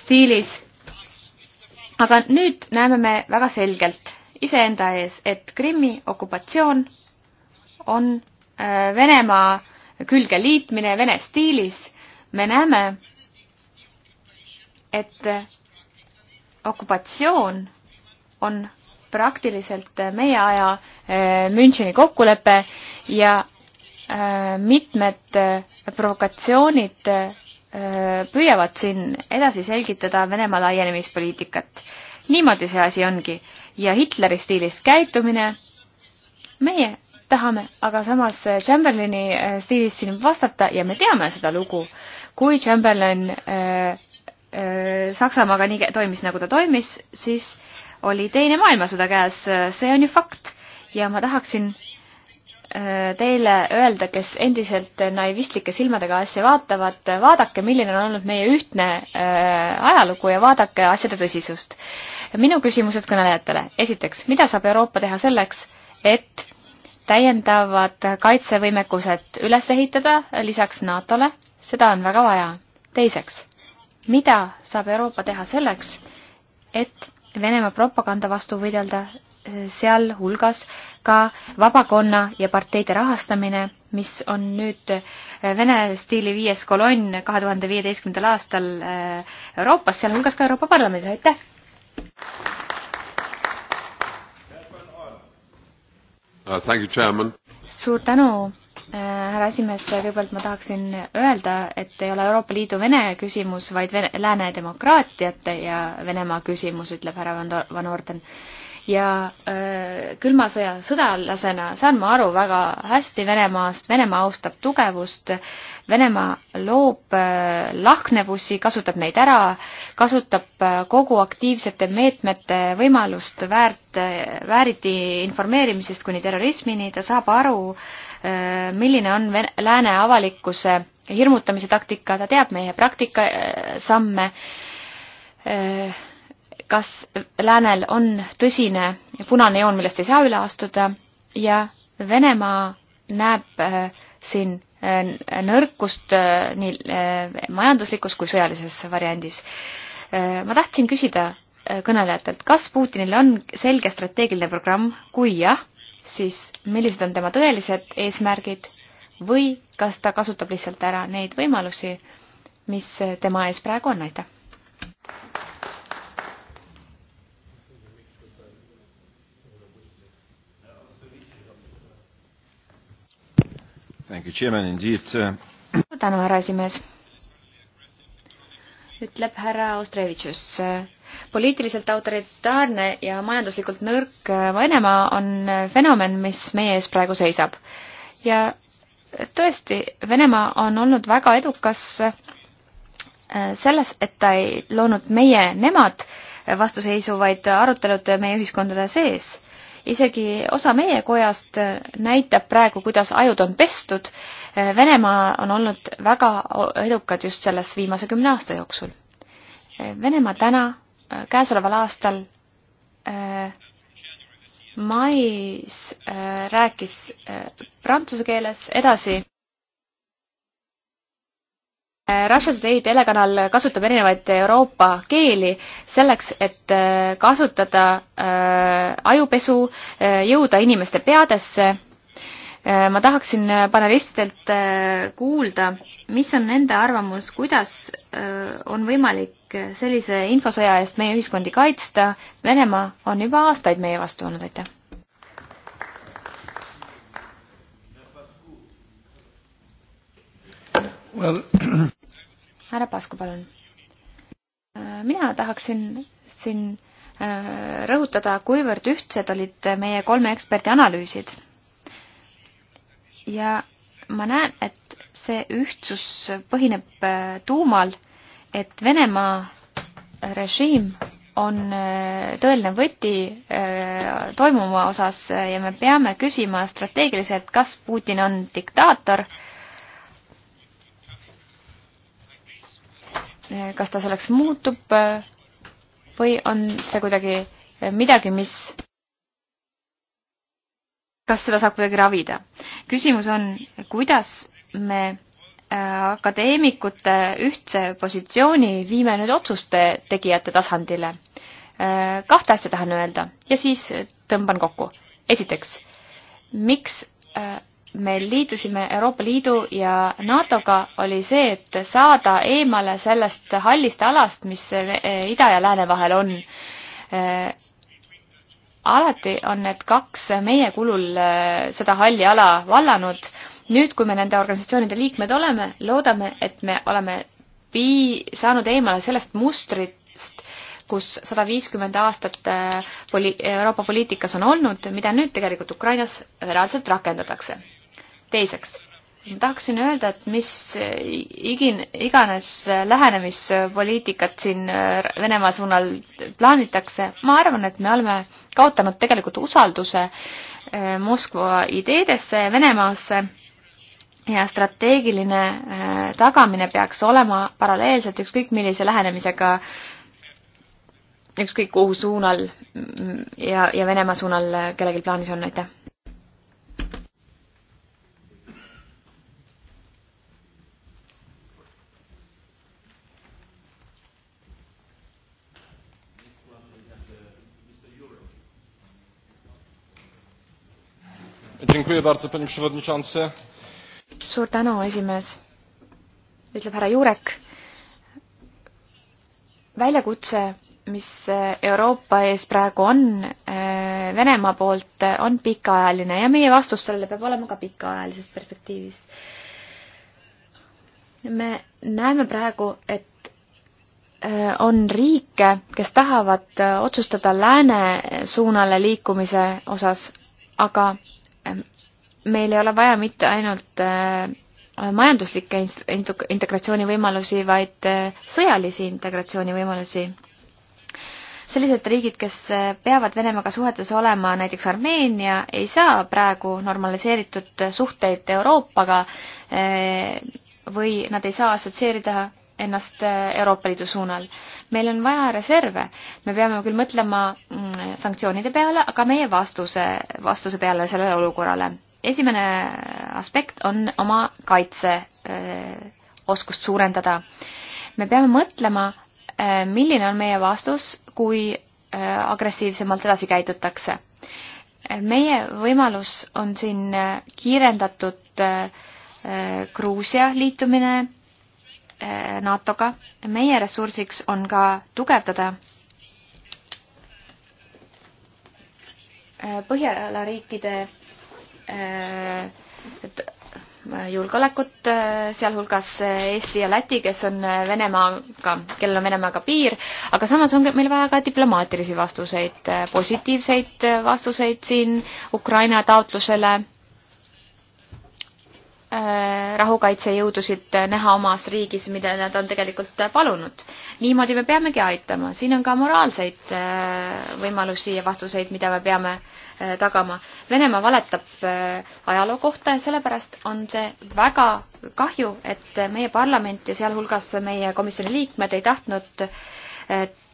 stiilis. aga nüüd näeme me väga selgelt iseenda ees, et Krimmi okupatsioon on Äh, Venemaa külge liitmine Vene stiilis, me näeme, et okupatsioon on praktiliselt meie aja äh, Müncheni kokkulepe ja äh, mitmed provokatsioonid püüavad siin edasi selgitada Venemaa laienemispoliitikat. niimoodi see asi ongi ja Hitleri stiilis käitumine meie tahame aga samas eh, Chamberlaini eh, stiilis siin vastata ja me teame seda lugu, kui Chamberlain äh, äh, Saksamaaga nii toimis, nagu ta toimis, siis oli Teine maailmasõda käes, see on ju fakt ja ma tahaksin teile öelda, kes endiselt naivistlike silmadega asja vaatavad, vaadake, milline on olnud meie ühtne ajalugu ja vaadake asjade tõsisust. minu küsimused kõnelejatele. esiteks, mida saab Euroopa teha selleks, et täiendavad kaitsevõimekused üles ehitada lisaks NATO-le, seda on väga vaja. teiseks, mida saab Euroopa teha selleks, et Venemaa propaganda vastu võidelda, sealhulgas ka vabakonna ja parteide rahastamine, mis on nüüd äh, Vene stiili viies kolonn kahe tuhande viieteistkümnendal aastal äh, Euroopas, sealhulgas ka Euroopa Parlamendis, aitäh! Uh, suur tänu, äh, härra esimees, kõigepealt ma tahaksin öelda, et ei ole Euroopa Liidu Vene küsimus, vaid Vene, lääne demokraatiate ja Venemaa küsimus, ütleb härra Van Orden ja äh, külma sõja sõdalasena saan ma aru väga hästi Venemaast, Venemaa austab tugevust, Venemaa loob äh, lahknevusi, kasutab neid ära, kasutab äh, kogu aktiivsete meetmete võimalust väärt äh,, vääriti informeerimisest kuni terrorismini, ta saab aru äh,, milline on Ven lääne avalikkuse hirmutamise taktika, ta teab meie praktika äh, samme äh,, kas läänel on tõsine punane joon, millest ei saa üle astuda ja Venemaa näeb äh, siin äh, nõrkust äh, nii majanduslikus kui sõjalises variandis. ma tahtsin küsida kõnelejatelt, kas Putinil on selge strateegiline programm, kui jah, siis millised on tema tõelised eesmärgid või kas ta kasutab lihtsalt ära neid võimalusi, mis tema ees praegu on, aitäh! suur tänu, härra esimees. ütleb härra Ostrevitšus. poliitiliselt autoritaarne ja majanduslikult nõrk Venemaa on fenomen, mis meie ees praegu seisab. ja tõesti, Venemaa on olnud väga edukas äh, selles, et ta ei loonud meie nemad vastuseisu, vaid arutelud meie ühiskondade sees isegi osa meie kojast näitab praegu, kuidas ajud on pestud. Venemaa on olnud väga edukad just selles viimase kümne aasta jooksul. Venemaa täna, käesoleval aastal mais rääkis äh, prantsuse keeles, edasi Äh, Russia Today telekanal kasutab erinevaid Euroopa keeli selleks, et äh, kasutada äh, ajupesu, jõuda inimeste peadesse. ma tahaksin panelistidelt kuulda, mis on nende arvamus, kuidas on võimalik sellise infosõja eest meie ühiskondi kaitsta. Venemaa on juba aastaid meie vastu olnud, aitäh Well, härra Pasku, palun. mina tahaksin siin äh, rõhutada, kuivõrd ühtsed olid meie kolme eksperdi analüüsid. ja ma näen, et see ühtsus põhineb äh, tuumal, et Venemaa režiim on äh, tõeline võti toimuma osas ja me peame küsima strateegiliselt, kas Putin on diktaator äh, kas ta selleks muutub äh, või on see kuidagi äh, midagi, mis, kas seda saab kuidagi ravida? küsimus on, kuidas me äh, akadeemikute ühtse positsiooni viime nüüd otsuste tegijate tasandile. kahte asja tahan öelda ja siis tõmban kokku. esiteks, miks me liitusime Euroopa Liidu ja NATO-ga, oli see, et saada eemale sellest hallist alast, mis ida ja lääne vahel on. alati on need kaks meie kulul äh, seda halli ala vallanud. nüüd, kui me nende organisatsioonide liikmed oleme, loodame, et me oleme pii-, saanud eemale sellest mustrist, kus sada viiskümmend aastat äh, poli-, Euroopa poliitikas on olnud, mida nüüd tegelikult Ukrainas reaalselt rakendatakse teiseks, tahaksin öelda, et mis igin-, iganes lähenemispoliitikat siin äh, Venemaa suunal plaanitakse, ma arvan, et me oleme kaotanud tegelikult usalduse äh, Moskva ideedesse ja Venemaasse ja strateegiline äh, tagamine peaks olema paralleelselt ükskõik millise lähenemisega ükskõik kuhu suunal mm, ja, ja Venemaa suunal kellelgi plaanis on, aitäh! suur tänu, esimees, ütleb härra Jurek. väljakutse, mis Euroopa ees praegu on eh, Venemaa poolt, eh, on pikaajaline ja meie vastus sellele peab olema ka pikaajalises perspektiivis. me näeme praegu, et eh, on riike, kes tahavad otsustada lääne suunale liikumise osas, aga meil ei ole vaja mitte ainult äh, majanduslikke integratsiooni võimalusi, vaid äh, sõjalisi integratsiooni võimalusi. sellised riigid, kes äh, peavad Venemaaga suhetes olema, näiteks Armeenia, ei saa praegu normaliseeritud suhteid Euroopaga või nad ei saa assotsieerida ennast äh, Euroopa Liidu suunal. meil on vaja reserve, me peame küll mõtlema mm, sanktsioonide peale, aga meie vastuse, vastuse peale sellele olukorrale. esimene aspekt on oma kaitseoskust äh, suurendada. me peame mõtlema, äh, milline on meie vastus, kui agressiivsemalt edasi käidutakse. meie võimalus on siin kiirendatud Gruusia liitumine Eh, NATO-ga. meie ressursiks on ka tugevdada eh, Põhjala riikide eh, julgeolekut, sealhulgas Eesti ja Läti, kes on Venemaaga, kellel on Venemaaga piir, aga samas on meil vaja ka diplomaatilisi vastuseid, positiivseid vastuseid siin Ukraina taotlusele Äh, rahukaitsejõudusid näha omas riigis, mida nad on tegelikult palunud. niimoodi me peamegi aitama, siin on ka moraalseid äh, võimalusi ja vastuseid, mida me peame äh, tagama. Venemaa valetab ajaloo kohta ja sellepärast on see väga kahju, et meie parlament ja sealhulgas meie komisjoni liikmed ei tahtnud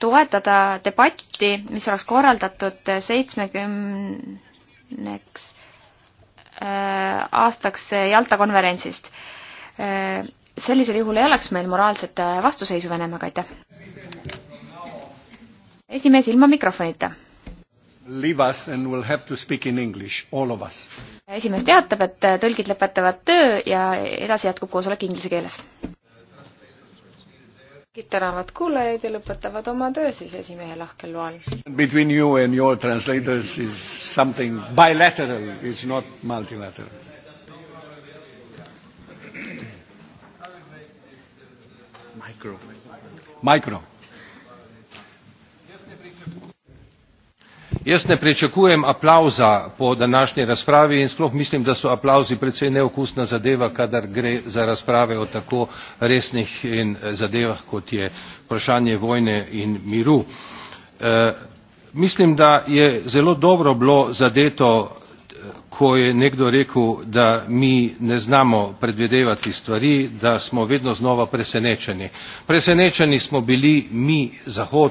toetada debatti, mis oleks korraldatud seitsmekümneks 70 Äh, aastaks Jalta konverentsist. Äh, sellisel juhul ei oleks meil moraalset äh, vastuseisu Venemaaga, aitäh. esimees ilma mikrofonita. Leave us and we will have to speak in english, all of us. esimees teatab, et tõlgid lõpetavad töö ja edasi jätkub koosolek inglise keeles kõik tänavad kuulajaid ja lõpetavad oma töö siis esimehe lahkel loal. Between you and your translators is something bilateral, it's not multilateral. Micro. Micro. jaz ne pričakujem aplavza po današnji razpravi in sploh mislim da so aplavzi precej neokusna zadeva kadar gre za razprave o tako resnih eh, zadevah kot je vprašanje vojne in miru. E, mislim da je zelo dobro bilo zadeto eh, ko je nekdo rekel da mi ne znamo predvidevati stvari da smo vedno znova presenečeni. presenečeni smo bili mi zahod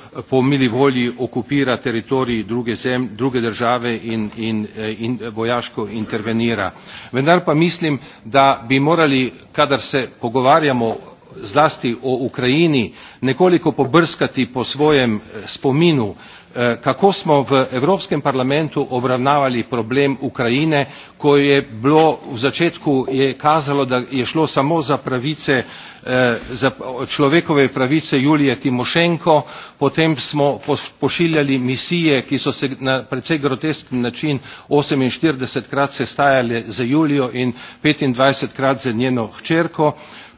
po mili volji okupira teritorij druge, zem, druge države in, in, eh, in eh, vojaško intervenira. vendar pa mislim da bi morali kadar se pogovarjamo zlasti o ukrajini nekoliko pobrskati po svojem eh, spominu kako smo v evropskem parlamentu obravnavali problem ukrajine ko je bilo v začetku je kazalo da je šlo samo za pravice Eh, za človekove pravice julije timošenko potem smo pošiljali misije ki so se na precej grotesken način oseminštiridesetkrat sestajale z julijo in petindvajsetkrat z njeno hčerko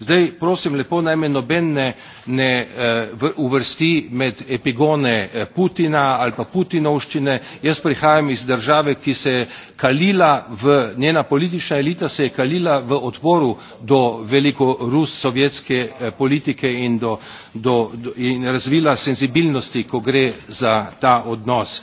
Zdaj, prosim lepo, naj me noben ne, ne uh, uvrsti med epigone eh, Putina ali pa Putinovščine. Jaz prihajam iz države, ki se je kalila v, njena politična elita se je kalila v odporu do velikorus sovjetske eh, politike in, do, do, do, in razvila senzibilnosti, ko gre za ta odnos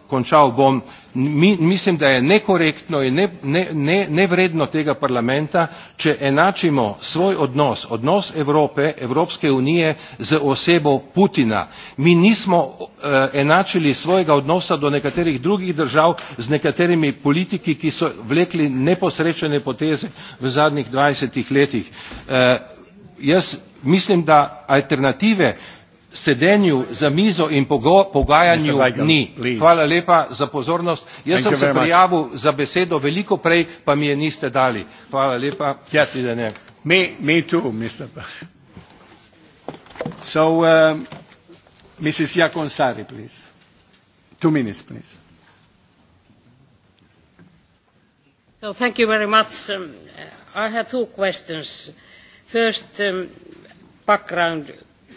končal bom, mi, mislim, da je nekorektno in ne, ne, ne, nevredno tega parlamenta, če enačimo svoj odnos, odnos Evrope, Evropske unije z osebo Putina. Mi nismo uh, enačili svojega odnosa do nekaterih drugih držav z nekaterimi politiki, ki so vlekli neposrečene poteze v zadnjih dvajsetih letih. Uh, jaz mislim, da alternative sedenju za mizo in pogajanju ni. hvala lepa za pozornost. jaz sem se prijavil za besedo veliko prej pa mi je niste dali. hvala lepa. Yes. Me, me too, Mr. So, um, Mrs. Yakonsari, please. Two minutes, please. So, thank you very much. Um, I have two questions. First, um, background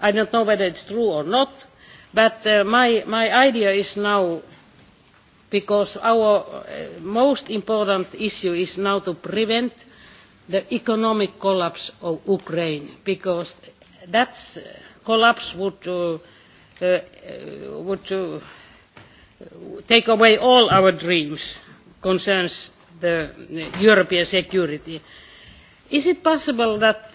i do not know whether it is true or not but uh, my, my idea is now because our uh, most important issue is now to prevent the economic collapse of ukraine because that uh, collapse would, uh, uh, uh, would uh, take away all our dreams concerning european security. is it possible that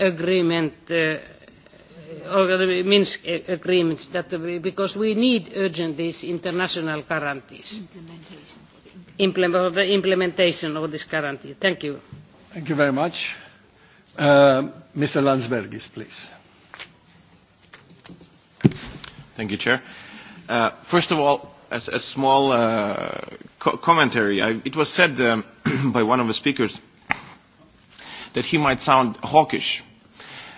agreement, uh, or the Minsk agreements, that we, because we need urgent these international guarantees. Implementation. Implement, the implementation of this guarantee. Thank you. Thank you very much. Uh, Mr. Landsbergis, please. Thank you, Chair. Uh, first of all, a, a small uh, co commentary. I, it was said um, by one of the speakers that he might sound hawkish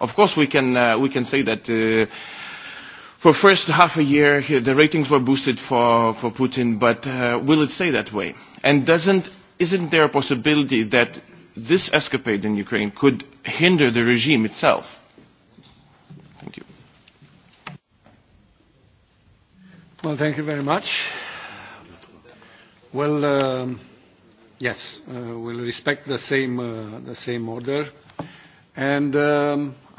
Of course, we can, uh, we can say that uh, for first half a year, the ratings were boosted for, for Putin, but uh, will it stay that way? And doesn't, isn't there a possibility that this escapade in Ukraine could hinder the regime itself? Thank you. Well, thank you very much. Well, um, yes, uh, we'll respect the same, uh, the same order. And um,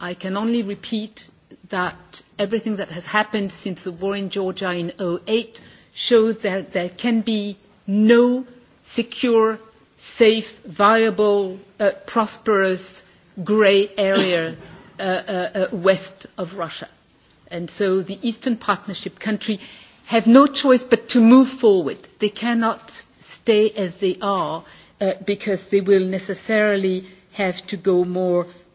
I can only repeat that everything that has happened since the war in Georgia in 2008 shows that there can be no secure, safe, viable, uh, prosperous grey area uh, uh, uh, west of Russia. And so the Eastern Partnership country have no choice but to move forward. They cannot stay as they are uh, because they will necessarily have to go more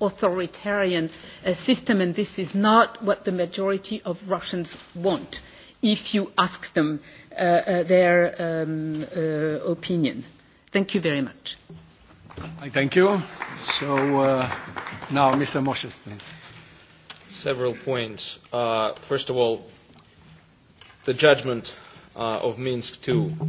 authoritarian uh, system, and this is not what the majority of Russians want if you ask them uh, uh, their um, uh, opinion. Thank you very much. I thank you. So uh, now, Mr. Moshe, please. Several points. Uh, first of all, the judgment uh, of Minsk II. Mm-hmm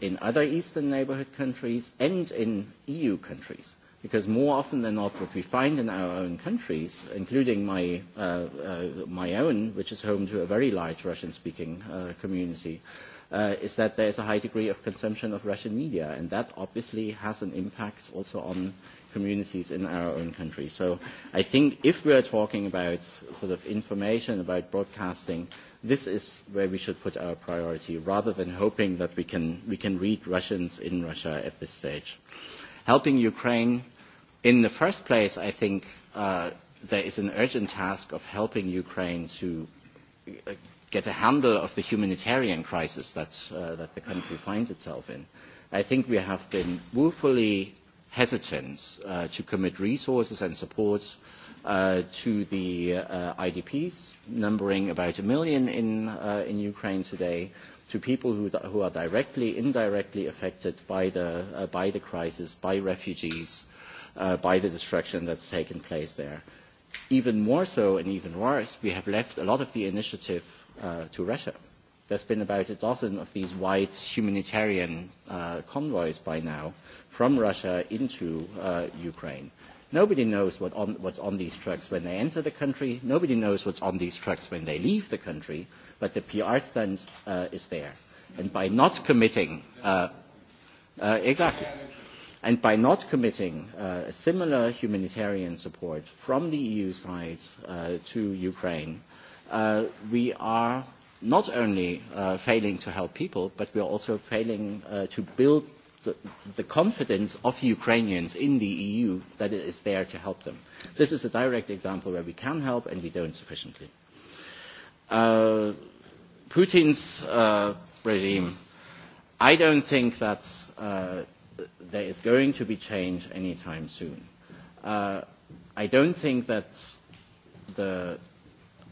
in other Eastern neighborhood countries and in EU countries. Because more often than not, what we find in our own countries, including my, uh, uh, my own, which is home to a very large Russian-speaking uh, community, uh, uh, is that there is a high degree of consumption of Russian media, and that obviously has an impact also on communities in our own country. So I think if we are talking about sort of information about broadcasting, this is where we should put our priority, rather than hoping that we can we can read Russians in Russia at this stage. Helping Ukraine, in the first place, I think. Uh, there is an urgent task of helping Ukraine to uh, get a handle of the humanitarian crisis that's, uh, that the country finds itself in. I think we have been woefully hesitant uh, to commit resources and support uh, to the uh, IDPs, numbering about a million in, uh, in Ukraine today, to people who, who are directly, indirectly affected by the, uh, by the crisis, by refugees, uh, by the destruction that's taken place there. Even more so and even worse, we have left a lot of the initiative uh, uh, to Russia. There's been about a dozen of these wide humanitarian uh, convoys by now from Russia into uh, Ukraine. Nobody knows what on, what's on these trucks when they enter the country. Nobody knows what's on these trucks when they leave the country. But the PR stunt uh, is there. And by not committing, uh, uh, exactly. And by not committing uh, similar humanitarian support from the EU side uh, to Ukraine, uh, uh, we are not only uh, failing to help people, but we are also failing uh, to build the, the confidence of Ukrainians in the EU that it is there to help them. This is a direct example where we can help and we don't sufficiently. Uh, Putin's uh, regime, I don't think that uh, there is going to be change anytime soon. Uh, I don't think that the